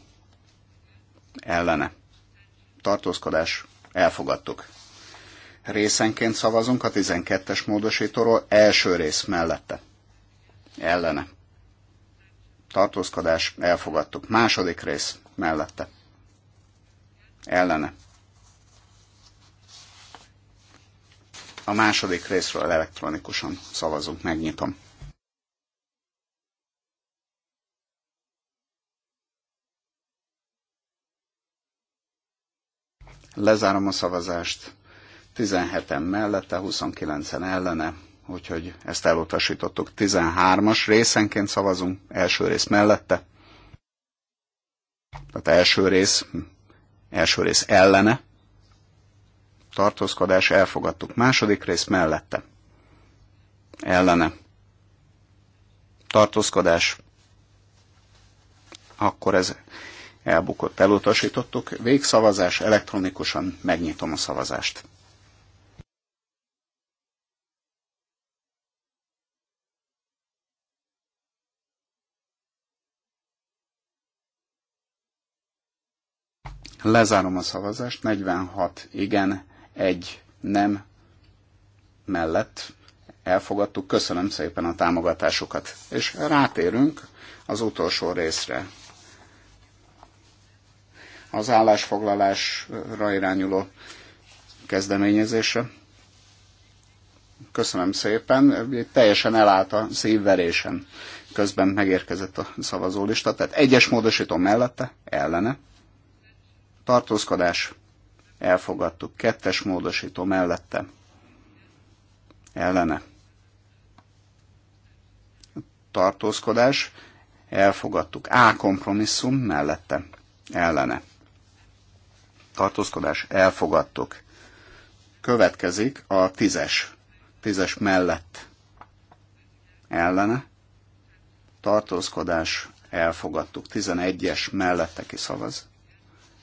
Ellene. Tartózkodás. Elfogadtuk. Részenként szavazunk a 12-es módosítóról első rész mellette. Ellene. Tartózkodás. Elfogadtuk. Második rész mellette ellene. A második részről elektronikusan szavazunk, megnyitom. Lezárom a szavazást. 17-en mellette, 29-en ellene, úgyhogy ezt elutasítottuk. 13-as részenként szavazunk, első rész mellette. Tehát első rész Első rész ellene, tartózkodás, elfogadtuk. Második rész mellette, ellene, tartózkodás, akkor ez elbukott, elutasítottuk. Végszavazás, elektronikusan megnyitom a szavazást. Lezárom a szavazást, 46 igen, egy nem mellett elfogadtuk. Köszönöm szépen a támogatásukat. És rátérünk az utolsó részre. Az állásfoglalásra irányuló kezdeményezésre. Köszönöm szépen. Teljesen elállt a szívverésen. Közben megérkezett a szavazólista. Tehát egyes módosító mellette, ellene, tartózkodás, elfogadtuk. Kettes módosító mellette, ellene, tartózkodás, elfogadtuk. A kompromisszum mellette, ellene, tartózkodás, elfogadtuk. Következik a tízes, tízes mellett, ellene, tartózkodás, elfogadtuk. 11-es mellette kiszavaz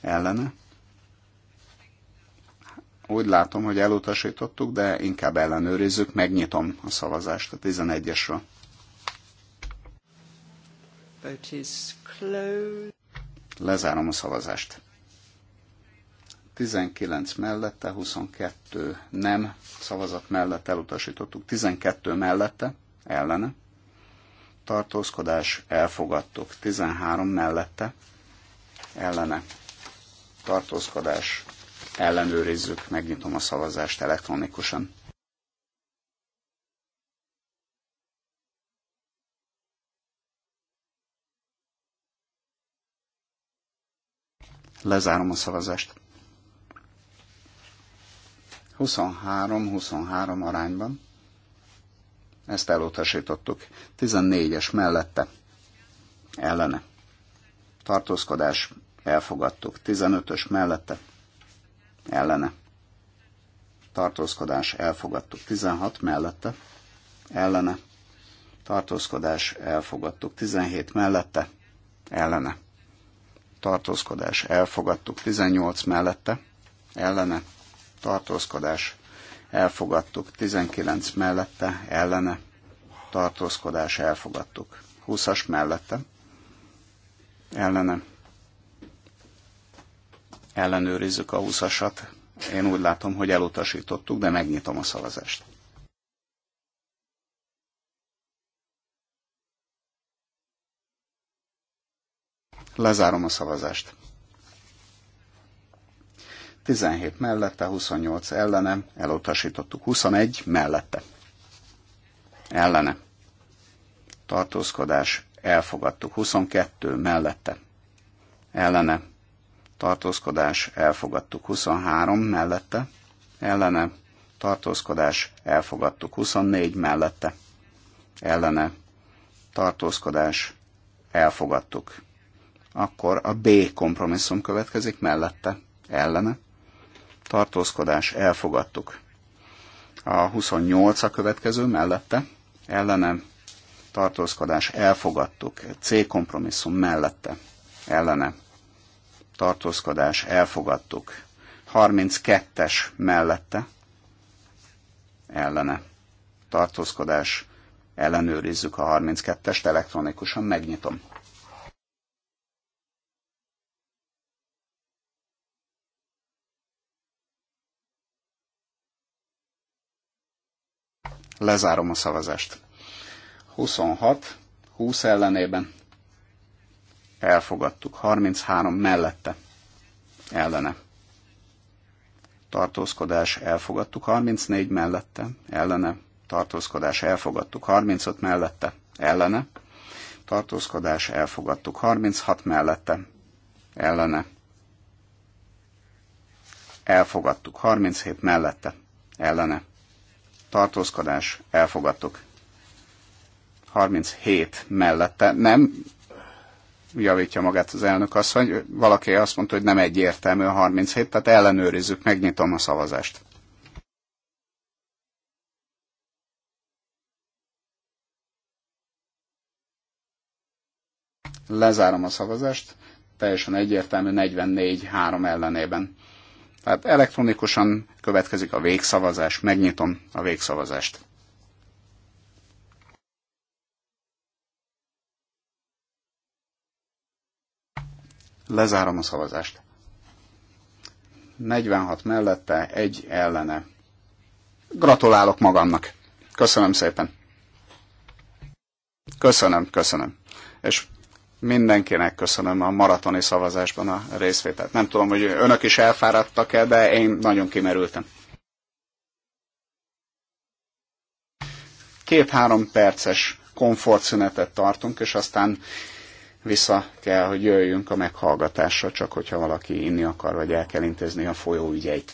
ellene. Úgy látom, hogy elutasítottuk, de inkább ellenőrizzük, megnyitom a szavazást a 11-esről. Lezárom a szavazást. 19 mellette, 22 nem szavazat mellett elutasítottuk, 12 mellette, ellene. Tartózkodás elfogadtuk, 13 mellette, ellene tartózkodás, ellenőrizzük, megnyitom a szavazást elektronikusan. Lezárom a szavazást. 23-23 arányban. Ezt elutasítottuk. 14-es mellette. Ellene. Tartózkodás elfogadtuk. 15-ös mellette ellene. Tartózkodás elfogadtuk. 16 mellette ellene. Tartózkodás elfogadtuk. 17 mellette ellene. Tartózkodás elfogadtuk. 18 mellette ellene. Tartózkodás elfogadtuk. 19 mellette ellene. Tartózkodás elfogadtuk. 20-as mellette ellene ellenőrizzük a 20-asat. Én úgy látom, hogy elutasítottuk, de megnyitom a szavazást. Lezárom a szavazást. 17 mellette, 28 ellene, elutasítottuk. 21 mellette. Ellene. Tartózkodás, elfogadtuk. 22 mellette. Ellene tartózkodás elfogadtuk 23 mellette, ellene tartózkodás elfogadtuk 24 mellette, ellene tartózkodás elfogadtuk. Akkor a B kompromisszum következik mellette, ellene tartózkodás elfogadtuk. A 28 a következő mellette, ellene tartózkodás elfogadtuk, C kompromisszum mellette, ellene tartózkodás elfogadtuk. 32-es mellette ellene tartózkodás ellenőrizzük a 32-est elektronikusan, megnyitom. Lezárom a szavazást. 26, 20 ellenében elfogadtuk. 33 mellette ellene tartózkodás elfogadtuk. 34 mellette ellene tartózkodás elfogadtuk. 35 mellette ellene tartózkodás elfogadtuk. 36 mellette ellene elfogadtuk. 37 mellette ellene tartózkodás elfogadtuk. 37 mellette, nem, javítja magát az elnök asszony. Valaki azt mondta, hogy nem egyértelmű a 37, tehát ellenőrizzük, megnyitom a szavazást. Lezárom a szavazást, teljesen egyértelmű 44-3 ellenében. Tehát elektronikusan következik a végszavazás, megnyitom a végszavazást. Lezárom a szavazást. 46 mellette, egy ellene. Gratulálok magamnak. Köszönöm szépen. Köszönöm, köszönöm. És mindenkinek köszönöm a maratoni szavazásban a részvételt. Nem tudom, hogy önök is elfáradtak-e, de én nagyon kimerültem. Két-három perces komfortszünetet tartunk, és aztán vissza kell, hogy jöjjünk a meghallgatásra, csak hogyha valaki inni akar, vagy el kell intézni a folyóügyeit.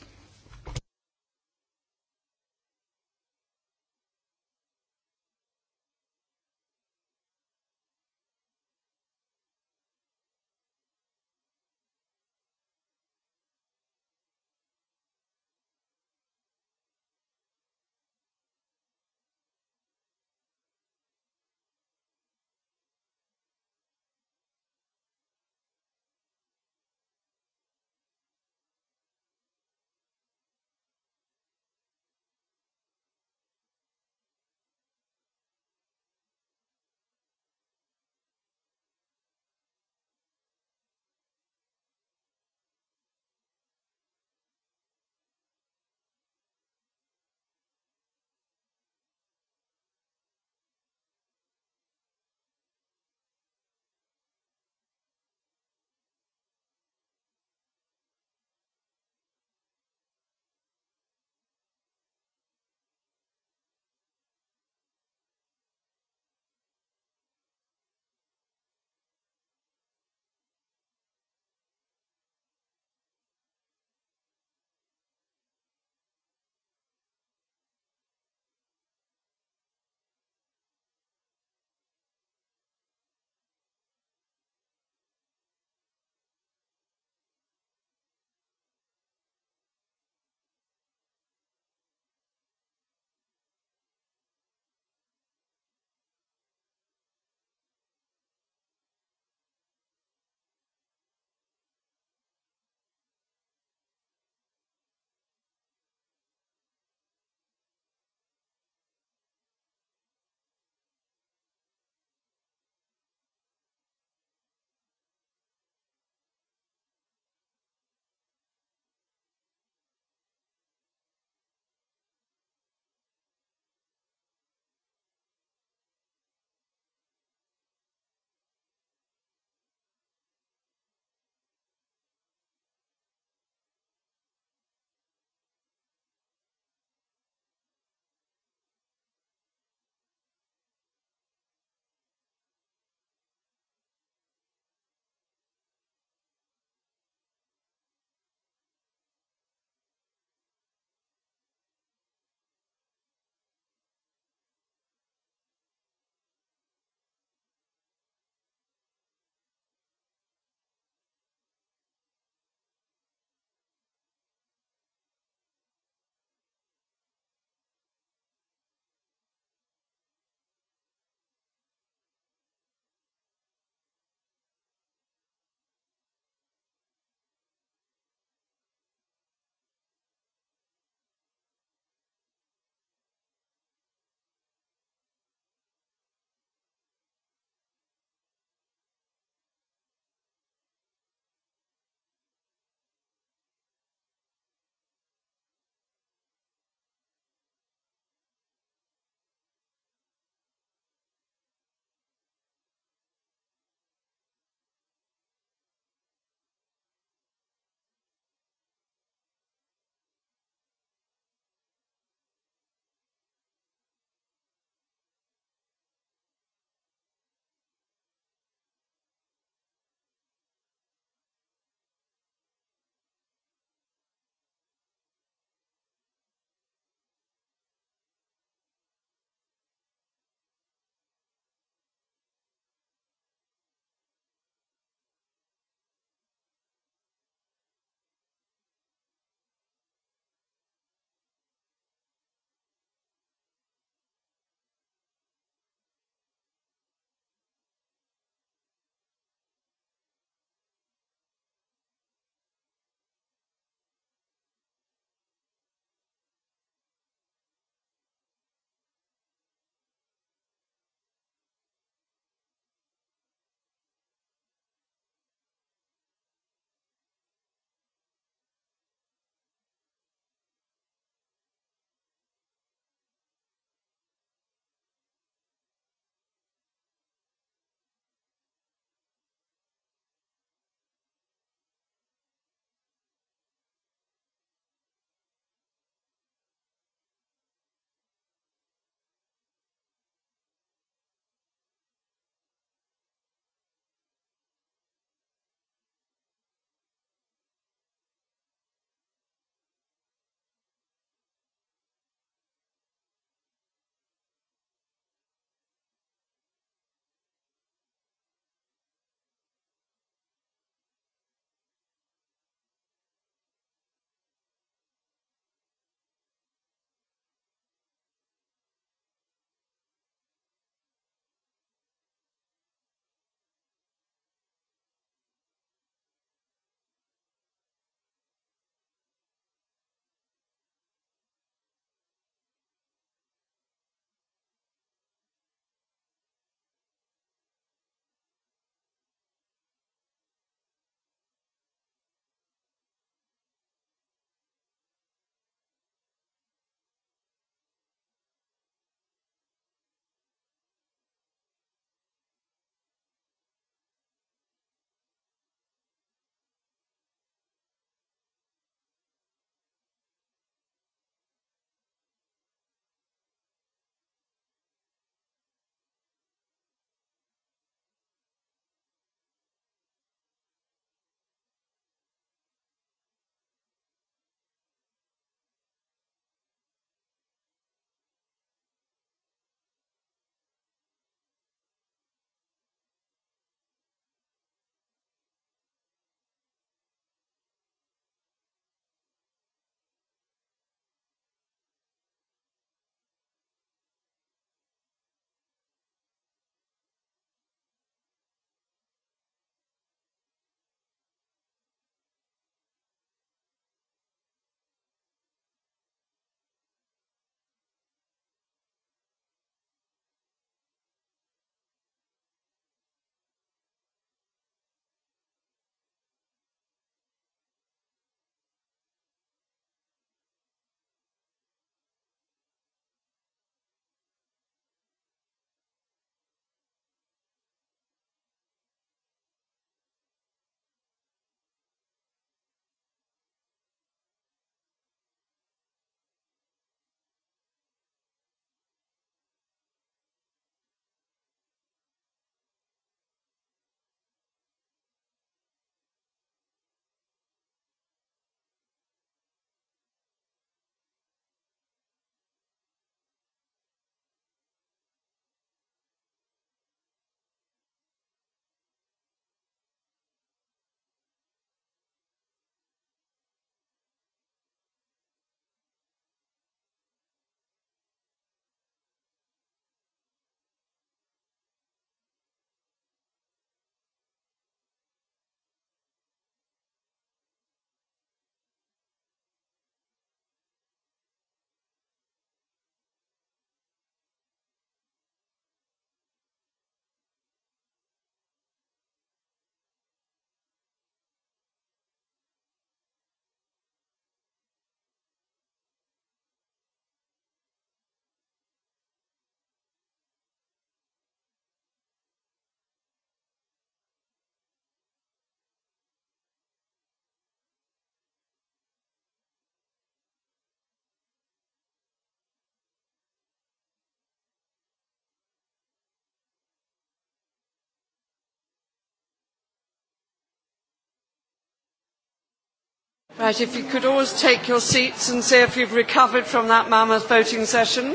Right, if you could always take your seats and if you've recovered from that mammoth voting session.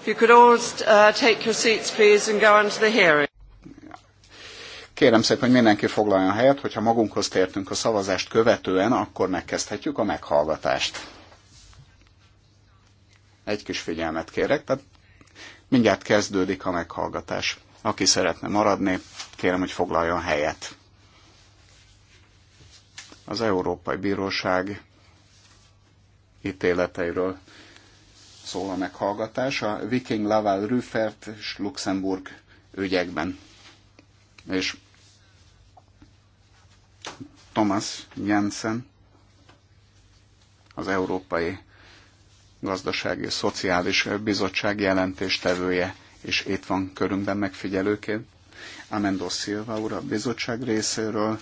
If you could always uh, take your seats, please, and go on to the hearing. Kérem szépen, hogy mindenki foglaljon helyet, hogyha magunkhoz tértünk a szavazást követően, akkor megkezdhetjük a meghallgatást. Egy kis figyelmet kérek, tehát mindjárt kezdődik a meghallgatás. Aki szeretne maradni, kérem, hogy foglaljon helyet az Európai Bíróság ítéleteiről szól a meghallgatás, a Viking Laval Rüffert és Luxemburg ügyekben. És Thomas Jensen, az Európai Gazdasági és Szociális Bizottság jelentéstevője, és itt van körünkben megfigyelőként. Amendo Silva úr a bizottság részéről,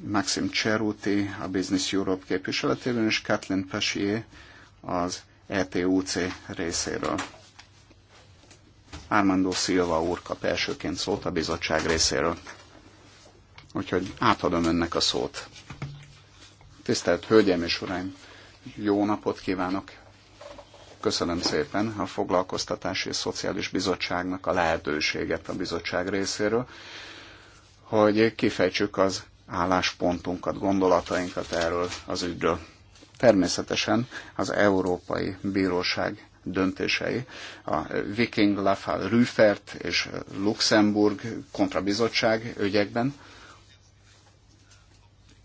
Maxim Cseruti a Business Europe képviseletében, és Kathleen Pesier az ETUC részéről. Armando Silva úr kap elsőként szót a bizottság részéről. Úgyhogy átadom önnek a szót. Tisztelt Hölgyeim és Uraim, jó napot kívánok! Köszönöm szépen a Foglalkoztatási és Szociális Bizottságnak a lehetőséget a bizottság részéről, hogy kifejtsük az álláspontunkat, gondolatainkat erről az ügyről. Természetesen az Európai Bíróság döntései, a Viking, Lafal, Rüfert és Luxemburg kontrabizottság ügyekben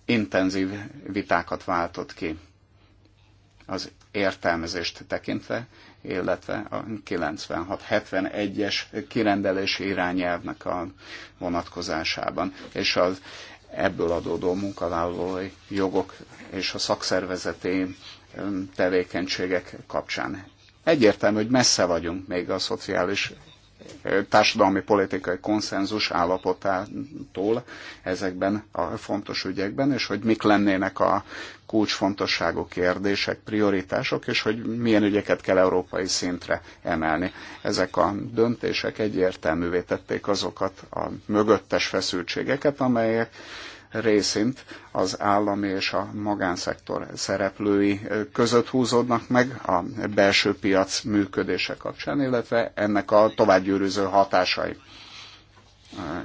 intenzív vitákat váltott ki az értelmezést tekintve, illetve a 96-71-es kirendelési irányelvnek a vonatkozásában, és az ebből adódó munkavállalói jogok és a szakszervezeti tevékenységek kapcsán. Egyértelmű, hogy messze vagyunk még a szociális társadalmi politikai konszenzus állapotától ezekben a fontos ügyekben, és hogy mik lennének a kulcsfontosságú kérdések, prioritások, és hogy milyen ügyeket kell európai szintre emelni. Ezek a döntések egyértelművé tették azokat a mögöttes feszültségeket, amelyek részint az állami és a magánszektor szereplői között húzódnak meg a belső piac működése kapcsán, illetve ennek a továbbgyűrűző hatásai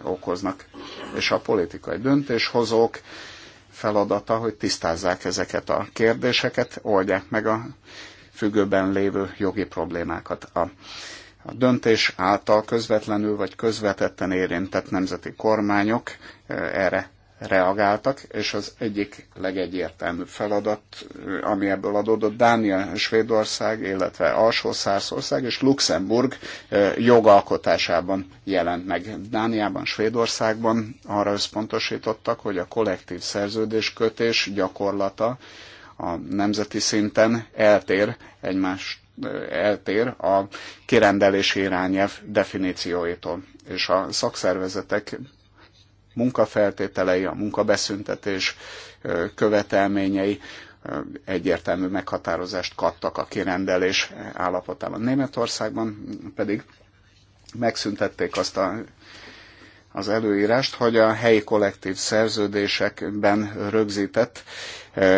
okoznak. És a politikai döntéshozók feladata, hogy tisztázzák ezeket a kérdéseket, oldják meg a függőben lévő jogi problémákat. A, a döntés által közvetlenül vagy közvetetten érintett nemzeti kormányok erre reagáltak, és az egyik legegyértelműbb feladat, ami ebből adódott, Dánia, Svédország, illetve alsó szárszország és Luxemburg jogalkotásában jelent meg. Dániában, Svédországban arra összpontosítottak, hogy a kollektív szerződéskötés gyakorlata a nemzeti szinten eltér egymást eltér a kirendelési irányelv definíciójától, és a szakszervezetek munkafeltételei, a munkabeszüntetés követelményei egyértelmű meghatározást kaptak a kirendelés állapotában. Németországban pedig megszüntették azt a az előírást, hogy a helyi kollektív szerződésekben rögzített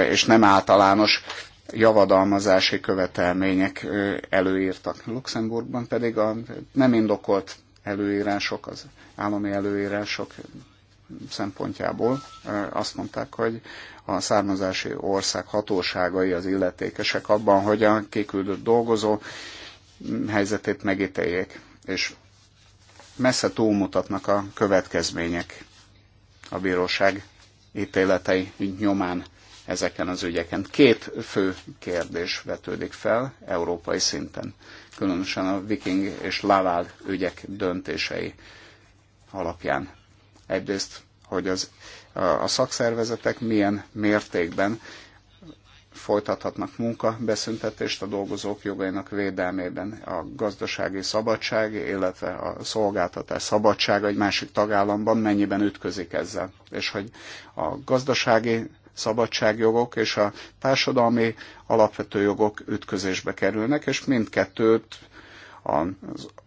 és nem általános javadalmazási követelmények előírtak. Luxemburgban pedig a nem indokolt előírások, az állami előírások szempontjából azt mondták, hogy a származási ország hatóságai az illetékesek abban, hogy a kiküldött dolgozó helyzetét megítéljék, és messze túlmutatnak a következmények a bíróság ítéletei nyomán ezeken az ügyeken. Két fő kérdés vetődik fel európai szinten, különösen a Viking és Laval ügyek döntései alapján. Egyrészt, hogy az, a szakszervezetek milyen mértékben folytathatnak munkabeszüntetést a dolgozók jogainak védelmében. A gazdasági szabadság, illetve a szolgáltatás szabadsága egy másik tagállamban mennyiben ütközik ezzel. És hogy a gazdasági szabadságjogok és a társadalmi alapvető jogok ütközésbe kerülnek, és mindkettőt a,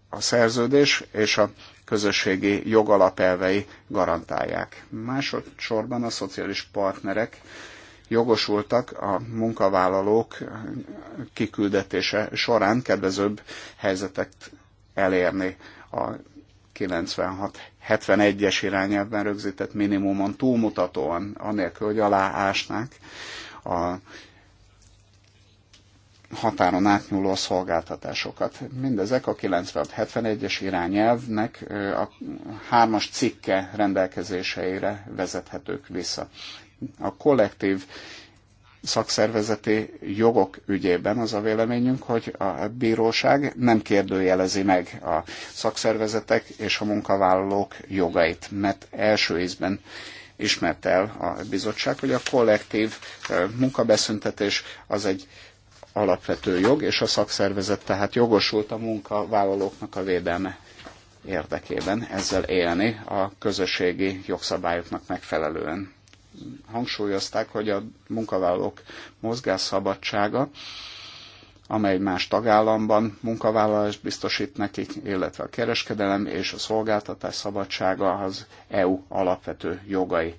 a szerződés és a közösségi jogalapelvei garantálják. Másodszorban a szociális partnerek jogosultak a munkavállalók kiküldetése során kedvezőbb helyzetet elérni a 96-71-es irányelvben rögzített minimumon túlmutatóan, anélkül, hogy aláásnák a határon átnyúló szolgáltatásokat. Mindezek a 96-71-es irányelvnek a hármas cikke rendelkezéseire vezethetők vissza. A kollektív szakszervezeti jogok ügyében az a véleményünk, hogy a bíróság nem kérdőjelezi meg a szakszervezetek és a munkavállalók jogait, mert első ízben ismert el a bizottság, hogy a kollektív munkabeszüntetés az egy alapvető jog, és a szakszervezet tehát jogosult a munkavállalóknak a védelme érdekében ezzel élni a közösségi jogszabályoknak megfelelően. Hangsúlyozták, hogy a munkavállalók mozgásszabadsága, amely más tagállamban munkavállalást biztosít nekik, illetve a kereskedelem és a szolgáltatás szabadsága az EU alapvető jogai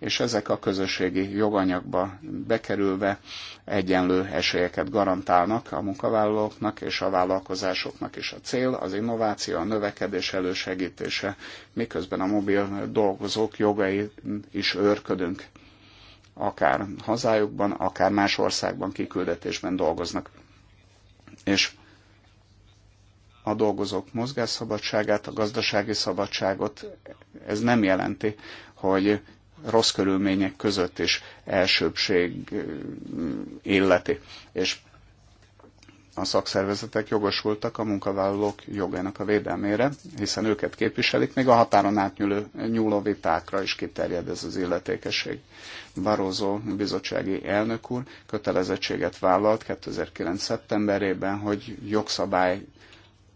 és ezek a közösségi joganyagba bekerülve egyenlő esélyeket garantálnak a munkavállalóknak és a vállalkozásoknak is. A cél az innováció, a növekedés elősegítése, miközben a mobil dolgozók jogai is őrködünk akár hazájukban, akár más országban kiküldetésben dolgoznak. És a dolgozók mozgásszabadságát, a gazdasági szabadságot, ez nem jelenti, hogy rossz körülmények között is elsőbség illeti. És a szakszervezetek jogosultak a munkavállalók jogának a védelmére, hiszen őket képviselik, még a határon átnyúló nyúló vitákra is kiterjed ez az illetékesség. Barózó bizottsági elnök úr kötelezettséget vállalt 2009. szeptemberében, hogy jogszabály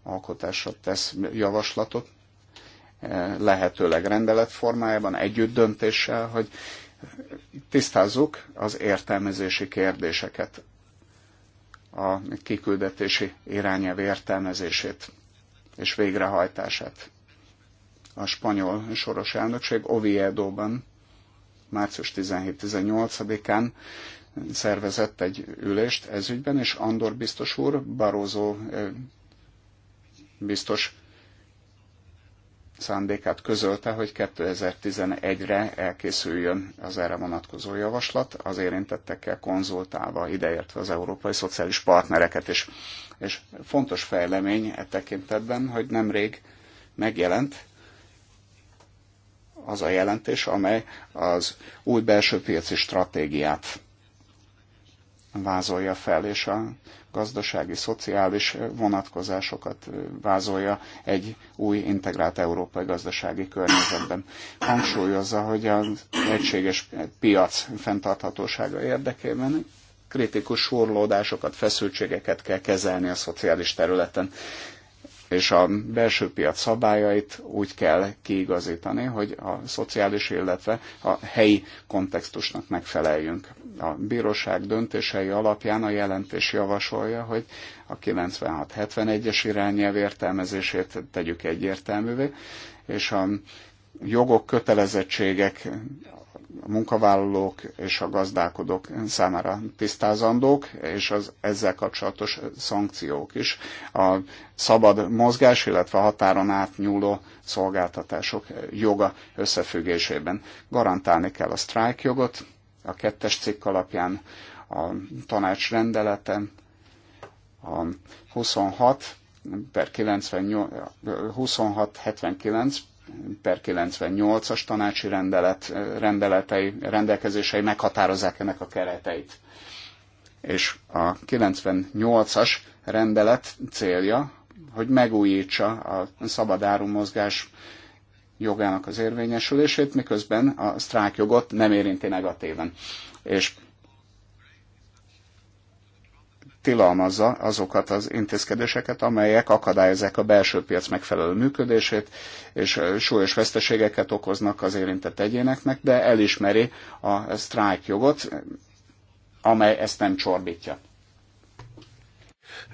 alkotásra tesz javaslatot lehetőleg rendelet formájában, együtt döntéssel, hogy tisztázzuk az értelmezési kérdéseket, a kiküldetési irányelv értelmezését és végrehajtását. A spanyol soros elnökség Oviedo-ban március 17-18-án szervezett egy ülést ezügyben, és Andor biztos úr, Barózó biztos szándékát közölte, hogy 2011-re elkészüljön az erre vonatkozó javaslat, az érintettekkel konzultálva, ideértve az európai szociális partnereket is. És fontos fejlemény e tekintetben, hogy nemrég megjelent az a jelentés, amely az új belső piaci stratégiát vázolja fel, és a gazdasági, szociális vonatkozásokat vázolja egy új integrált európai gazdasági környezetben. Hangsúlyozza, hogy az egységes piac fenntarthatósága érdekében kritikus sorlódásokat feszültségeket kell kezelni a szociális területen és a belső piac szabályait úgy kell kiigazítani, hogy a szociális, illetve a helyi kontextusnak megfeleljünk. A bíróság döntései alapján a jelentés javasolja, hogy a 96-71-es irányelv értelmezését tegyük egyértelművé, és a jogok, kötelezettségek munkavállalók és a gazdálkodók számára tisztázandók, és az ezzel kapcsolatos szankciók is. A szabad mozgás, illetve a határon átnyúló szolgáltatások joga összefüggésében garantálni kell a sztrájk jogot, a kettes cikk alapján a tanács rendeleten, a 26 per 98, 79 per 98-as tanácsi rendelet, rendeletei, rendelkezései meghatározzák ennek a kereteit. És a 98-as rendelet célja, hogy megújítsa a szabad árumozgás jogának az érvényesülését, miközben a sztrákjogot nem érinti negatíven. És tilalmazza azokat az intézkedéseket, amelyek akadályozzák a belső piac megfelelő működését, és súlyos veszteségeket okoznak az érintett egyéneknek, de elismeri a sztrájk jogot, amely ezt nem csorbítja.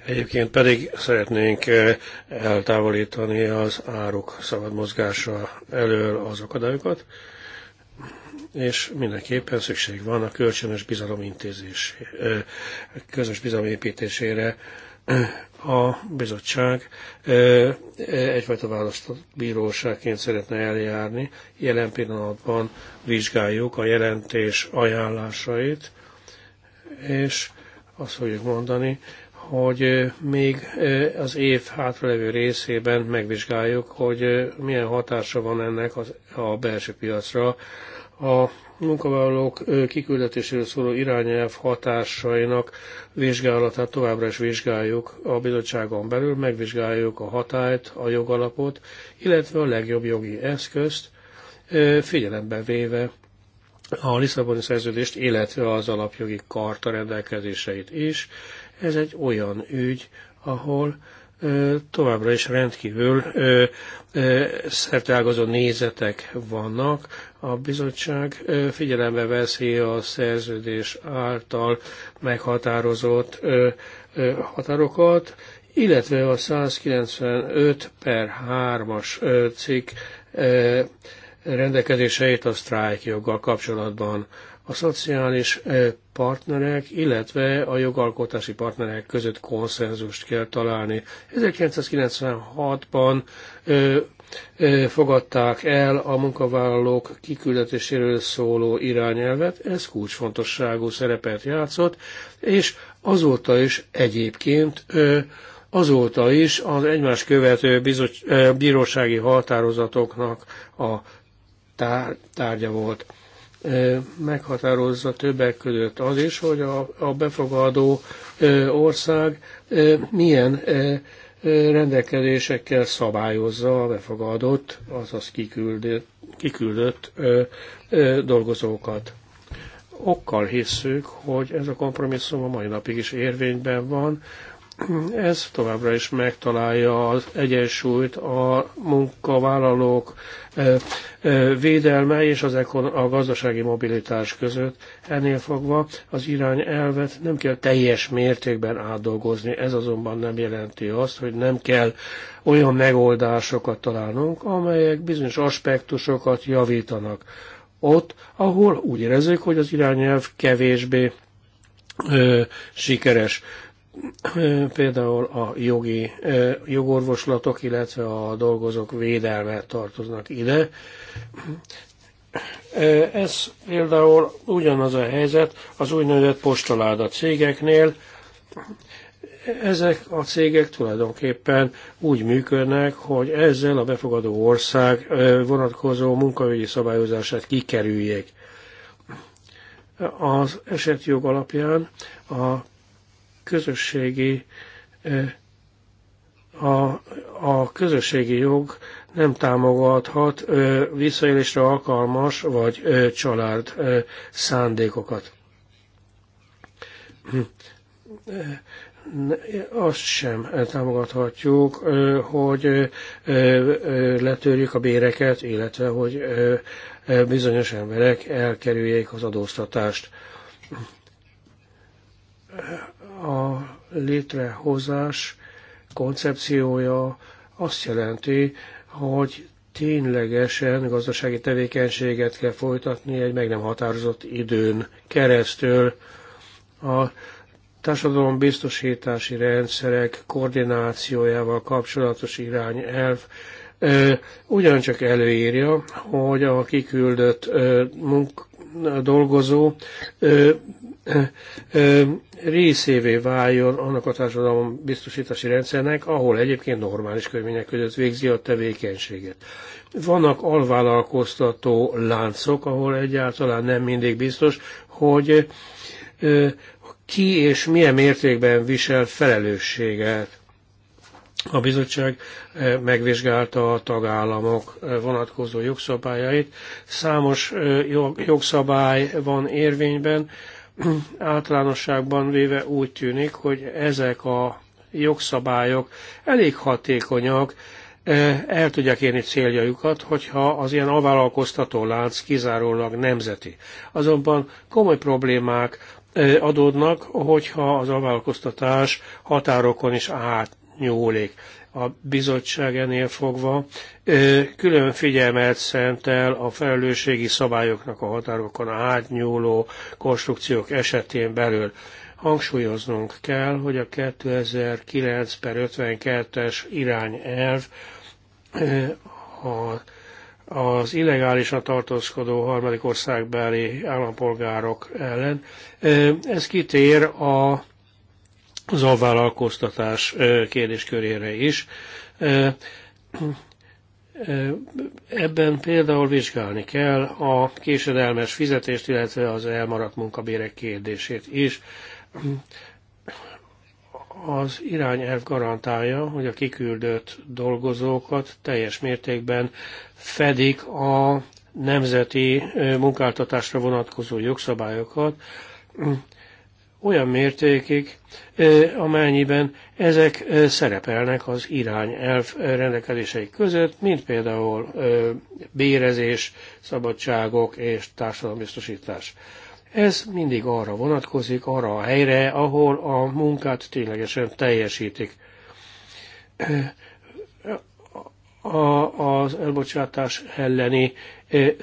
Egyébként pedig szeretnénk eltávolítani az áruk szabad mozgása elől az akadályokat és mindenképpen szükség van a kölcsönös bizalom intézés, közös bizalom építésére. A bizottság egyfajta választott bíróságként szeretne eljárni. Jelen pillanatban vizsgáljuk a jelentés ajánlásait, és azt fogjuk mondani, hogy még az év hátralévő részében megvizsgáljuk, hogy milyen hatása van ennek a belső piacra, a munkavállalók kiküldetéséről szóló irányelv hatásainak vizsgálatát továbbra is vizsgáljuk a bizottságon belül, megvizsgáljuk a hatályt, a jogalapot, illetve a legjobb jogi eszközt, figyelembe véve a Lisszaboni szerződést, illetve az alapjogi karta rendelkezéseit is. Ez egy olyan ügy, ahol továbbra is rendkívül szerteágazó nézetek vannak. A bizottság figyelembe veszi a szerződés által meghatározott határokat, illetve a 195 per 3-as cikk rendelkezéseit a sztrájkjoggal kapcsolatban a szociális partnerek, illetve a jogalkotási partnerek között konszenzust kell találni. 1996-ban fogadták el a munkavállalók kiküldetéséről szóló irányelvet, ez kulcsfontosságú szerepet játszott, és azóta is egyébként azóta is az egymás követő bírósági határozatoknak a tárgya volt meghatározza többek között az is, hogy a, a befogadó ország milyen rendelkezésekkel szabályozza a befogadott, azaz kiküldött, kiküldött dolgozókat. Okkal hisszük, hogy ez a kompromisszum a mai napig is érvényben van, ez továbbra is megtalálja az egyensúlyt a munkavállalók védelme és az a gazdasági mobilitás között. Ennél fogva az irányelvet nem kell teljes mértékben átdolgozni, ez azonban nem jelenti azt, hogy nem kell olyan megoldásokat találnunk, amelyek bizonyos aspektusokat javítanak. Ott, ahol úgy érezzük, hogy az irányelv kevésbé ö, sikeres például a jogi jogorvoslatok, illetve a dolgozók védelme tartoznak ide. Ez például ugyanaz a helyzet az úgynevezett postaláda cégeknél. Ezek a cégek tulajdonképpen úgy működnek, hogy ezzel a befogadó ország vonatkozó munkaügyi szabályozását kikerüljék. Az esetjog alapján a közösségi a, a közösségi jog nem támogathat visszaélésre alkalmas vagy család szándékokat. Hm. Azt sem támogathatjuk, hogy letörjük a béreket, illetve hogy bizonyos emberek elkerüljék az adóztatást a létrehozás koncepciója azt jelenti, hogy ténylegesen gazdasági tevékenységet kell folytatni egy meg nem határozott időn keresztül. A biztosítási rendszerek koordinációjával kapcsolatos irányelv ö, ugyancsak előírja, hogy a kiküldött ö, munk, dolgozó ö, részévé váljon annak a társadalom biztosítási rendszernek, ahol egyébként normális körülmények között végzi a tevékenységet. Vannak alvállalkoztató láncok, ahol egyáltalán nem mindig biztos, hogy ki és milyen mértékben visel felelősséget. A bizottság megvizsgálta a tagállamok vonatkozó jogszabályait. Számos jogszabály van érvényben, Általánosságban véve úgy tűnik, hogy ezek a jogszabályok elég hatékonyak, e, el tudják érni céljaikat, hogyha az ilyen avállalkoztató lánc kizárólag nemzeti. Azonban komoly problémák e, adódnak, hogyha az avállalkoztatás határokon is átnyúlik a bizottság ennél fogva külön figyelmet szentel a felelősségi szabályoknak a határokon a átnyúló konstrukciók esetén belül. Hangsúlyoznunk kell, hogy a 2009 per 52-es irányelv a az illegálisan tartózkodó harmadik országbeli állampolgárok ellen. Ez kitér a az alvállalkoztatás kérdéskörére is. Ebben például vizsgálni kell a késedelmes fizetést, illetve az elmaradt munkabérek kérdését is. Az irányelv garantálja, hogy a kiküldött dolgozókat teljes mértékben fedik a nemzeti munkáltatásra vonatkozó jogszabályokat, olyan mértékig, amennyiben ezek szerepelnek az irányelv rendelkezései között, mint például bérezés, szabadságok és társadalombiztosítás. Ez mindig arra vonatkozik, arra a helyre, ahol a munkát ténylegesen teljesítik. A, az elbocsátás elleni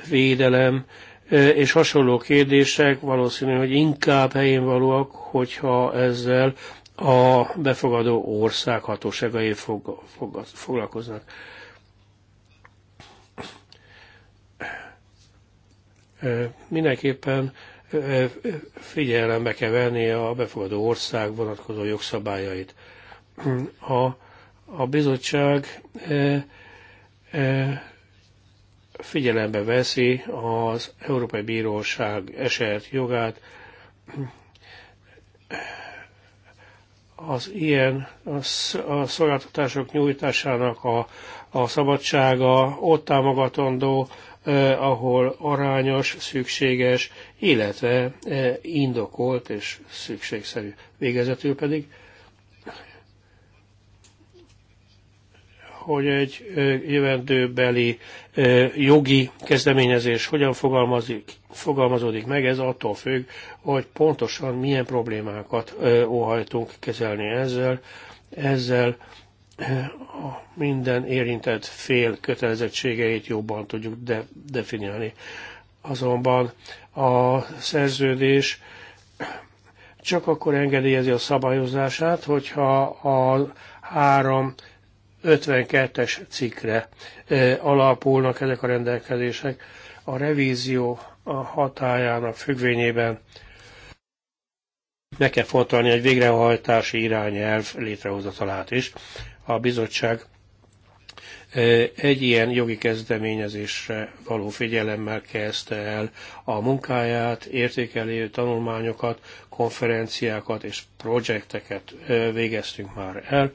védelem és hasonló kérdések valószínű, hogy inkább helyén valóak, hogyha ezzel a befogadó ország hatóságai fog, fog, foglalkoznak. Mindenképpen figyelembe kell venni a befogadó ország vonatkozó jogszabályait. A, a bizottság figyelembe veszi az Európai Bíróság esert jogát. Az ilyen a szolgáltatások nyújtásának a, a szabadsága ott támogatandó, eh, ahol arányos, szükséges, illetve eh, indokolt és szükségszerű. Végezetül pedig, hogy egy jövendőbeli jogi kezdeményezés hogyan fogalmazik, fogalmazódik meg, ez attól függ, hogy pontosan milyen problémákat óhajtunk kezelni ezzel. Ezzel a minden érintett fél kötelezettségeit jobban tudjuk de, definiálni. Azonban a szerződés csak akkor engedélyezi a szabályozását, hogyha a három 52-es cikkre alapulnak ezek a rendelkezések. A revízió a hatájának függvényében meg kell fontolni egy végrehajtási irányelv létrehozatalát is. A bizottság egy ilyen jogi kezdeményezésre való figyelemmel kezdte el a munkáját, értékelő tanulmányokat, konferenciákat és projekteket végeztünk már el.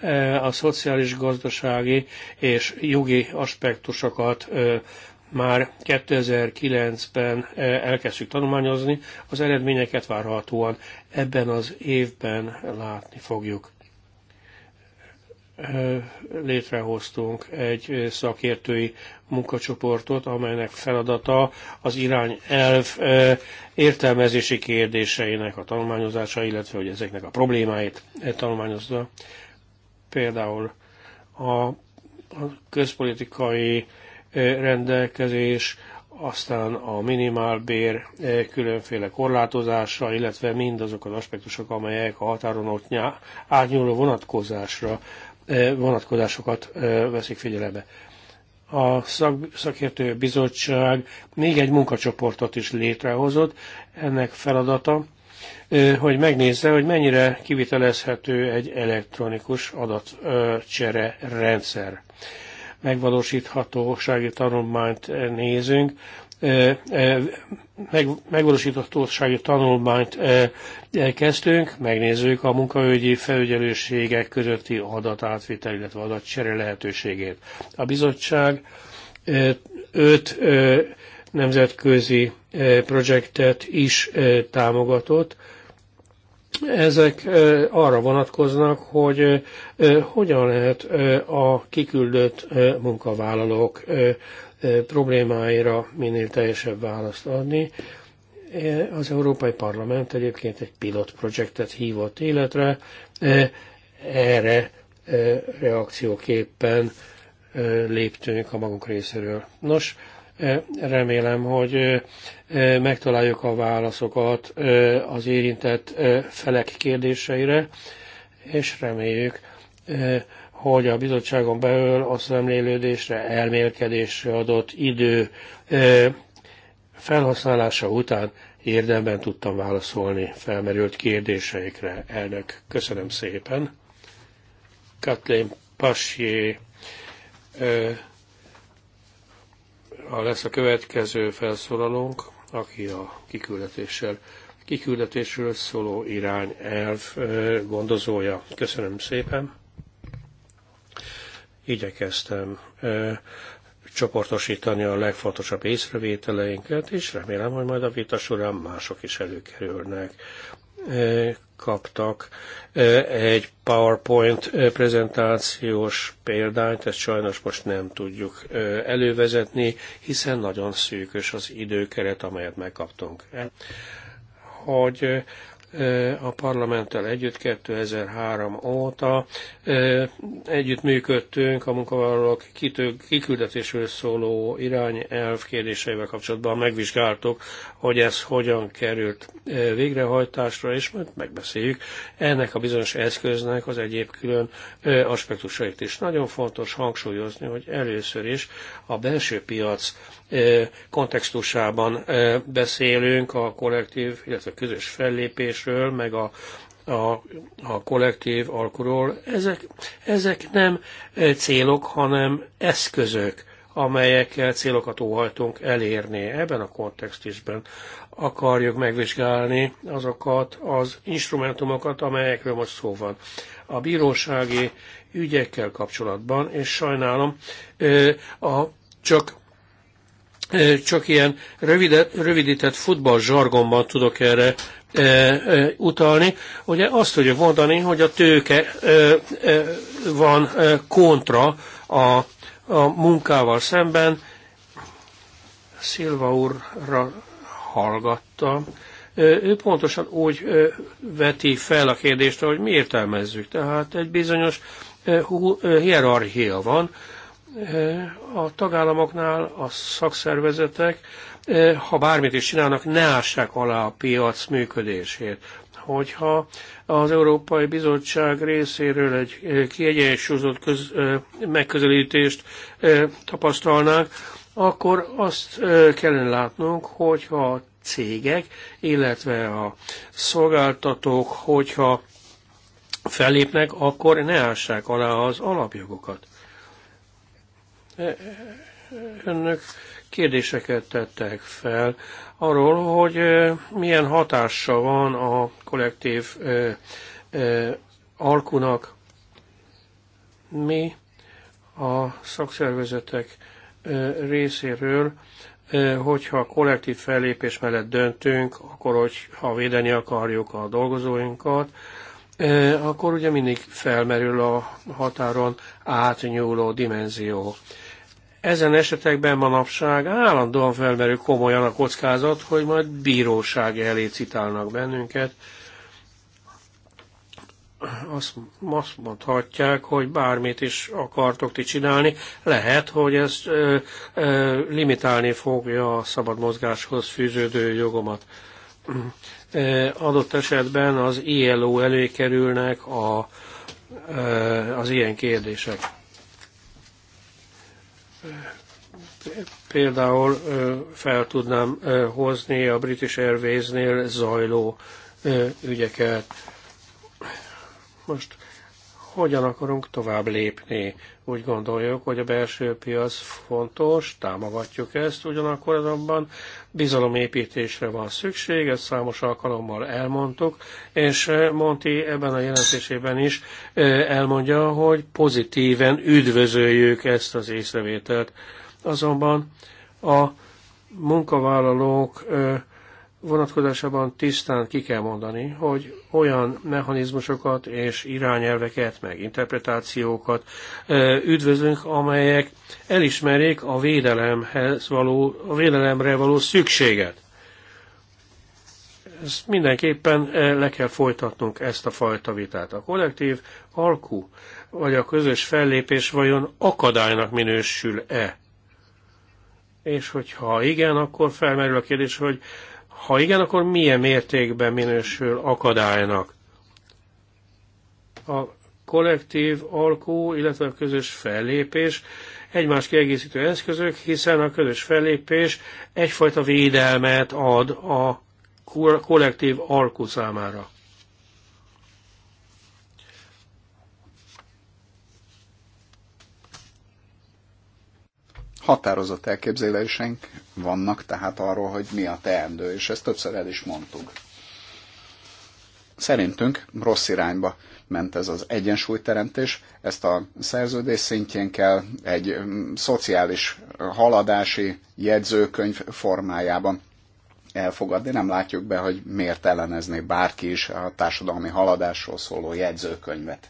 E, a szociális, gazdasági és jogi aspektusokat e, már 2009-ben e, elkezdtük tanulmányozni, az eredményeket várhatóan ebben az évben látni fogjuk. Létrehoztunk egy szakértői munkacsoportot, amelynek feladata az irányelv értelmezési kérdéseinek a tanulmányozása, illetve hogy ezeknek a problémáit tanulmányozza. Például a közpolitikai e, rendelkezés, aztán a minimálbér e, különféle korlátozása, illetve mindazok az aspektusok, amelyek a határon ott átnyúló vonatkozásra, e, vonatkozásokat veszik figyelembe. A szak, szakértő bizottság még egy munkacsoportot is létrehozott. Ennek feladata, hogy megnézze, hogy mennyire kivitelezhető egy elektronikus adatcsere rendszer. Megvalósíthatósági tanulmányt nézünk, meg, megvalósíthatósági tanulmányt kezdtünk, megnézzük a munkaügyi felügyelőségek közötti adatátvitel, illetve adatcsere lehetőségét. A bizottság öt nemzetközi eh, projektet is eh, támogatott. Ezek eh, arra vonatkoznak, hogy hogyan lehet a kiküldött munkavállalók problémáira minél teljesebb választ adni. Az Európai Parlament egyébként egy pilot projektet hívott életre, erre reakcióképpen léptünk a magunk részéről. Nos, E, remélem, hogy e, e, megtaláljuk a válaszokat az érintett felek kérdéseire, és reméljük, hogy a bizottságon belül a szemlélődésre, elmélkedésre adott idő felhasználása után érdemben tudtam válaszolni felmerült kérdéseikre. Elnök, köszönöm szépen. Kathleen Passier a lesz a következő felszólalónk, aki a kiküldetéssel, kiküldetésről szóló elv gondozója. Köszönöm szépen. Igyekeztem csoportosítani a legfontosabb észrevételeinket, és remélem, hogy majd a vita során mások is előkerülnek kaptak egy PowerPoint prezentációs példányt, ezt sajnos most nem tudjuk elővezetni, hiszen nagyon szűkös az időkeret, amelyet megkaptunk. Hogy a parlamenttel együtt 2003 óta együttműködtünk a munkavállalók kiküldetésről szóló irányelv kérdéseivel kapcsolatban megvizsgáltuk, hogy ez hogyan került végrehajtásra, és majd megbeszéljük ennek a bizonyos eszköznek az egyéb külön aspektusait is. Nagyon fontos hangsúlyozni, hogy először is a belső piac kontextusában beszélünk a kollektív, illetve közös fellépés kötésről, meg a, a, a kollektív alkuról, ezek, ezek nem célok, hanem eszközök, amelyekkel célokat óhajtunk elérni. Ebben a kontextusban akarjuk megvizsgálni azokat az instrumentumokat, amelyekről most szó van. A bírósági ügyekkel kapcsolatban, és sajnálom, a csak csak ilyen rövide, rövidített futballzsargonban tudok erre e, e, utalni. Ugye azt tudjuk mondani, hogy a tőke e, e, van e, kontra a, a munkával szemben. Szilva úrra hallgattam. ő pontosan úgy veti fel a kérdést, hogy mi értelmezzük. Tehát egy bizonyos hierarchia van, a tagállamoknál a szakszervezetek, eh, ha bármit is csinálnak, ne ássák alá a piac működését. Hogyha az Európai Bizottság részéről egy eh, kiegyensúlyozott köz, eh, megközelítést tapasztalnánk, akkor azt kellene látnunk, hogyha a cégek, illetve a szolgáltatók, hogyha felépnek, akkor ne ássák alá az alapjogokat önök kérdéseket tettek fel arról, hogy milyen hatása van a kollektív alkunak. Mi a szakszervezetek részéről, hogyha kollektív fellépés mellett döntünk, akkor hogyha védeni akarjuk a dolgozóinkat, akkor ugye mindig felmerül a határon átnyúló dimenzió. Ezen esetekben manapság állandóan felmerül komolyan a kockázat, hogy majd bíróság elé citálnak bennünket. Azt, azt mondhatják, hogy bármit is akartok ti csinálni, lehet, hogy ez ö, ö, limitálni fogja a szabad mozgáshoz fűződő jogomat. Ö, adott esetben az ILO elé kerülnek a, ö, az ilyen kérdések Például fel tudnám hozni a British Airways-nél zajló ügyeket. Most hogyan akarunk tovább lépni. Úgy gondoljuk, hogy a belső piac fontos, támogatjuk ezt, ugyanakkor azonban bizalomépítésre van szükség, ezt számos alkalommal elmondtuk, és eh, Monti ebben a jelentésében is eh, elmondja, hogy pozitíven üdvözöljük ezt az észrevételt. Azonban a munkavállalók eh, vonatkozásában tisztán ki kell mondani, hogy olyan mechanizmusokat és irányelveket, meg interpretációkat üdvözlünk, amelyek elismerik a védelemhez való, a védelemre való szükséget. Ezt mindenképpen le kell folytatnunk ezt a fajta vitát. A kollektív alkú vagy a közös fellépés vajon akadálynak minősül-e? És hogyha igen, akkor felmerül a kérdés, hogy ha igen, akkor milyen mértékben minősül akadálynak? A kollektív alkó, illetve a közös fellépés egymás kiegészítő eszközök, hiszen a közös fellépés egyfajta védelmet ad a kollektív alkú számára. Határozott elképzeléseink vannak tehát arról, hogy mi a teendő, és ezt többször el is mondtuk. Szerintünk rossz irányba ment ez az egyensúlyteremtés, ezt a szerződés szintjén kell egy mm, szociális haladási jegyzőkönyv formájában elfogadni. Nem látjuk be, hogy miért ellenezné bárki is a társadalmi haladásról szóló jegyzőkönyvet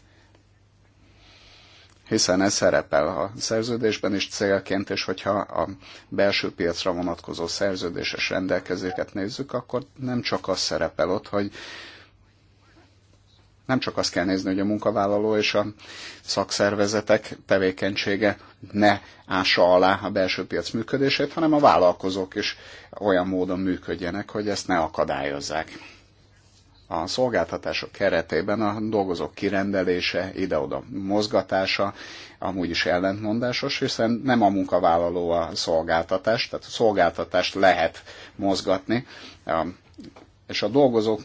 hiszen ez szerepel a szerződésben is célként, és hogyha a belső piacra vonatkozó szerződéses rendelkezéseket nézzük, akkor nem csak az szerepel ott, hogy nem csak azt kell nézni, hogy a munkavállaló és a szakszervezetek tevékenysége ne ássa alá a belső piac működését, hanem a vállalkozók is olyan módon működjenek, hogy ezt ne akadályozzák a szolgáltatások keretében a dolgozók kirendelése, ide-oda mozgatása amúgy is ellentmondásos, hiszen nem a munkavállaló a szolgáltatás, tehát a szolgáltatást lehet mozgatni, és a dolgozók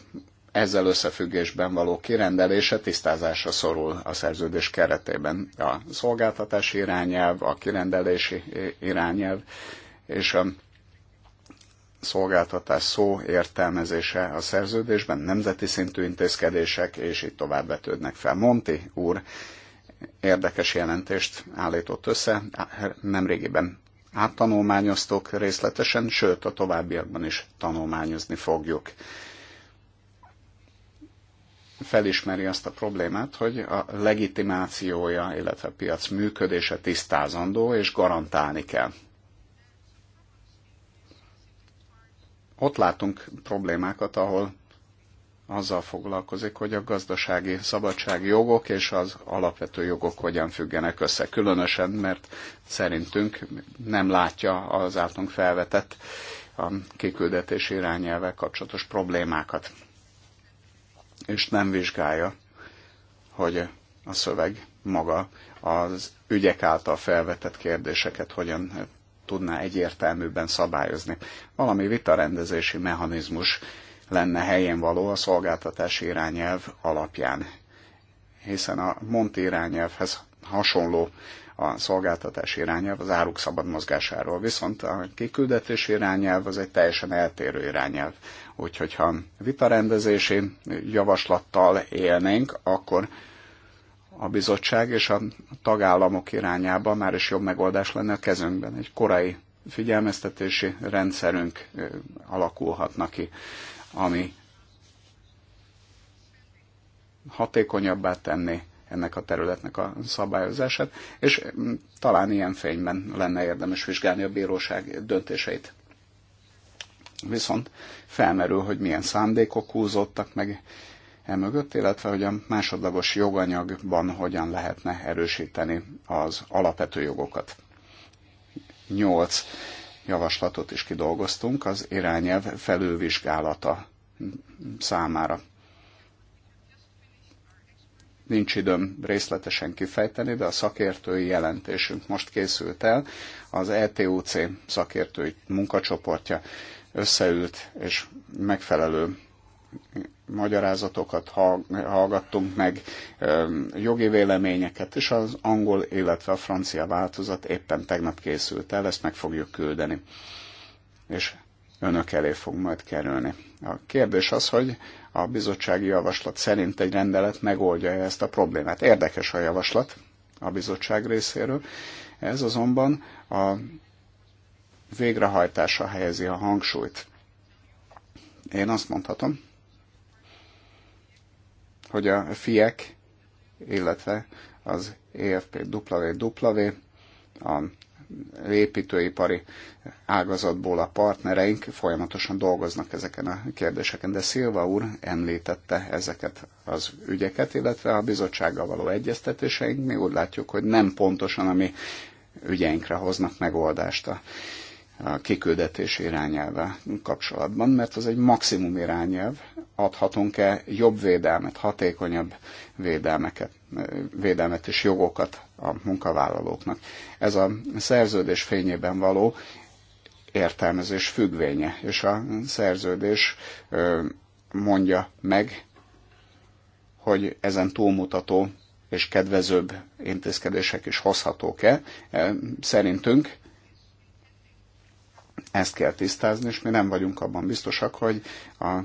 ezzel összefüggésben való kirendelése tisztázásra szorul a szerződés keretében. A szolgáltatási irányelv, a kirendelési irányelv és szolgáltatás szó értelmezése a szerződésben, nemzeti szintű intézkedések, és itt tovább vetődnek fel. Monti úr érdekes jelentést állított össze, nemrégiben áttanulmányoztuk részletesen, sőt a továbbiakban is tanulmányozni fogjuk. Felismeri azt a problémát, hogy a legitimációja, illetve a piac működése tisztázandó és garantálni kell ott látunk problémákat, ahol azzal foglalkozik, hogy a gazdasági szabadsági jogok és az alapvető jogok hogyan függenek össze. Különösen, mert szerintünk nem látja az általunk felvetett a kiküldetés irányelvel kapcsolatos problémákat. És nem vizsgálja, hogy a szöveg maga az ügyek által felvetett kérdéseket hogyan tudná egyértelműbben szabályozni. Valami vitarendezési mechanizmus lenne helyén való a szolgáltatási irányelv alapján, hiszen a Monti irányelvhez hasonló a szolgáltatási irányelv az áruk szabad mozgásáról, viszont a kiküldetés irányelv az egy teljesen eltérő irányelv. Úgyhogy ha vitarendezési javaslattal élnénk, akkor a bizottság és a tagállamok irányába már is jobb megoldás lenne a kezünkben. Egy korai figyelmeztetési rendszerünk alakulhatna ki, ami hatékonyabbá tenni ennek a területnek a szabályozását, és mm, talán ilyen fényben lenne érdemes vizsgálni a bíróság döntéseit. Viszont felmerül, hogy milyen szándékok húzódtak meg E mögött, illetve hogy a másodlagos joganyagban hogyan lehetne erősíteni az alapvető jogokat. Nyolc javaslatot is kidolgoztunk az irányelv felülvizsgálata számára. Nincs időm részletesen kifejteni, de a szakértői jelentésünk most készült el. Az ETUC szakértői munkacsoportja összeült, és megfelelő magyarázatokat hallgattunk meg, jogi véleményeket, és az angol, illetve a francia változat éppen tegnap készült el, ezt meg fogjuk küldeni. És önök elé fog majd kerülni. A kérdés az, hogy a bizottsági javaslat szerint egy rendelet megoldja -e ezt a problémát. Érdekes a javaslat a bizottság részéről. Ez azonban a végrehajtása helyezi a hangsúlyt. Én azt mondhatom, hogy a FIEK, illetve az WW, e a építőipari ágazatból a partnereink folyamatosan dolgoznak ezeken a kérdéseken, de Szilva úr említette ezeket az ügyeket, illetve a bizottsággal való egyeztetéseink, mi úgy látjuk, hogy nem pontosan a mi ügyeinkre hoznak megoldást. A a kiküldetés irányelve kapcsolatban, mert az egy maximum irányelv, adhatunk-e jobb védelmet, hatékonyabb védelmeket, védelmet és jogokat a munkavállalóknak. Ez a szerződés fényében való értelmezés függvénye, és a szerződés mondja meg, hogy ezen túlmutató és kedvezőbb intézkedések is hozhatók-e. Szerintünk ezt kell tisztázni, és mi nem vagyunk abban biztosak, hogy a,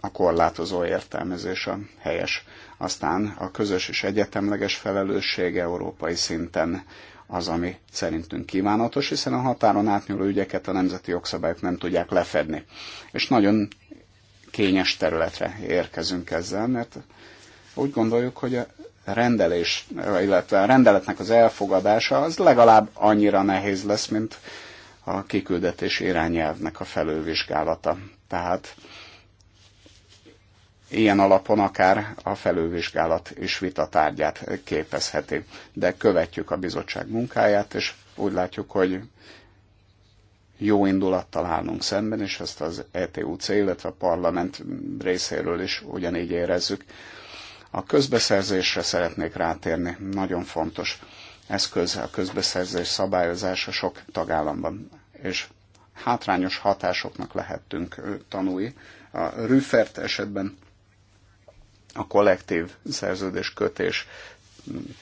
a korlátozó értelmezés a helyes. Aztán a közös és egyetemleges felelősség európai szinten az, ami szerintünk kívánatos, hiszen a határon átnyúló ügyeket a nemzeti jogszabályok nem tudják lefedni. És nagyon kényes területre érkezünk ezzel, mert úgy gondoljuk, hogy a rendelés, illetve a rendeletnek az elfogadása az legalább annyira nehéz lesz, mint a kiküldetés irányelvnek a felülvizsgálata. Tehát ilyen alapon akár a felülvizsgálat is vitatárgyát képezheti. De követjük a bizottság munkáját, és úgy látjuk, hogy jó indulattal állunk szemben, és ezt az ETUC, illetve a parlament részéről is ugyanígy érezzük. A közbeszerzésre szeretnék rátérni, nagyon fontos eszköz a közbeszerzés szabályozása sok tagállamban, és hátrányos hatásoknak lehettünk tanulni. A Rüffert esetben a kollektív szerződés kötés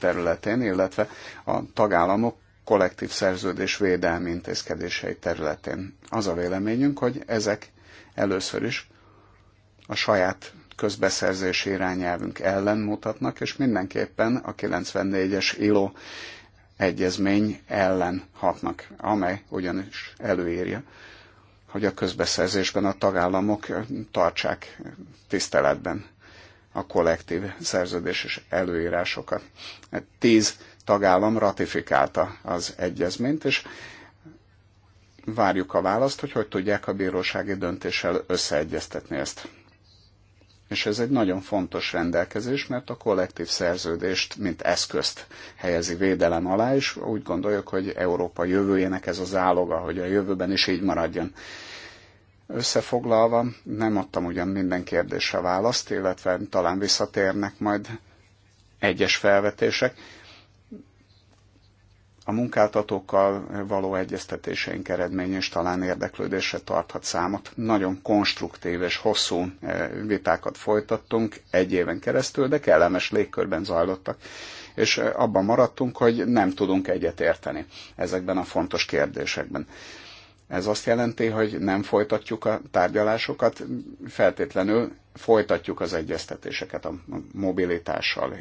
területén, illetve a tagállamok kollektív szerződés védelmi intézkedései területén. Az a véleményünk, hogy ezek először is a saját közbeszerzési irányelvünk ellen mutatnak, és mindenképpen a 94-es ILO egyezmény ellen hatnak, amely ugyanis előírja, hogy a közbeszerzésben a tagállamok tartsák tiszteletben a kollektív szerződéses előírásokat. Tíz tagállam ratifikálta az egyezményt, és várjuk a választ, hogy hogy tudják a bírósági döntéssel összeegyeztetni ezt. És ez egy nagyon fontos rendelkezés, mert a kollektív szerződést, mint eszközt helyezi védelem alá, és úgy gondoljuk, hogy Európa jövőjének ez az áloga, hogy a jövőben is így maradjon. Összefoglalva, nem adtam ugyan minden kérdésre választ, illetve talán visszatérnek majd egyes felvetések a munkáltatókkal való egyeztetéseink eredménye is talán érdeklődésre tarthat számot. Nagyon konstruktív és hosszú eh, vitákat folytattunk egy éven keresztül, de kellemes légkörben zajlottak, és eh, abban maradtunk, hogy nem tudunk egyet érteni ezekben a fontos kérdésekben. Ez azt jelenti, hogy nem folytatjuk a tárgyalásokat, feltétlenül folytatjuk az egyeztetéseket a mobilitással,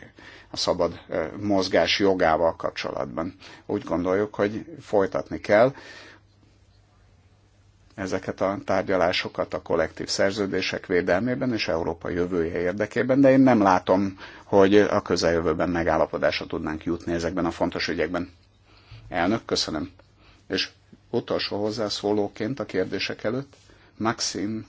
a szabad mozgás jogával kapcsolatban. Úgy gondoljuk, hogy folytatni kell ezeket a tárgyalásokat a kollektív szerződések védelmében és Európa jövője érdekében, de én nem látom, hogy a közeljövőben megállapodásra tudnánk jutni ezekben a fontos ügyekben. Elnök, köszönöm. És utolsó hozzászólóként a kérdések előtt Maxim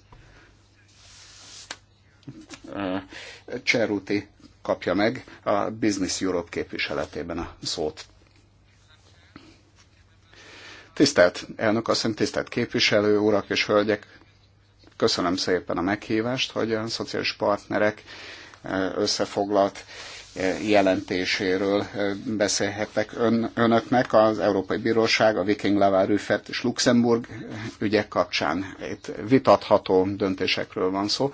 Cseruti kapja meg a Business Europe képviseletében a szót. Tisztelt elnök asszony, tisztelt képviselő, urak és hölgyek, köszönöm szépen a meghívást, hogy a szociális partnerek összefoglalt jelentéséről beszélhetek ön, önöknek az Európai Bíróság, a Viking Lavár Rüffert és Luxemburg ügyek kapcsán. Itt vitatható döntésekről van szó,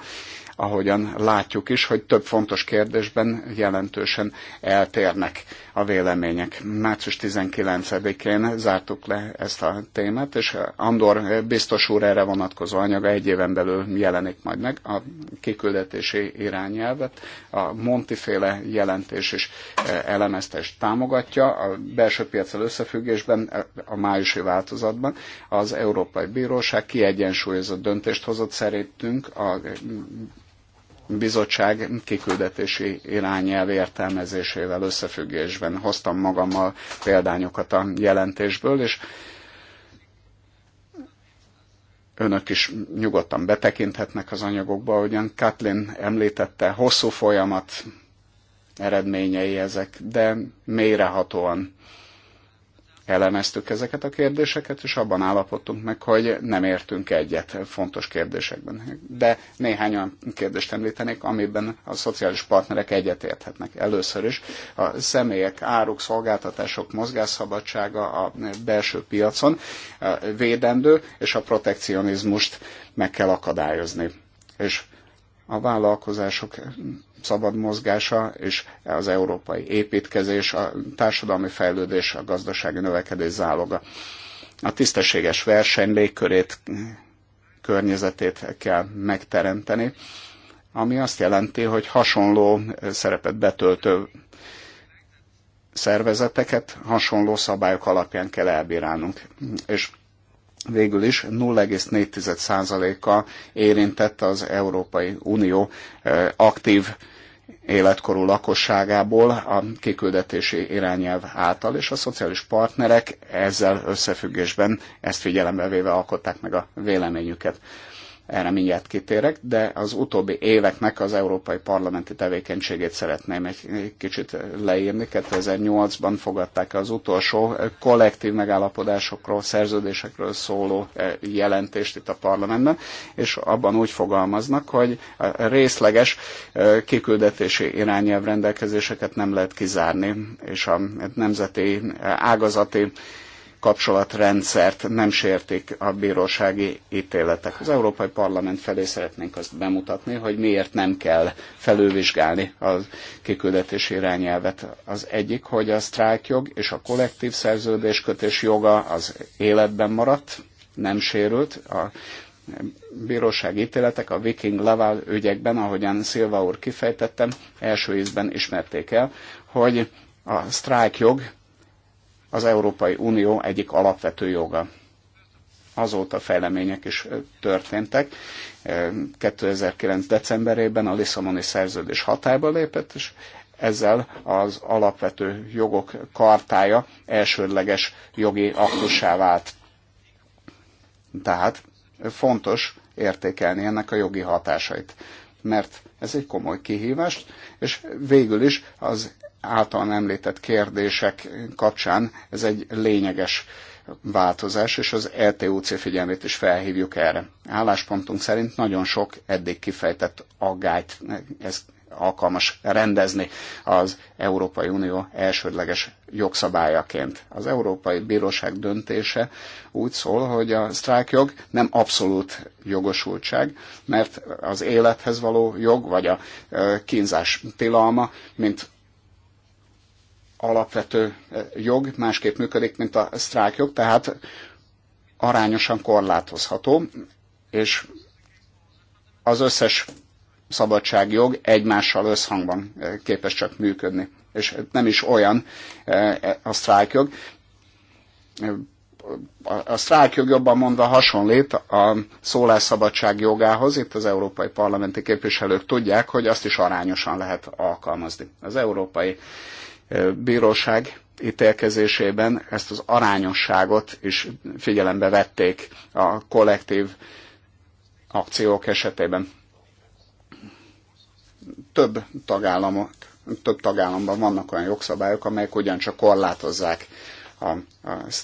ahogyan látjuk is, hogy több fontos kérdésben jelentősen eltérnek a vélemények. Március 19-én zártuk le ezt a témát, és Andor biztos úr erre vonatkozó anyaga egy éven belül jelenik majd meg, a kiküldetési irányelvet, a Montiféle jelentés is e, elemezte és támogatja, a belső piacsal összefüggésben, e, a májusi változatban az Európai Bíróság kiegyensúlyozott döntést hozott szerintünk a bizottság kiküldetési irányelv értelmezésével összefüggésben hoztam magammal példányokat a jelentésből, és önök is nyugodtan betekinthetnek az anyagokba, ahogyan Kathleen említette, hosszú folyamat eredményei ezek, de mélyrehatóan elemeztük ezeket a kérdéseket, és abban állapodtunk meg, hogy nem értünk egyet fontos kérdésekben. De néhány olyan kérdést említenék, amiben a szociális partnerek egyetérthetnek. Először is a személyek, áruk, szolgáltatások mozgásszabadsága a belső piacon védendő, és a protekcionizmust meg kell akadályozni. És a vállalkozások szabad mozgása és az európai építkezés, a társadalmi fejlődés, a gazdasági növekedés záloga. A tisztességes verseny légkörét, környezetét kell megteremteni, ami azt jelenti, hogy hasonló szerepet betöltő szervezeteket hasonló szabályok alapján kell elbírálnunk. És végül is 04 a érintett az Európai Unió aktív életkorú lakosságából a kiküldetési irányelv által, és a szociális partnerek ezzel összefüggésben ezt figyelembe véve alkották meg a véleményüket erre mindjárt kitérek, de az utóbbi éveknek az európai parlamenti tevékenységét szeretném egy kicsit leírni. 2008-ban fogadták az utolsó kollektív megállapodásokról, szerződésekről szóló eh, jelentést itt a parlamentben, és abban úgy fogalmaznak, hogy a részleges eh, kiküldetési irányelv rendelkezéseket nem lehet kizárni, és a nemzeti eh, ágazati kapcsolatrendszert nem sértik a bírósági ítéletek. Az Európai Parlament felé szeretnénk azt bemutatni, hogy miért nem kell felülvizsgálni a kiküldetési irányelvet. Az egyik, hogy a sztrájkjog és a kollektív szerződéskötés joga az életben maradt, nem sérült. A bírósági ítéletek a Viking Laval ügyekben, ahogyan Szilva úr kifejtettem, első ízben ismerték el, hogy a sztrájkjog az Európai Unió egyik alapvető joga. Azóta fejlemények is történtek. 2009. decemberében a Lisszaboni szerződés hatályba lépett, és ezzel az alapvető jogok kartája elsődleges jogi aktussá vált. Tehát fontos értékelni ennek a jogi hatásait, mert ez egy komoly kihívást, és végül is az által említett kérdések kapcsán ez egy lényeges változás, és az LTUC e figyelmét is felhívjuk erre. Álláspontunk szerint nagyon sok eddig kifejtett aggályt ez alkalmas rendezni az Európai Unió elsődleges jogszabályaként. Az Európai Bíróság döntése úgy szól, hogy a sztrájkjog nem abszolút jogosultság, mert az élethez való jog, vagy a kínzás tilalma, mint alapvető eh, jog másképp működik, mint a sztrájkjog, tehát arányosan korlátozható, és az összes szabadságjog egymással összhangban eh, képes csak működni. És nem is olyan eh, a sztrájkjog. A sztrájkjog jobban mondva hasonlít a szólásszabadság jogához. Itt az európai parlamenti képviselők tudják, hogy azt is arányosan lehet alkalmazni. Az európai bíróság ítélkezésében ezt az arányosságot is figyelembe vették a kollektív akciók esetében. Több, tagállamot, több tagállamban vannak olyan jogszabályok, amelyek ugyancsak korlátozzák a,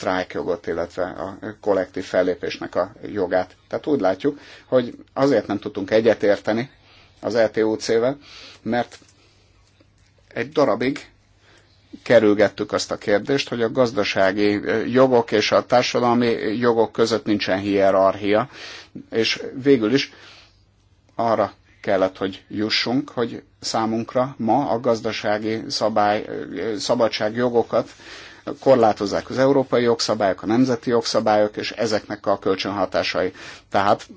a jogot, illetve a kollektív fellépésnek a jogát. Tehát úgy látjuk, hogy azért nem tudtunk egyetérteni az LTUC-vel, e mert egy darabig kerülgettük azt a kérdést, hogy a gazdasági eh, jogok és a társadalmi jogok között nincsen hierarchia, és végül is arra kellett, hogy jussunk, hogy számunkra ma a gazdasági szabály, eh, szabadságjogokat korlátozzák az európai jogszabályok, a nemzeti jogszabályok, és ezeknek a kölcsönhatásai. Tehát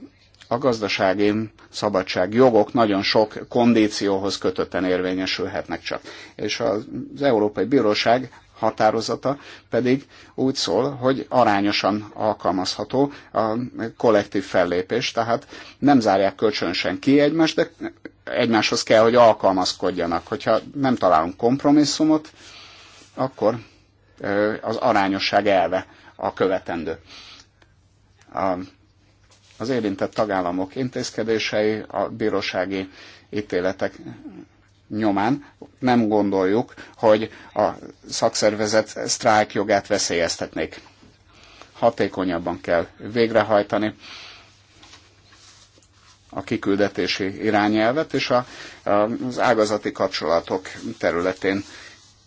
a gazdasági szabadság jogok nagyon sok kondícióhoz kötötten érvényesülhetnek csak. És az Európai Bíróság határozata pedig úgy szól, hogy arányosan alkalmazható a kollektív fellépés, tehát nem zárják kölcsönösen ki egymást, de egymáshoz kell, hogy alkalmazkodjanak. Hogyha nem találunk kompromisszumot, akkor az arányosság elve a követendő. A az érintett tagállamok intézkedései a bírósági ítéletek nyomán nem gondoljuk, hogy a szakszervezet sztrájk jogát veszélyeztetnék. Hatékonyabban kell végrehajtani a kiküldetési irányelvet, és a, az ágazati kapcsolatok területén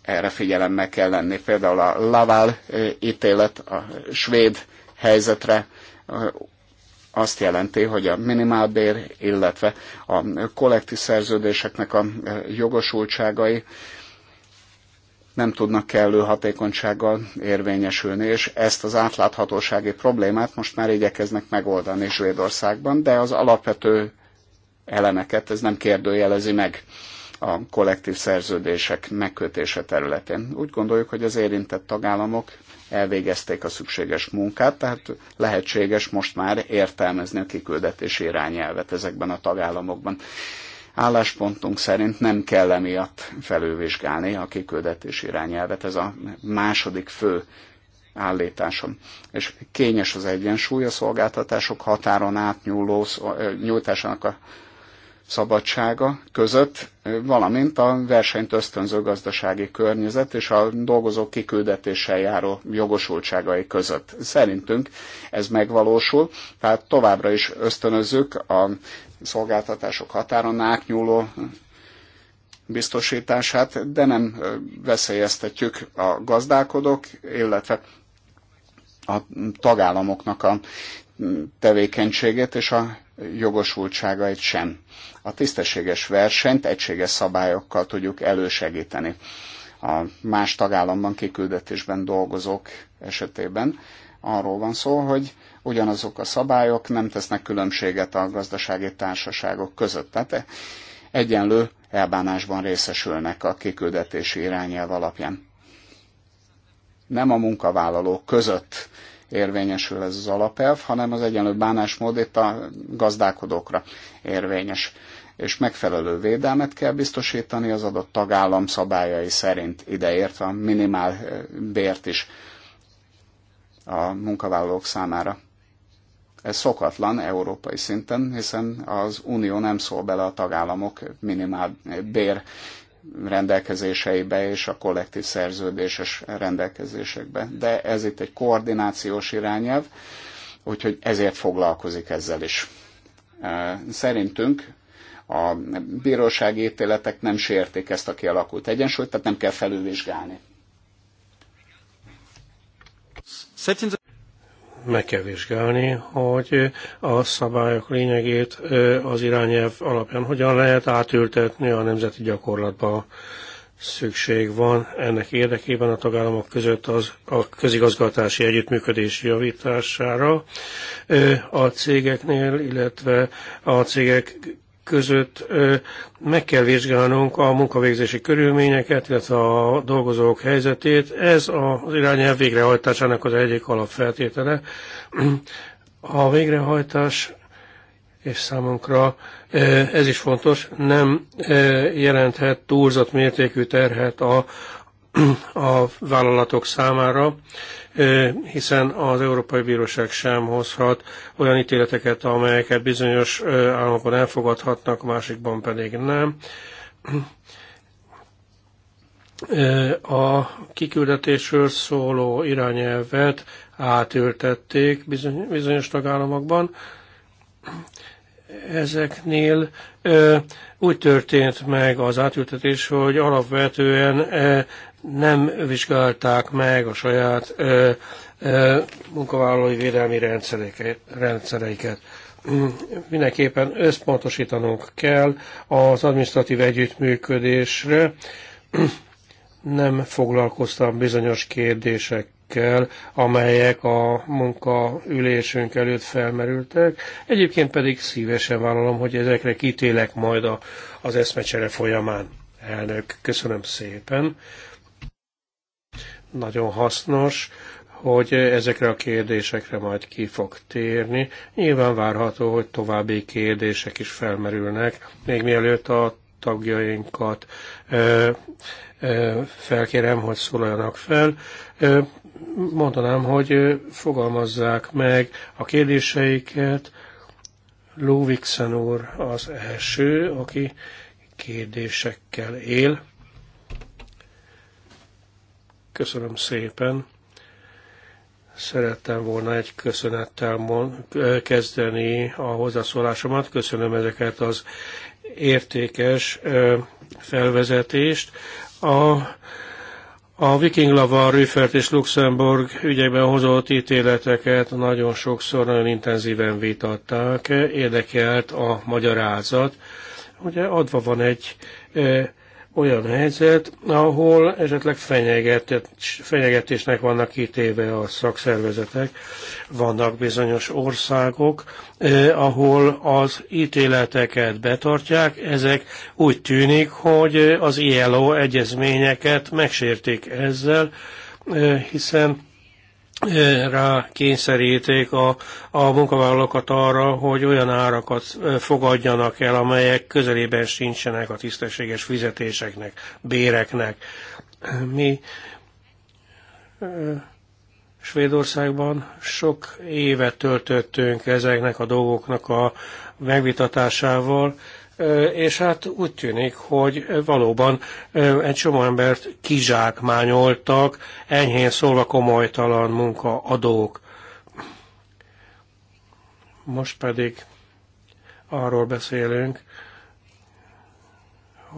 erre figyelemmel kell lenni. Például a Laval ítélet a svéd helyzetre azt jelenti, hogy a minimálbér, illetve a kollektív szerződéseknek a e, jogosultságai nem tudnak kellő hatékonysággal érvényesülni, és ezt az átláthatósági problémát most már igyekeznek megoldani Svédországban, de az alapvető elemeket ez nem kérdőjelezi meg a kollektív szerződések megkötése területén. Úgy gondoljuk, hogy az érintett tagállamok elvégezték a szükséges munkát, tehát lehetséges most már értelmezni a kiküldetési irányelvet ezekben a tagállamokban. Álláspontunk szerint nem kell emiatt felülvizsgálni a kiküldetési irányelvet, ez a második fő állításom. És kényes az egyensúly a szolgáltatások határon átnyúló nyújtásának a szabadsága között, valamint a versenyt ösztönző gazdasági környezet és a dolgozók kiküldetéssel járó jogosultságai között. Szerintünk ez megvalósul, tehát továbbra is ösztönözzük a szolgáltatások határon átnyúló biztosítását, de nem veszélyeztetjük a gazdálkodók, illetve a tagállamoknak a tevékenységét és a jogosultságait sem. A tisztességes versenyt egységes szabályokkal tudjuk elősegíteni. A más tagállamban kiküldetésben dolgozók esetében arról van szó, hogy ugyanazok a szabályok nem tesznek különbséget a gazdasági társaságok között. Tehát egyenlő elbánásban részesülnek a kiküldetési irányelv alapján. Nem a munkavállalók között érvényesül ez az alapelv, hanem az egyenlő bánásmód itt a gazdálkodókra érvényes és megfelelő védelmet kell biztosítani az adott tagállam szabályai szerint, ideértve a minimál bért is a munkavállalók számára. Ez szokatlan európai szinten, hiszen az Unió nem szól bele a tagállamok minimál bér rendelkezéseibe és a kollektív szerződéses rendelkezésekbe. De ez itt egy koordinációs irányelv, úgyhogy ezért foglalkozik ezzel is. Szerintünk a bírósági ítéletek nem sérték ezt a kialakult egyensúlyt, tehát nem kell felülvizsgálni meg kell vizsgálni, hogy a szabályok lényegét az irányelv alapján hogyan lehet átültetni a nemzeti gyakorlatba. Szükség van ennek érdekében a tagállamok között az, a közigazgatási együttműködés javítására. A cégeknél, illetve a cégek között meg kell vizsgálnunk a munkavégzési körülményeket, illetve a dolgozók helyzetét. Ez az irányelv végrehajtásának az egyik alapfeltétele. A végrehajtás és számunkra ez is fontos, nem jelenthet túlzott mértékű terhet a, a vállalatok számára hiszen az Európai Bíróság sem hozhat olyan ítéleteket, amelyeket bizonyos államokon elfogadhatnak, másikban pedig nem. A kiküldetésről szóló irányelvet átültették bizonyos tagállamokban. Ezeknél úgy történt meg az átültetés, hogy alapvetően nem vizsgálták meg a saját ö, ö, munkavállalói védelmi rendszereiket. Mindenképpen összpontosítanunk kell az administratív együttműködésre. Nem foglalkoztam bizonyos kérdésekkel, amelyek a munkaülésünk előtt felmerültek. Egyébként pedig szívesen vállalom, hogy ezekre kitélek majd a, az eszmecsere folyamán elnök, köszönöm szépen nagyon hasznos, hogy ezekre a kérdésekre majd ki fog térni. Nyilván várható, hogy további kérdések is felmerülnek, még mielőtt a tagjainkat ö, ö, felkérem, hogy szólaljanak fel. Ö, mondanám, hogy fogalmazzák meg a kérdéseiket. Lóvixen úr az első, aki kérdésekkel él. Köszönöm szépen. Szerettem volna egy köszönettel kezdeni a hozzászólásomat. Köszönöm ezeket az értékes felvezetést. A, a Viking Lava, Rüffert és Luxemburg ügyekben hozott ítéleteket nagyon sokszor nagyon intenzíven vitatták, érdekelt a magyarázat. Ugye adva van egy olyan helyzet, ahol esetleg fenyegetésnek vannak kitéve a szakszervezetek. Vannak bizonyos országok, eh, ahol az ítéleteket betartják, ezek úgy tűnik, hogy az ILO egyezményeket megsértik ezzel, eh, hiszen rá kényszeríték a, a munkavállalókat arra, hogy olyan árakat fogadjanak el, amelyek közelében sincsenek a tisztességes fizetéseknek, béreknek. Mi Svédországban sok évet töltöttünk ezeknek a dolgoknak a megvitatásával, és hát úgy tűnik, hogy valóban egy csomó embert kizsákmányoltak, enyhén szólva komolytalan adók. Most pedig arról beszélünk,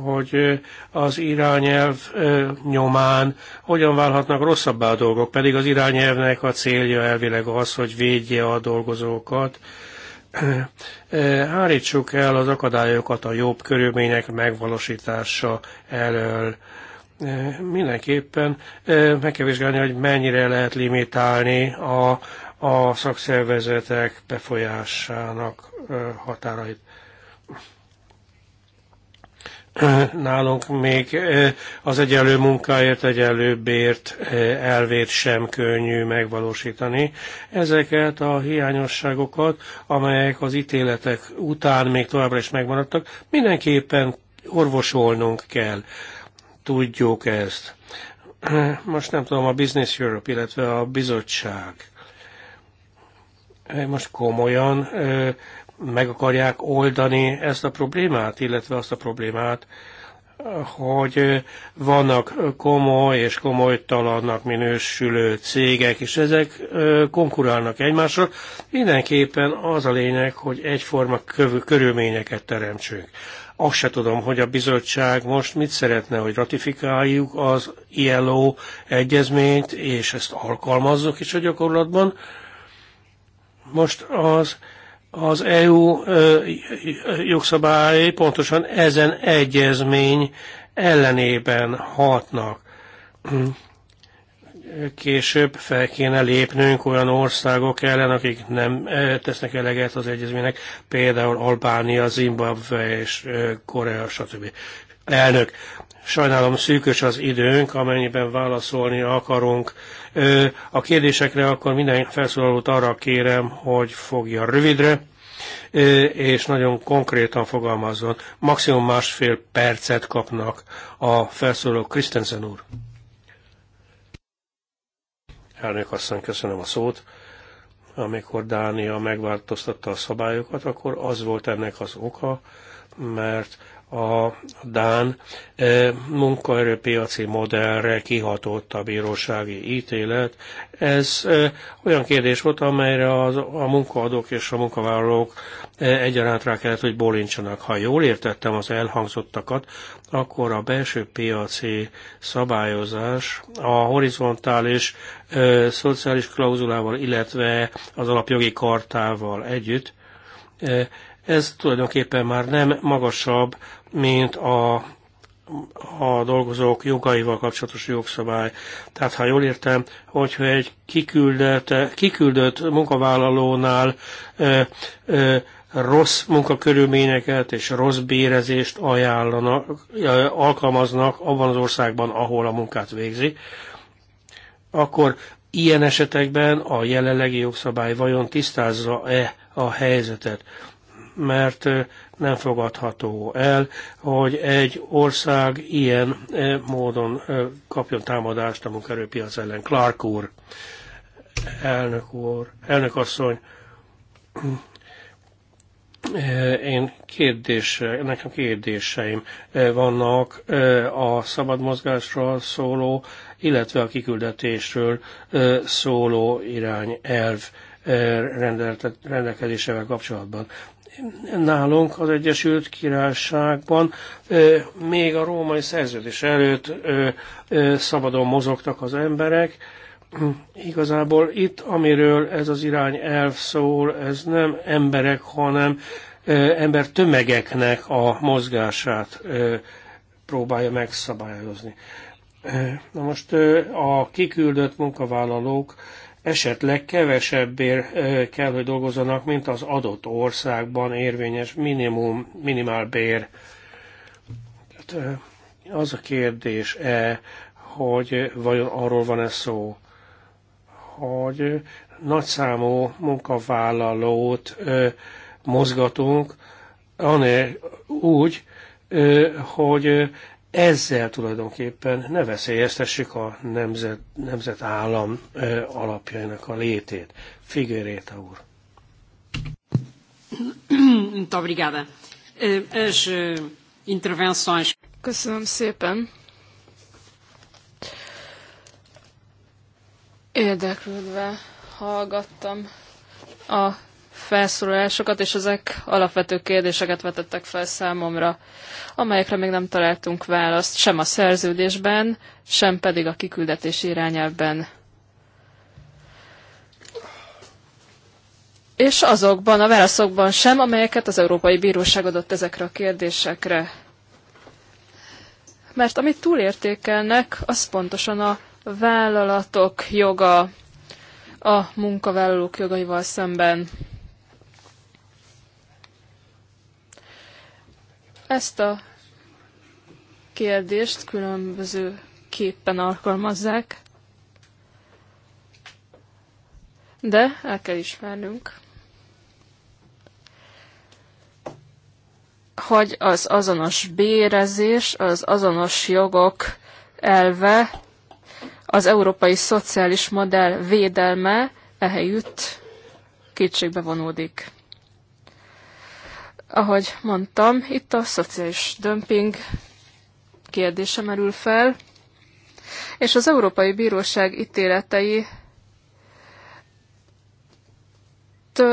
hogy az irányelv nyomán hogyan válhatnak rosszabbá a dolgok, pedig az irányelvnek a célja elvileg az, hogy védje a dolgozókat, Hárítsuk el az akadályokat a jobb körülmények megvalósítása elől. Mindenképpen meg kell vizsgálni, hogy mennyire lehet limitálni a, a szakszervezetek befolyásának határait. [COUGHS] nálunk még az egyenlő munkáért, egyenlő bért elvét sem könnyű megvalósítani. Ezeket a hiányosságokat, amelyek az ítéletek után még továbbra is megmaradtak, mindenképpen orvosolnunk kell. Tudjuk ezt. [COUGHS] Most nem tudom, a Business Europe, illetve a bizottság most komolyan meg akarják oldani ezt a problémát, illetve azt a problémát, hogy vannak komoly és komolytalannak minősülő cégek, és ezek konkurálnak egymással. Mindenképpen az a lényeg, hogy egyforma körülményeket teremtsünk. Azt se tudom, hogy a bizottság most mit szeretne, hogy ratifikáljuk az ILO egyezményt, és ezt alkalmazzuk is a gyakorlatban. Most az az EU jogszabályai pontosan ezen egyezmény ellenében hatnak. Később fel kéne lépnünk olyan országok ellen, akik nem tesznek eleget az egyezménynek, például Albánia, Zimbabwe és Korea, stb. Elnök, Sajnálom szűkös az időnk, amennyiben válaszolni akarunk. A kérdésekre akkor minden felszólalót arra kérem, hogy fogja rövidre, és nagyon konkrétan fogalmazzon. Maximum másfél percet kapnak a felszólaló Krisztensen úr. Elnök asszony, köszönöm a szót. Amikor Dánia megváltoztatta a szabályokat, akkor az volt ennek az oka, mert a Dán e, munkaerőpiaci modellre kihatott a bírósági ítélet. Ez e, olyan kérdés volt, amelyre az, a munkaadók és a munkavállalók e, egyaránt rá kellett, hogy bolincsanak. Ha jól értettem az elhangzottakat, akkor a belső piaci szabályozás a horizontális szociális klauzulával, illetve az alapjogi kartával együtt ez tulajdonképpen már nem magasabb mint a, a dolgozók jogaival kapcsolatos jogszabály. Tehát, ha jól értem, hogyha egy kiküldött, kiküldött munkavállalónál ö, ö, rossz munkakörülményeket és rossz bérezést ajánlanak, alkalmaznak abban az országban, ahol a munkát végzi, akkor ilyen esetekben a jelenlegi jogszabály vajon tisztázza-e a helyzetet? Mert nem fogadható el, hogy egy ország ilyen eh, módon eh, kapjon támadást a munkaerőpiac ellen. Clark úr, elnök úr, elnök asszony, eh, én kérdés, nekem kérdéseim vannak a szabad mozgásról szóló, illetve a kiküldetésről szóló irányelv rendelkezésevel kapcsolatban nálunk az Egyesült Királyságban még a római szerződés előtt szabadon mozogtak az emberek. Igazából itt, amiről ez az irány elv szól, ez nem emberek, hanem ember tömegeknek a mozgását próbálja megszabályozni. Na most a kiküldött munkavállalók esetleg kevesebbért kell, hogy dolgozzanak, mint az adott országban érvényes minimum, minimál bér. az a kérdés, -e, hogy vajon arról van-e szó, hogy nagyszámú munkavállalót mozgatunk, anél úgy, hogy ezzel tulajdonképpen ne veszélyeztessük a nemzet, nemzetállam ö, alapjainak a létét. Figueréta úr. Muito obrigada. intervenções. Köszönöm szépen. Érdeklődve hallgattam a felszólalásokat, és ezek alapvető kérdéseket vetettek fel számomra, amelyekre még nem találtunk választ sem a szerződésben, sem pedig a kiküldetés irányelvben. És azokban a válaszokban sem, amelyeket az Európai Bíróság adott ezekre a kérdésekre. Mert amit túlértékelnek, az pontosan a vállalatok joga a munkavállalók jogaival szemben. Ezt a kérdést különböző képpen alkalmazzák, de el kell ismernünk, hogy az azonos bérezés, az azonos jogok elve, az európai szociális modell védelme ehelyütt kétségbe vonódik. Ahogy mondtam, itt a szociális dömping kérdése merül fel, és az Európai Bíróság ítéletei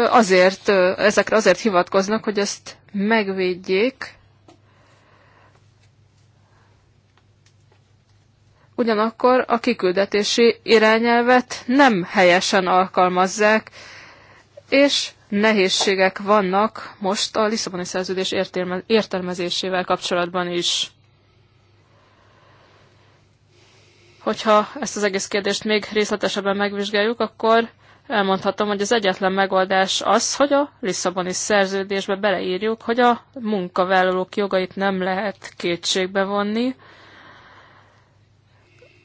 azért, ezekre azért hivatkoznak, hogy ezt megvédjék, ugyanakkor a kiküldetési irányelvet nem helyesen alkalmazzák, és nehézségek vannak most a Lisszaboni szerződés értelmezésével kapcsolatban is. Hogyha ezt az egész kérdést még részletesebben megvizsgáljuk, akkor elmondhatom, hogy az egyetlen megoldás az, hogy a Lisszaboni szerződésbe beleírjuk, hogy a munkavállalók jogait nem lehet kétségbe vonni.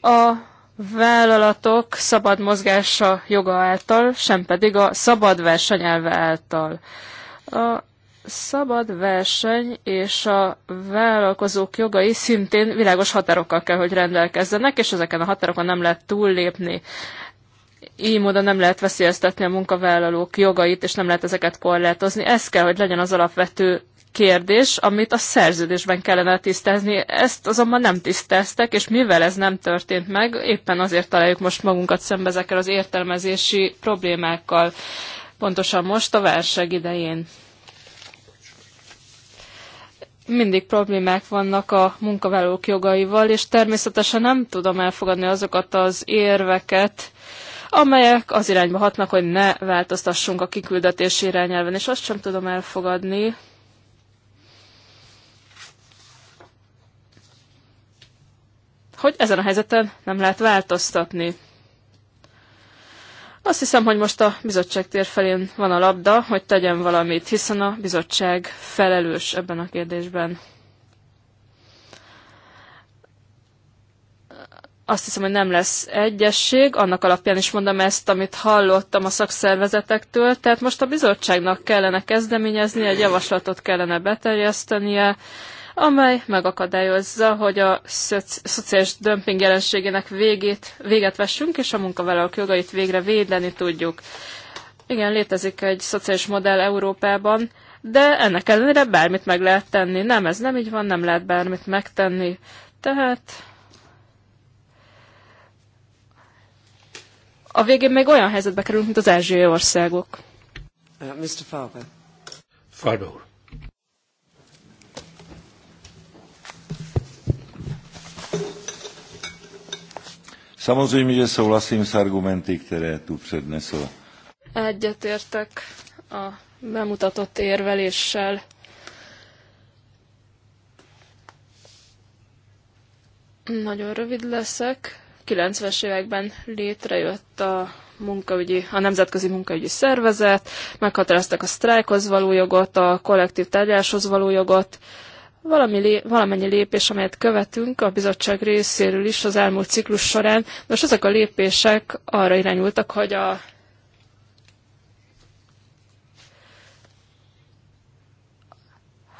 A vállalatok szabad mozgása joga által, sem pedig a szabad verseny elve által. A szabad verseny és a vállalkozók jogai szintén világos határokkal kell, hogy rendelkezzenek, és ezeken a határokon nem lehet túllépni. Így módon nem lehet veszélyeztetni a munkavállalók jogait, és nem lehet ezeket korlátozni. Ez kell, hogy legyen az alapvető kérdés, amit a szerződésben kellene tisztázni. Ezt azonban nem tisztáztak, és mivel ez nem történt meg, éppen azért találjuk most magunkat szembe ezekkel az értelmezési problémákkal, pontosan most a válság idején. Mindig problémák vannak a munkavállalók jogaival, és természetesen nem tudom elfogadni azokat az érveket, amelyek az irányba hatnak, hogy ne változtassunk a kiküldetési irányelven, és azt sem tudom elfogadni, hogy ezen a helyzeten nem lehet változtatni. Azt hiszem, hogy most a bizottság tér felén van a labda, hogy tegyen valamit, hiszen a bizottság felelős ebben a kérdésben. Azt hiszem, hogy nem lesz egyesség, annak alapján is mondom ezt, amit hallottam a szakszervezetektől, tehát most a bizottságnak kellene kezdeményezni, egy javaslatot kellene beterjesztenie, amely megakadályozza, hogy a szociális dömping jelenségének végét, véget vessünk, és a munkavállalók jogait végre védeni tudjuk. Igen, létezik egy szociális modell Európában, de ennek ellenére bármit meg lehet tenni. Nem, ez nem így van, nem lehet bármit megtenni. Tehát a végén még olyan helyzetbe kerülünk, mint az ázsiai országok. Uh, Mr. Farber. Farber úr. Samozřejmě, že souhlasím s argumenty, které tu přednesl. Egyetértek a bemutatott érveléssel. Nagyon rövid leszek. 90-es években létrejött a munkaügyi, a Nemzetközi Munkaügyi Szervezet, meghatározták a sztrájkhoz való jogot, a kollektív tárgyaláshoz való jogot, valami lé, valamennyi lépés, amelyet követünk a bizottság részéről is az elmúlt ciklus során, most ezek a lépések arra irányultak, hogy a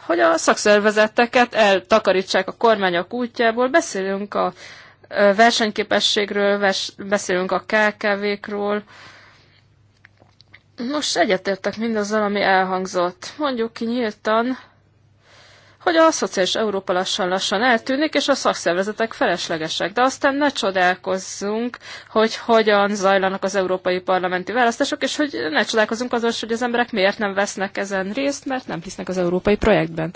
hogy a szakszervezeteket eltakarítsák a kormányok útjából. Beszélünk a versenyképességről, beszélünk a KKV-król. Nos, egyetértek mindazzal, ami elhangzott. Mondjuk ki nyíltan, hogy a szociális Európa lassan-lassan eltűnik, és a szakszervezetek feleslegesek. De aztán ne csodálkozzunk, hogy hogyan zajlanak az európai parlamenti választások, és hogy ne csodálkozzunk azon, hogy az emberek miért nem vesznek ezen részt, mert nem hisznek az európai projektben.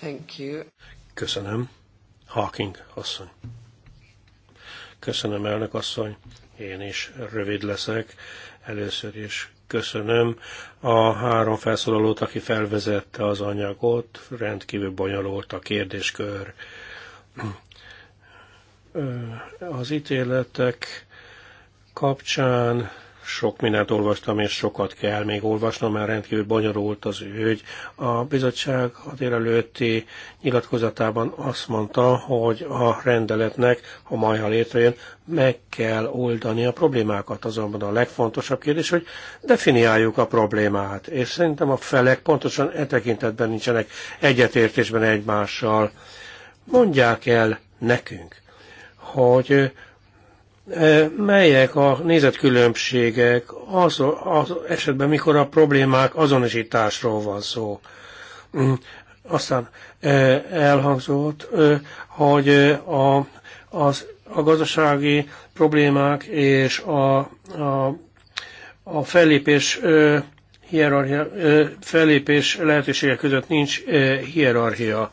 Thank you. Köszönöm. Hawking asszony. Köszönöm, elnök asszony. Én is rövid leszek. Először is Köszönöm a három felszólalót, aki felvezette az anyagot. Rendkívül bonyolult a kérdéskör. Az ítéletek kapcsán sok mindent olvastam, és sokat kell még olvasnom, mert rendkívül bonyolult az ügy. A bizottság a délelőtti nyilatkozatában azt mondta, hogy a rendeletnek, ha majd ha létrejön, meg kell oldani a problémákat. Azonban a legfontosabb kérdés, hogy definiáljuk a problémát. És szerintem a felek pontosan e tekintetben nincsenek egyetértésben egymással. Mondják el nekünk, hogy melyek a nézetkülönbségek az, az esetben, mikor a problémák azonosításról van szó. Mm. Aztán elhangzott, hogy a, az, a gazdasági problémák és a, a, a fellépés hierarchia, fellépés lehetősége között nincs hierarchia.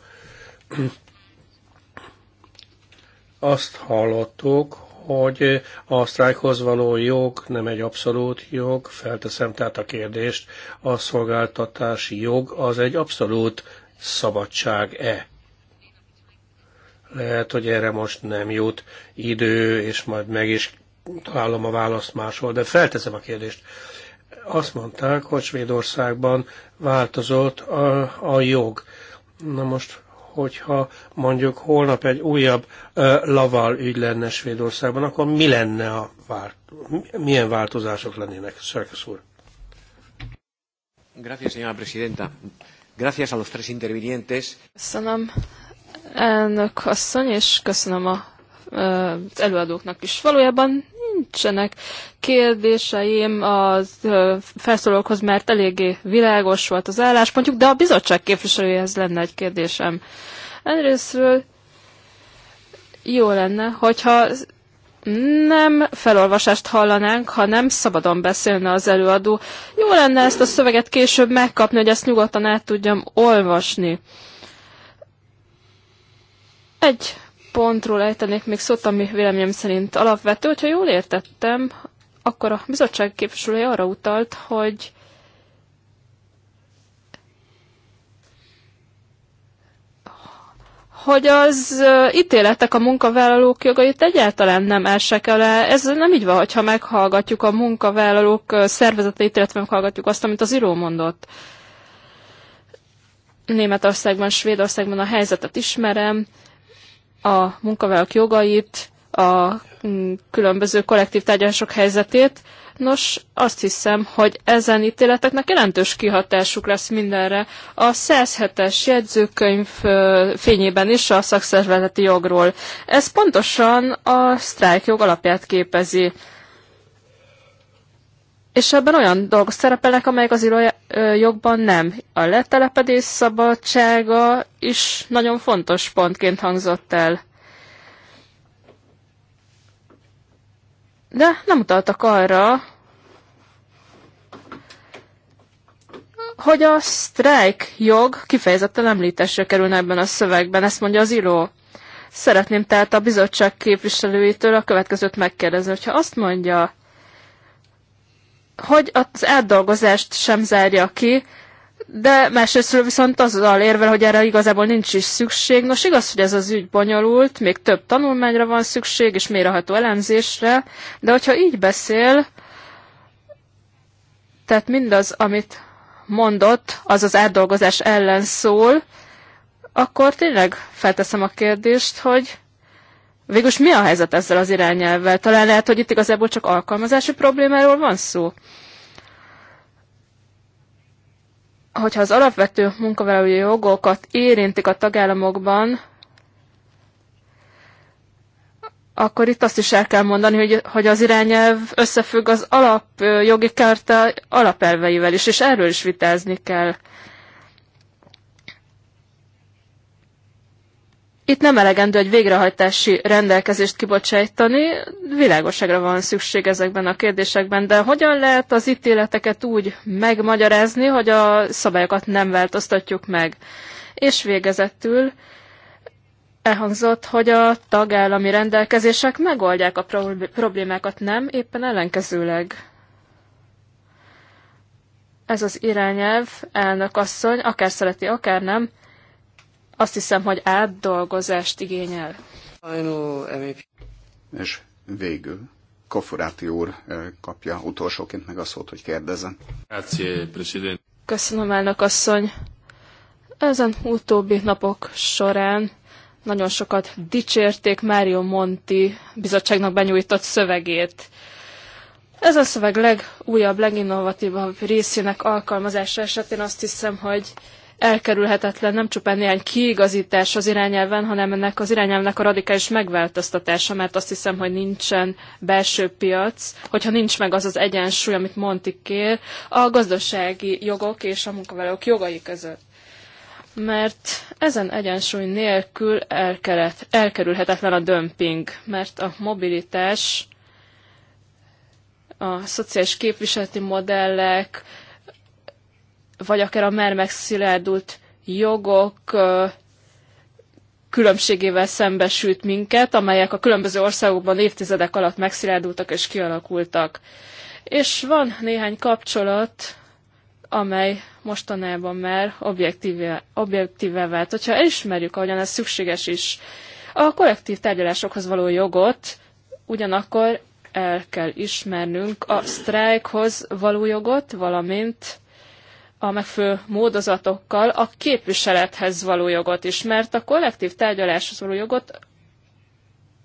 Azt hallottuk, hogy a sztrájkhoz való jog nem egy abszolút jog, felteszem tehát a kérdést, a szolgáltatási jog az egy abszolút szabadság-e? Lehet, hogy erre most nem jut idő, és majd meg is találom a választ máshol, de felteszem a kérdést. Azt mondták, hogy Svédországban változott a, a jog. Na most hogyha mondjuk holnap egy újabb uh, laval ügy lenne Svédországban, akkor mi lenne a vár... milyen változások lennének, Szerkesz úr? Gracias, señora presidenta. Gracias a los tres intervinientes. Köszönöm, elnök asszony, és köszönöm a az előadóknak is. Valójában nincsenek kérdéseim a felszólalókhoz, mert eléggé világos volt az álláspontjuk, de a bizottság képviselőjehez lenne egy kérdésem. Egyrésztről jó lenne, hogyha nem felolvasást hallanánk, ha nem szabadon beszélne az előadó. Jó lenne ezt a szöveget később megkapni, hogy ezt nyugodtan át tudjam olvasni. Egy pontról ejtenék még szót, ami véleményem szerint alapvető. Hogyha jól értettem, akkor a bizottság képviselője arra utalt, hogy hogy az ítéletek a munkavállalók jogait egyáltalán nem esek el. Ez nem így van, hogyha meghallgatjuk a munkavállalók szervezetét, illetve meghallgatjuk azt, amit az író mondott. Németországban, Svédországban a helyzetet ismerem a munkavállalók jogait, a mm, különböző kollektív tárgyalások helyzetét. Nos, azt hiszem, hogy ezen ítéleteknek jelentős kihatásuk lesz mindenre. A 107-es jegyzőkönyv fényében is a szakszervezeti jogról. Ez pontosan a sztrájkjog alapját képezi. És ebben olyan dolgok szerepelnek, amelyek az jogban nem. A letelepedés szabadsága is nagyon fontos pontként hangzott el. De nem utaltak arra, hogy a sztrájk jog kifejezetten említésre kerülne ebben a szövegben, ezt mondja az író. Szeretném tehát a bizottság képviselőitől a következőt megkérdezni, hogyha azt mondja, hogy az átdolgozást sem zárja ki, de másrésztről viszont azzal érvel, hogy erre igazából nincs is szükség. Nos, igaz, hogy ez az ügy bonyolult, még több tanulmányra van szükség, és méreható elemzésre, de hogyha így beszél, tehát mindaz, amit mondott, az az átdolgozás ellen szól, akkor tényleg felteszem a kérdést, hogy Végülis mi a helyzet ezzel az irányelvvel? Talán lehet, hogy itt igazából csak alkalmazási problémáról van szó. Hogyha az alapvető munkavállalói jogokat érintik a tagállamokban, akkor itt azt is el kell mondani, hogy, hogy az irányelv összefügg az alapjogi kárta alapelveivel is, és erről is vitázni kell. Itt nem elegendő egy végrehajtási rendelkezést kibocsájtani, világosságra van szükség ezekben a kérdésekben, de hogyan lehet az ítéleteket úgy megmagyarázni, hogy a szabályokat nem változtatjuk meg? És végezetül elhangzott, hogy a tagállami rendelkezések megoldják a problémákat, nem éppen ellenkezőleg. Ez az irányelv, elnök asszony, akár szereti, akár nem, azt hiszem, hogy átdolgozást igényel. És végül Kofuráti úr eh, kapja utolsóként meg a szót, hogy kérdezzen. Köszönöm, elnök asszony. Ezen utóbbi napok során nagyon sokat dicsérték Mário Monti bizottságnak benyújtott szövegét. Ez a szöveg legújabb, leginnovatívabb részének alkalmazása esetén azt hiszem, hogy elkerülhetetlen nem csupán néhány kiigazítás az irányelven, hanem ennek az irányelvnek a radikális megváltoztatása, mert azt hiszem, hogy nincsen belső piac, hogyha nincs meg az az egyensúly, amit Monti kér, a gazdasági jogok és a munkavállalók jogai között. Mert ezen egyensúly nélkül elkeret, elkerülhetetlen a dömping, mert a mobilitás, a szociális képviseleti modellek, vagy akár a már megszilárdult jogok különbségével szembesült minket, amelyek a különböző országokban évtizedek alatt megszilárdultak és kialakultak. És van néhány kapcsolat, amely mostanában már objektíve, objektíve vált. Hogyha elismerjük, ahogyan ez szükséges is, a kollektív tárgyalásokhoz való jogot ugyanakkor el kell ismernünk a sztrájkhoz való jogot, valamint a megfelelő módozatokkal a képviselethez való jogot is, mert a kollektív tárgyaláshoz való jogot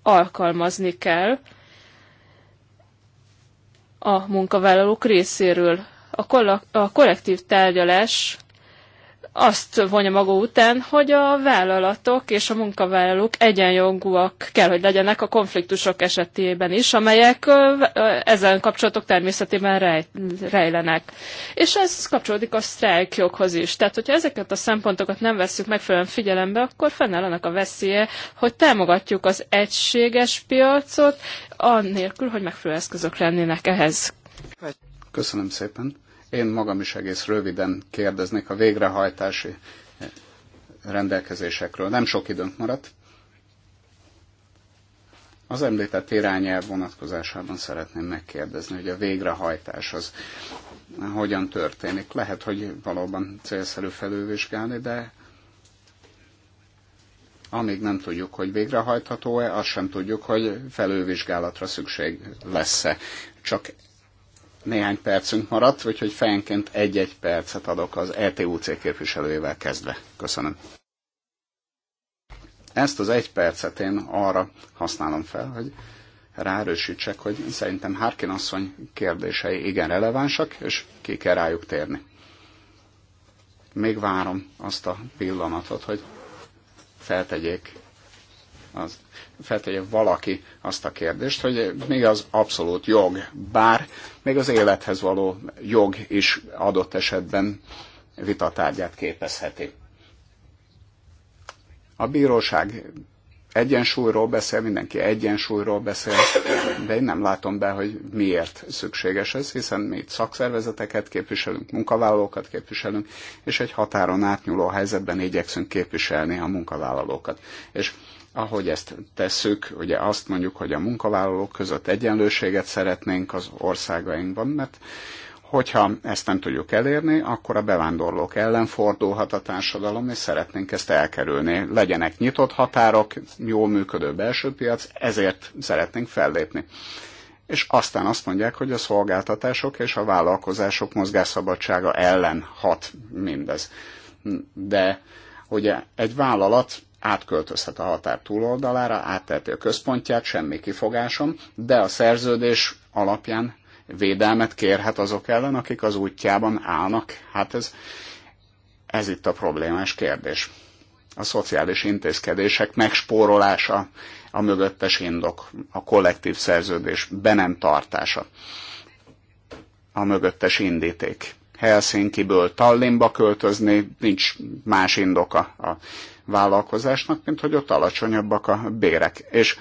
alkalmazni kell a munkavállalók részéről. A, kollektív tárgyalás azt vonja maga után, hogy a vállalatok és a munkavállalók egyenjogúak kell, hogy legyenek a konfliktusok esetében is, amelyek ezen kapcsolatok természetében rej, rejlenek. És ez kapcsolódik a sztrájkjoghoz is. Tehát, hogyha ezeket a szempontokat nem vesszük megfelelően figyelembe, akkor fennáll annak a veszélye, hogy támogatjuk az egységes piacot, annélkül, hogy megfelelő eszközök lennének ehhez. Köszönöm szépen. Én magam is egész röviden kérdeznék a végrehajtási rendelkezésekről. Nem sok időnk maradt. Az említett irányelv vonatkozásában szeretném megkérdezni, hogy a végrehajtás az hogyan történik. Lehet, hogy valóban célszerű felülvizsgálni, de amíg nem tudjuk, hogy végrehajtható-e, azt sem tudjuk, hogy felülvizsgálatra szükség lesz-e. Csak néhány percünk maradt, úgyhogy fejenként egy-egy percet adok az ETUC képviselőjével kezdve. Köszönöm. Ezt az egy percet én arra használom fel, hogy ráerősítsek, hogy szerintem Harkin asszony kérdései igen relevánsak, és ki kell rájuk térni. Még várom azt a pillanatot, hogy feltegyék az feltegye valaki azt a kérdést, hogy még az abszolút jog, bár még az élethez való jog is adott esetben vitatárgyát képezheti. A bíróság egyensúlyról beszél, mindenki egyensúlyról beszél, de én nem látom be, hogy miért szükséges ez, hiszen mi itt szakszervezeteket képviselünk, munkavállalókat képviselünk, és egy határon átnyúló helyzetben igyekszünk képviselni a munkavállalókat. És ahogy ezt tesszük, ugye azt mondjuk, hogy a munkavállalók között egyenlőséget szeretnénk az országainkban, mert hogyha ezt nem tudjuk elérni, akkor a bevándorlók ellen fordulhat a társadalom, és szeretnénk ezt elkerülni. Legyenek nyitott határok, jól működő belső piac, ezért szeretnénk fellépni. És aztán azt mondják, hogy a szolgáltatások és a vállalkozások mozgásszabadsága ellen hat mindez. De ugye egy vállalat átköltözhet a határ túloldalára, átteheti a központját, semmi kifogásom, de a szerződés alapján védelmet kérhet azok ellen, akik az útjában állnak. Hát ez, ez itt a problémás kérdés. A szociális intézkedések megspórolása, a mögöttes indok, a kollektív szerződés be nem tartása, a mögöttes indíték. Helsinki-ből Tallinnba költözni, nincs más indoka a vállalkozásnak, mint hogy ott alacsonyabbak a bérek. És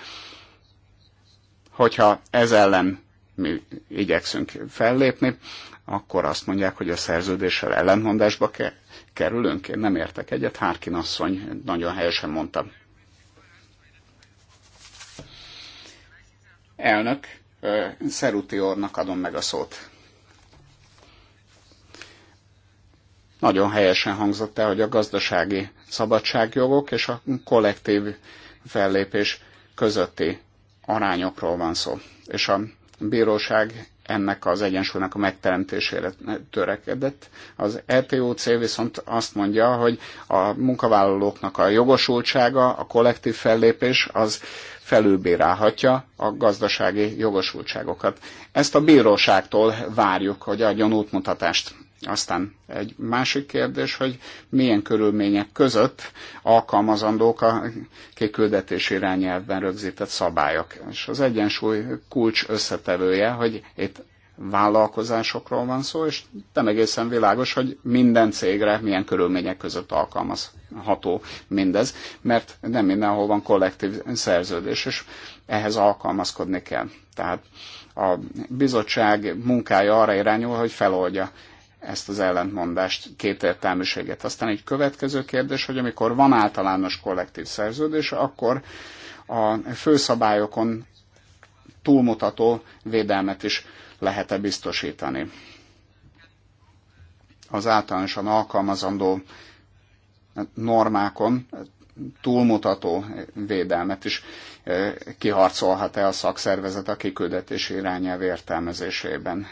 hogyha ez ellen mi igyekszünk fellépni, akkor azt mondják, hogy a szerződéssel ellentmondásba ke- kerülünk. Én nem értek egyet, Hárkin asszony nagyon helyesen mondta. Elnök, Szeruti adom meg a szót. Nagyon helyesen hangzott el, hogy a gazdasági szabadságjogok és a kollektív fellépés közötti arányokról van szó. És a bíróság ennek az egyensúlynak a megteremtésére törekedett. Az ETOC viszont azt mondja, hogy a munkavállalóknak a jogosultsága, a kollektív fellépés az felülbírálhatja a gazdasági jogosultságokat. Ezt a bíróságtól várjuk, hogy adjon útmutatást aztán egy másik kérdés, hogy milyen körülmények között alkalmazandók a kiküldetés irányelvben rögzített szabályok. És az egyensúly kulcs összetevője, hogy itt vállalkozásokról van szó, és nem egészen világos, hogy minden cégre milyen körülmények között alkalmazható mindez, mert nem mindenhol van kollektív szerződés, és ehhez alkalmazkodni kell. Tehát a bizottság munkája arra irányul, hogy feloldja ezt az ellentmondást, kétértelműséget. Aztán egy következő kérdés, hogy amikor van általános kollektív szerződés, akkor a főszabályokon túlmutató védelmet is lehet-e biztosítani. Az általánosan alkalmazandó normákon túlmutató védelmet is eh, kiharcolhat-e a szakszervezet a kiküldetési irányelv értelmezésében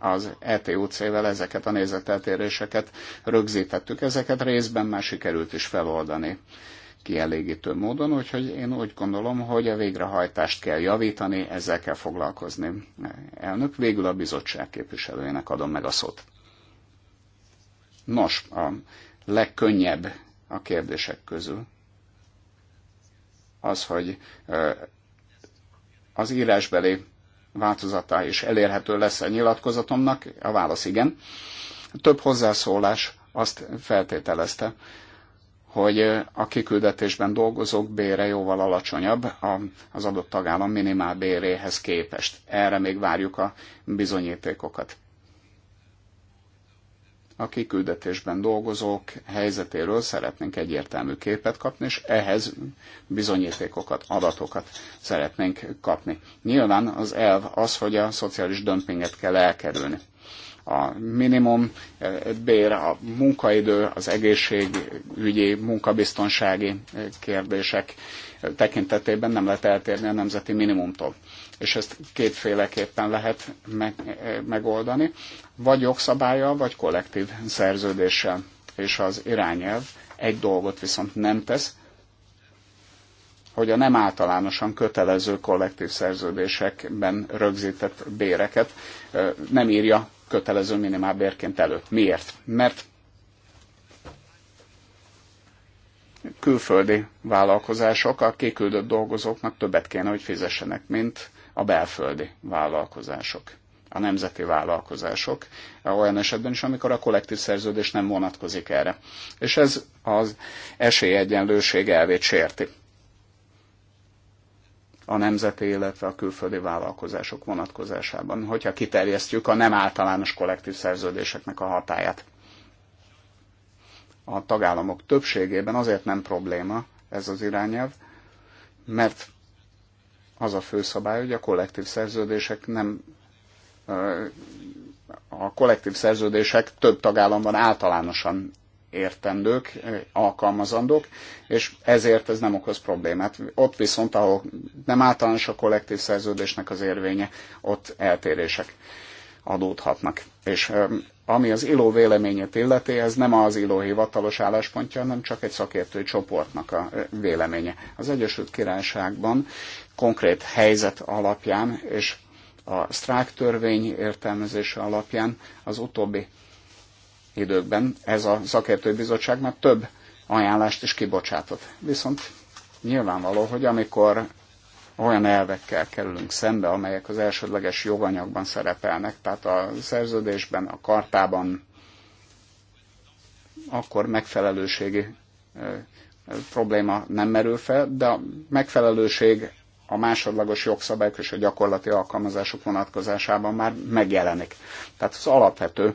az ETUC-vel ezeket a nézeteltéréseket rögzítettük. Ezeket részben már sikerült is feloldani kielégítő módon, úgyhogy én úgy gondolom, hogy a végrehajtást kell javítani, ezzel kell foglalkozni. Elnök, végül a bizottság képviselőjének adom meg a szót. Nos, a legkönnyebb a kérdések közül az, hogy az írásbeli változata is elérhető lesz a nyilatkozatomnak? A válasz igen. Több hozzászólás azt feltételezte, hogy a kiküldetésben dolgozók bére jóval alacsonyabb az adott tagállam minimál béréhez képest. Erre még várjuk a bizonyítékokat a kiküldetésben dolgozók helyzetéről szeretnénk egyértelmű képet kapni, és ehhez bizonyítékokat, adatokat szeretnénk kapni. Nyilván az elv az, hogy a szociális dömpinget kell elkerülni a minimum e, bér, a munkaidő, az egészségügyi, munkabiztonsági e, kérdések tekintetében nem lehet eltérni a nemzeti minimumtól. És ezt kétféleképpen lehet meg, e, megoldani, vagy jogszabályjal, vagy kollektív szerződéssel. És az irányelv egy dolgot viszont nem tesz, hogy a nem általánosan kötelező kollektív szerződésekben rögzített béreket nem írja kötelező minimálbérként elő. Miért? Mert külföldi vállalkozások a kiküldött dolgozóknak többet kéne, hogy fizessenek, mint a belföldi vállalkozások, a nemzeti vállalkozások, olyan esetben is, amikor a kollektív szerződés nem vonatkozik erre. És ez az esélyegyenlőség elvét sérti a nemzeti, illetve a külföldi vállalkozások vonatkozásában, hogyha kiterjesztjük a nem általános kollektív szerződéseknek a hatáját. A tagállamok többségében azért nem probléma ez az irányelv, mert az a főszabály, hogy a kollektív szerződések nem a kollektív szerződések több tagállamban általánosan értendők, eh, alkalmazandók, és ezért ez nem okoz problémát. Ott viszont, ahol nem általános a kollektív szerződésnek az érvénye, ott eltérések adódhatnak. És ami az ILO véleményét illeti, ez nem az ILO hivatalos álláspontja, hanem csak egy szakértői csoportnak a eh, véleménye. Az Egyesült Királyságban konkrét helyzet alapján és a sztrájk törvény értelmezése alapján az utóbbi időkben ez a szakértőbizottság már több ajánlást is kibocsátott. Viszont nyilvánvaló, hogy amikor olyan elvekkel kerülünk szembe, amelyek az elsődleges joganyagban szerepelnek, tehát a szerződésben, a kartában, akkor megfelelőségi probléma nem merül fel, de a megfelelőség a másodlagos jogszabályok és a gyakorlati alkalmazások vonatkozásában már megjelenik. Tehát az alapvető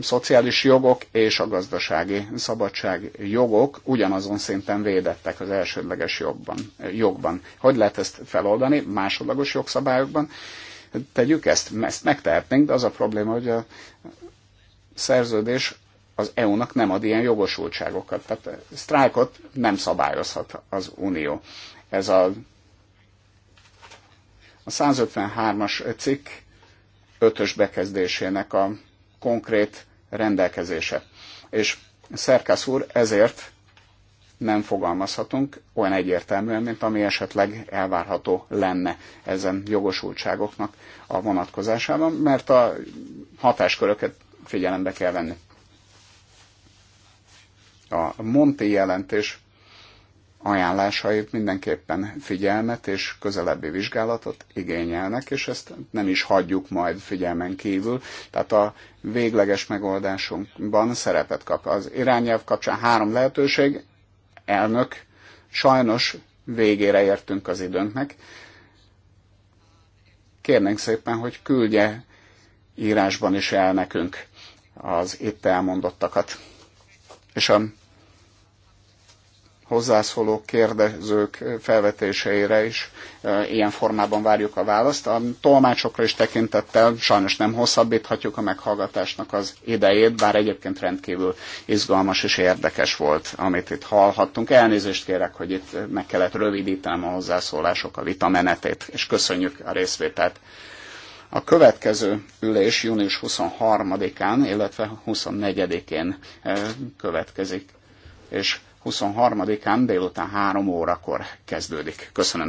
szociális jogok és a gazdasági szabadság jogok ugyanazon szinten védettek az elsődleges jogban. jogban. Hogy lehet ezt feloldani? Másodlagos jogszabályokban tegyük ezt, ezt megtehetnénk, de az a probléma, hogy a szerződés az EU-nak nem ad ilyen jogosultságokat. Tehát sztrájkot nem szabályozhat az Unió. Ez a, a 153-as cikk ötös bekezdésének a konkrét rendelkezése. És Szerkász úr, ezért nem fogalmazhatunk olyan egyértelműen, mint ami esetleg elvárható lenne ezen jogosultságoknak a vonatkozásában, mert a hatásköröket figyelembe kell venni. A Monti jelentés ajánlásaik mindenképpen figyelmet és közelebbi vizsgálatot igényelnek, és ezt nem is hagyjuk majd figyelmen kívül. Tehát a végleges megoldásunkban szerepet kap. Az irányelv kapcsán három lehetőség, elnök, sajnos végére értünk az időnknek. Kérnénk szépen, hogy küldje írásban is el nekünk az itt elmondottakat. És a hozzászólók, kérdezők felvetéseire is ilyen formában várjuk a választ. A tolmácsokra is tekintettel sajnos nem hosszabbíthatjuk a meghallgatásnak az idejét, bár egyébként rendkívül izgalmas és érdekes volt, amit itt hallhattunk. Elnézést kérek, hogy itt meg kellett rövidítenem a hozzászólások a vita menetét, és köszönjük a részvételt. A következő ülés június 23-án, illetve 24-én következik, és 23-án délután 3 órakor kezdődik. Köszönöm.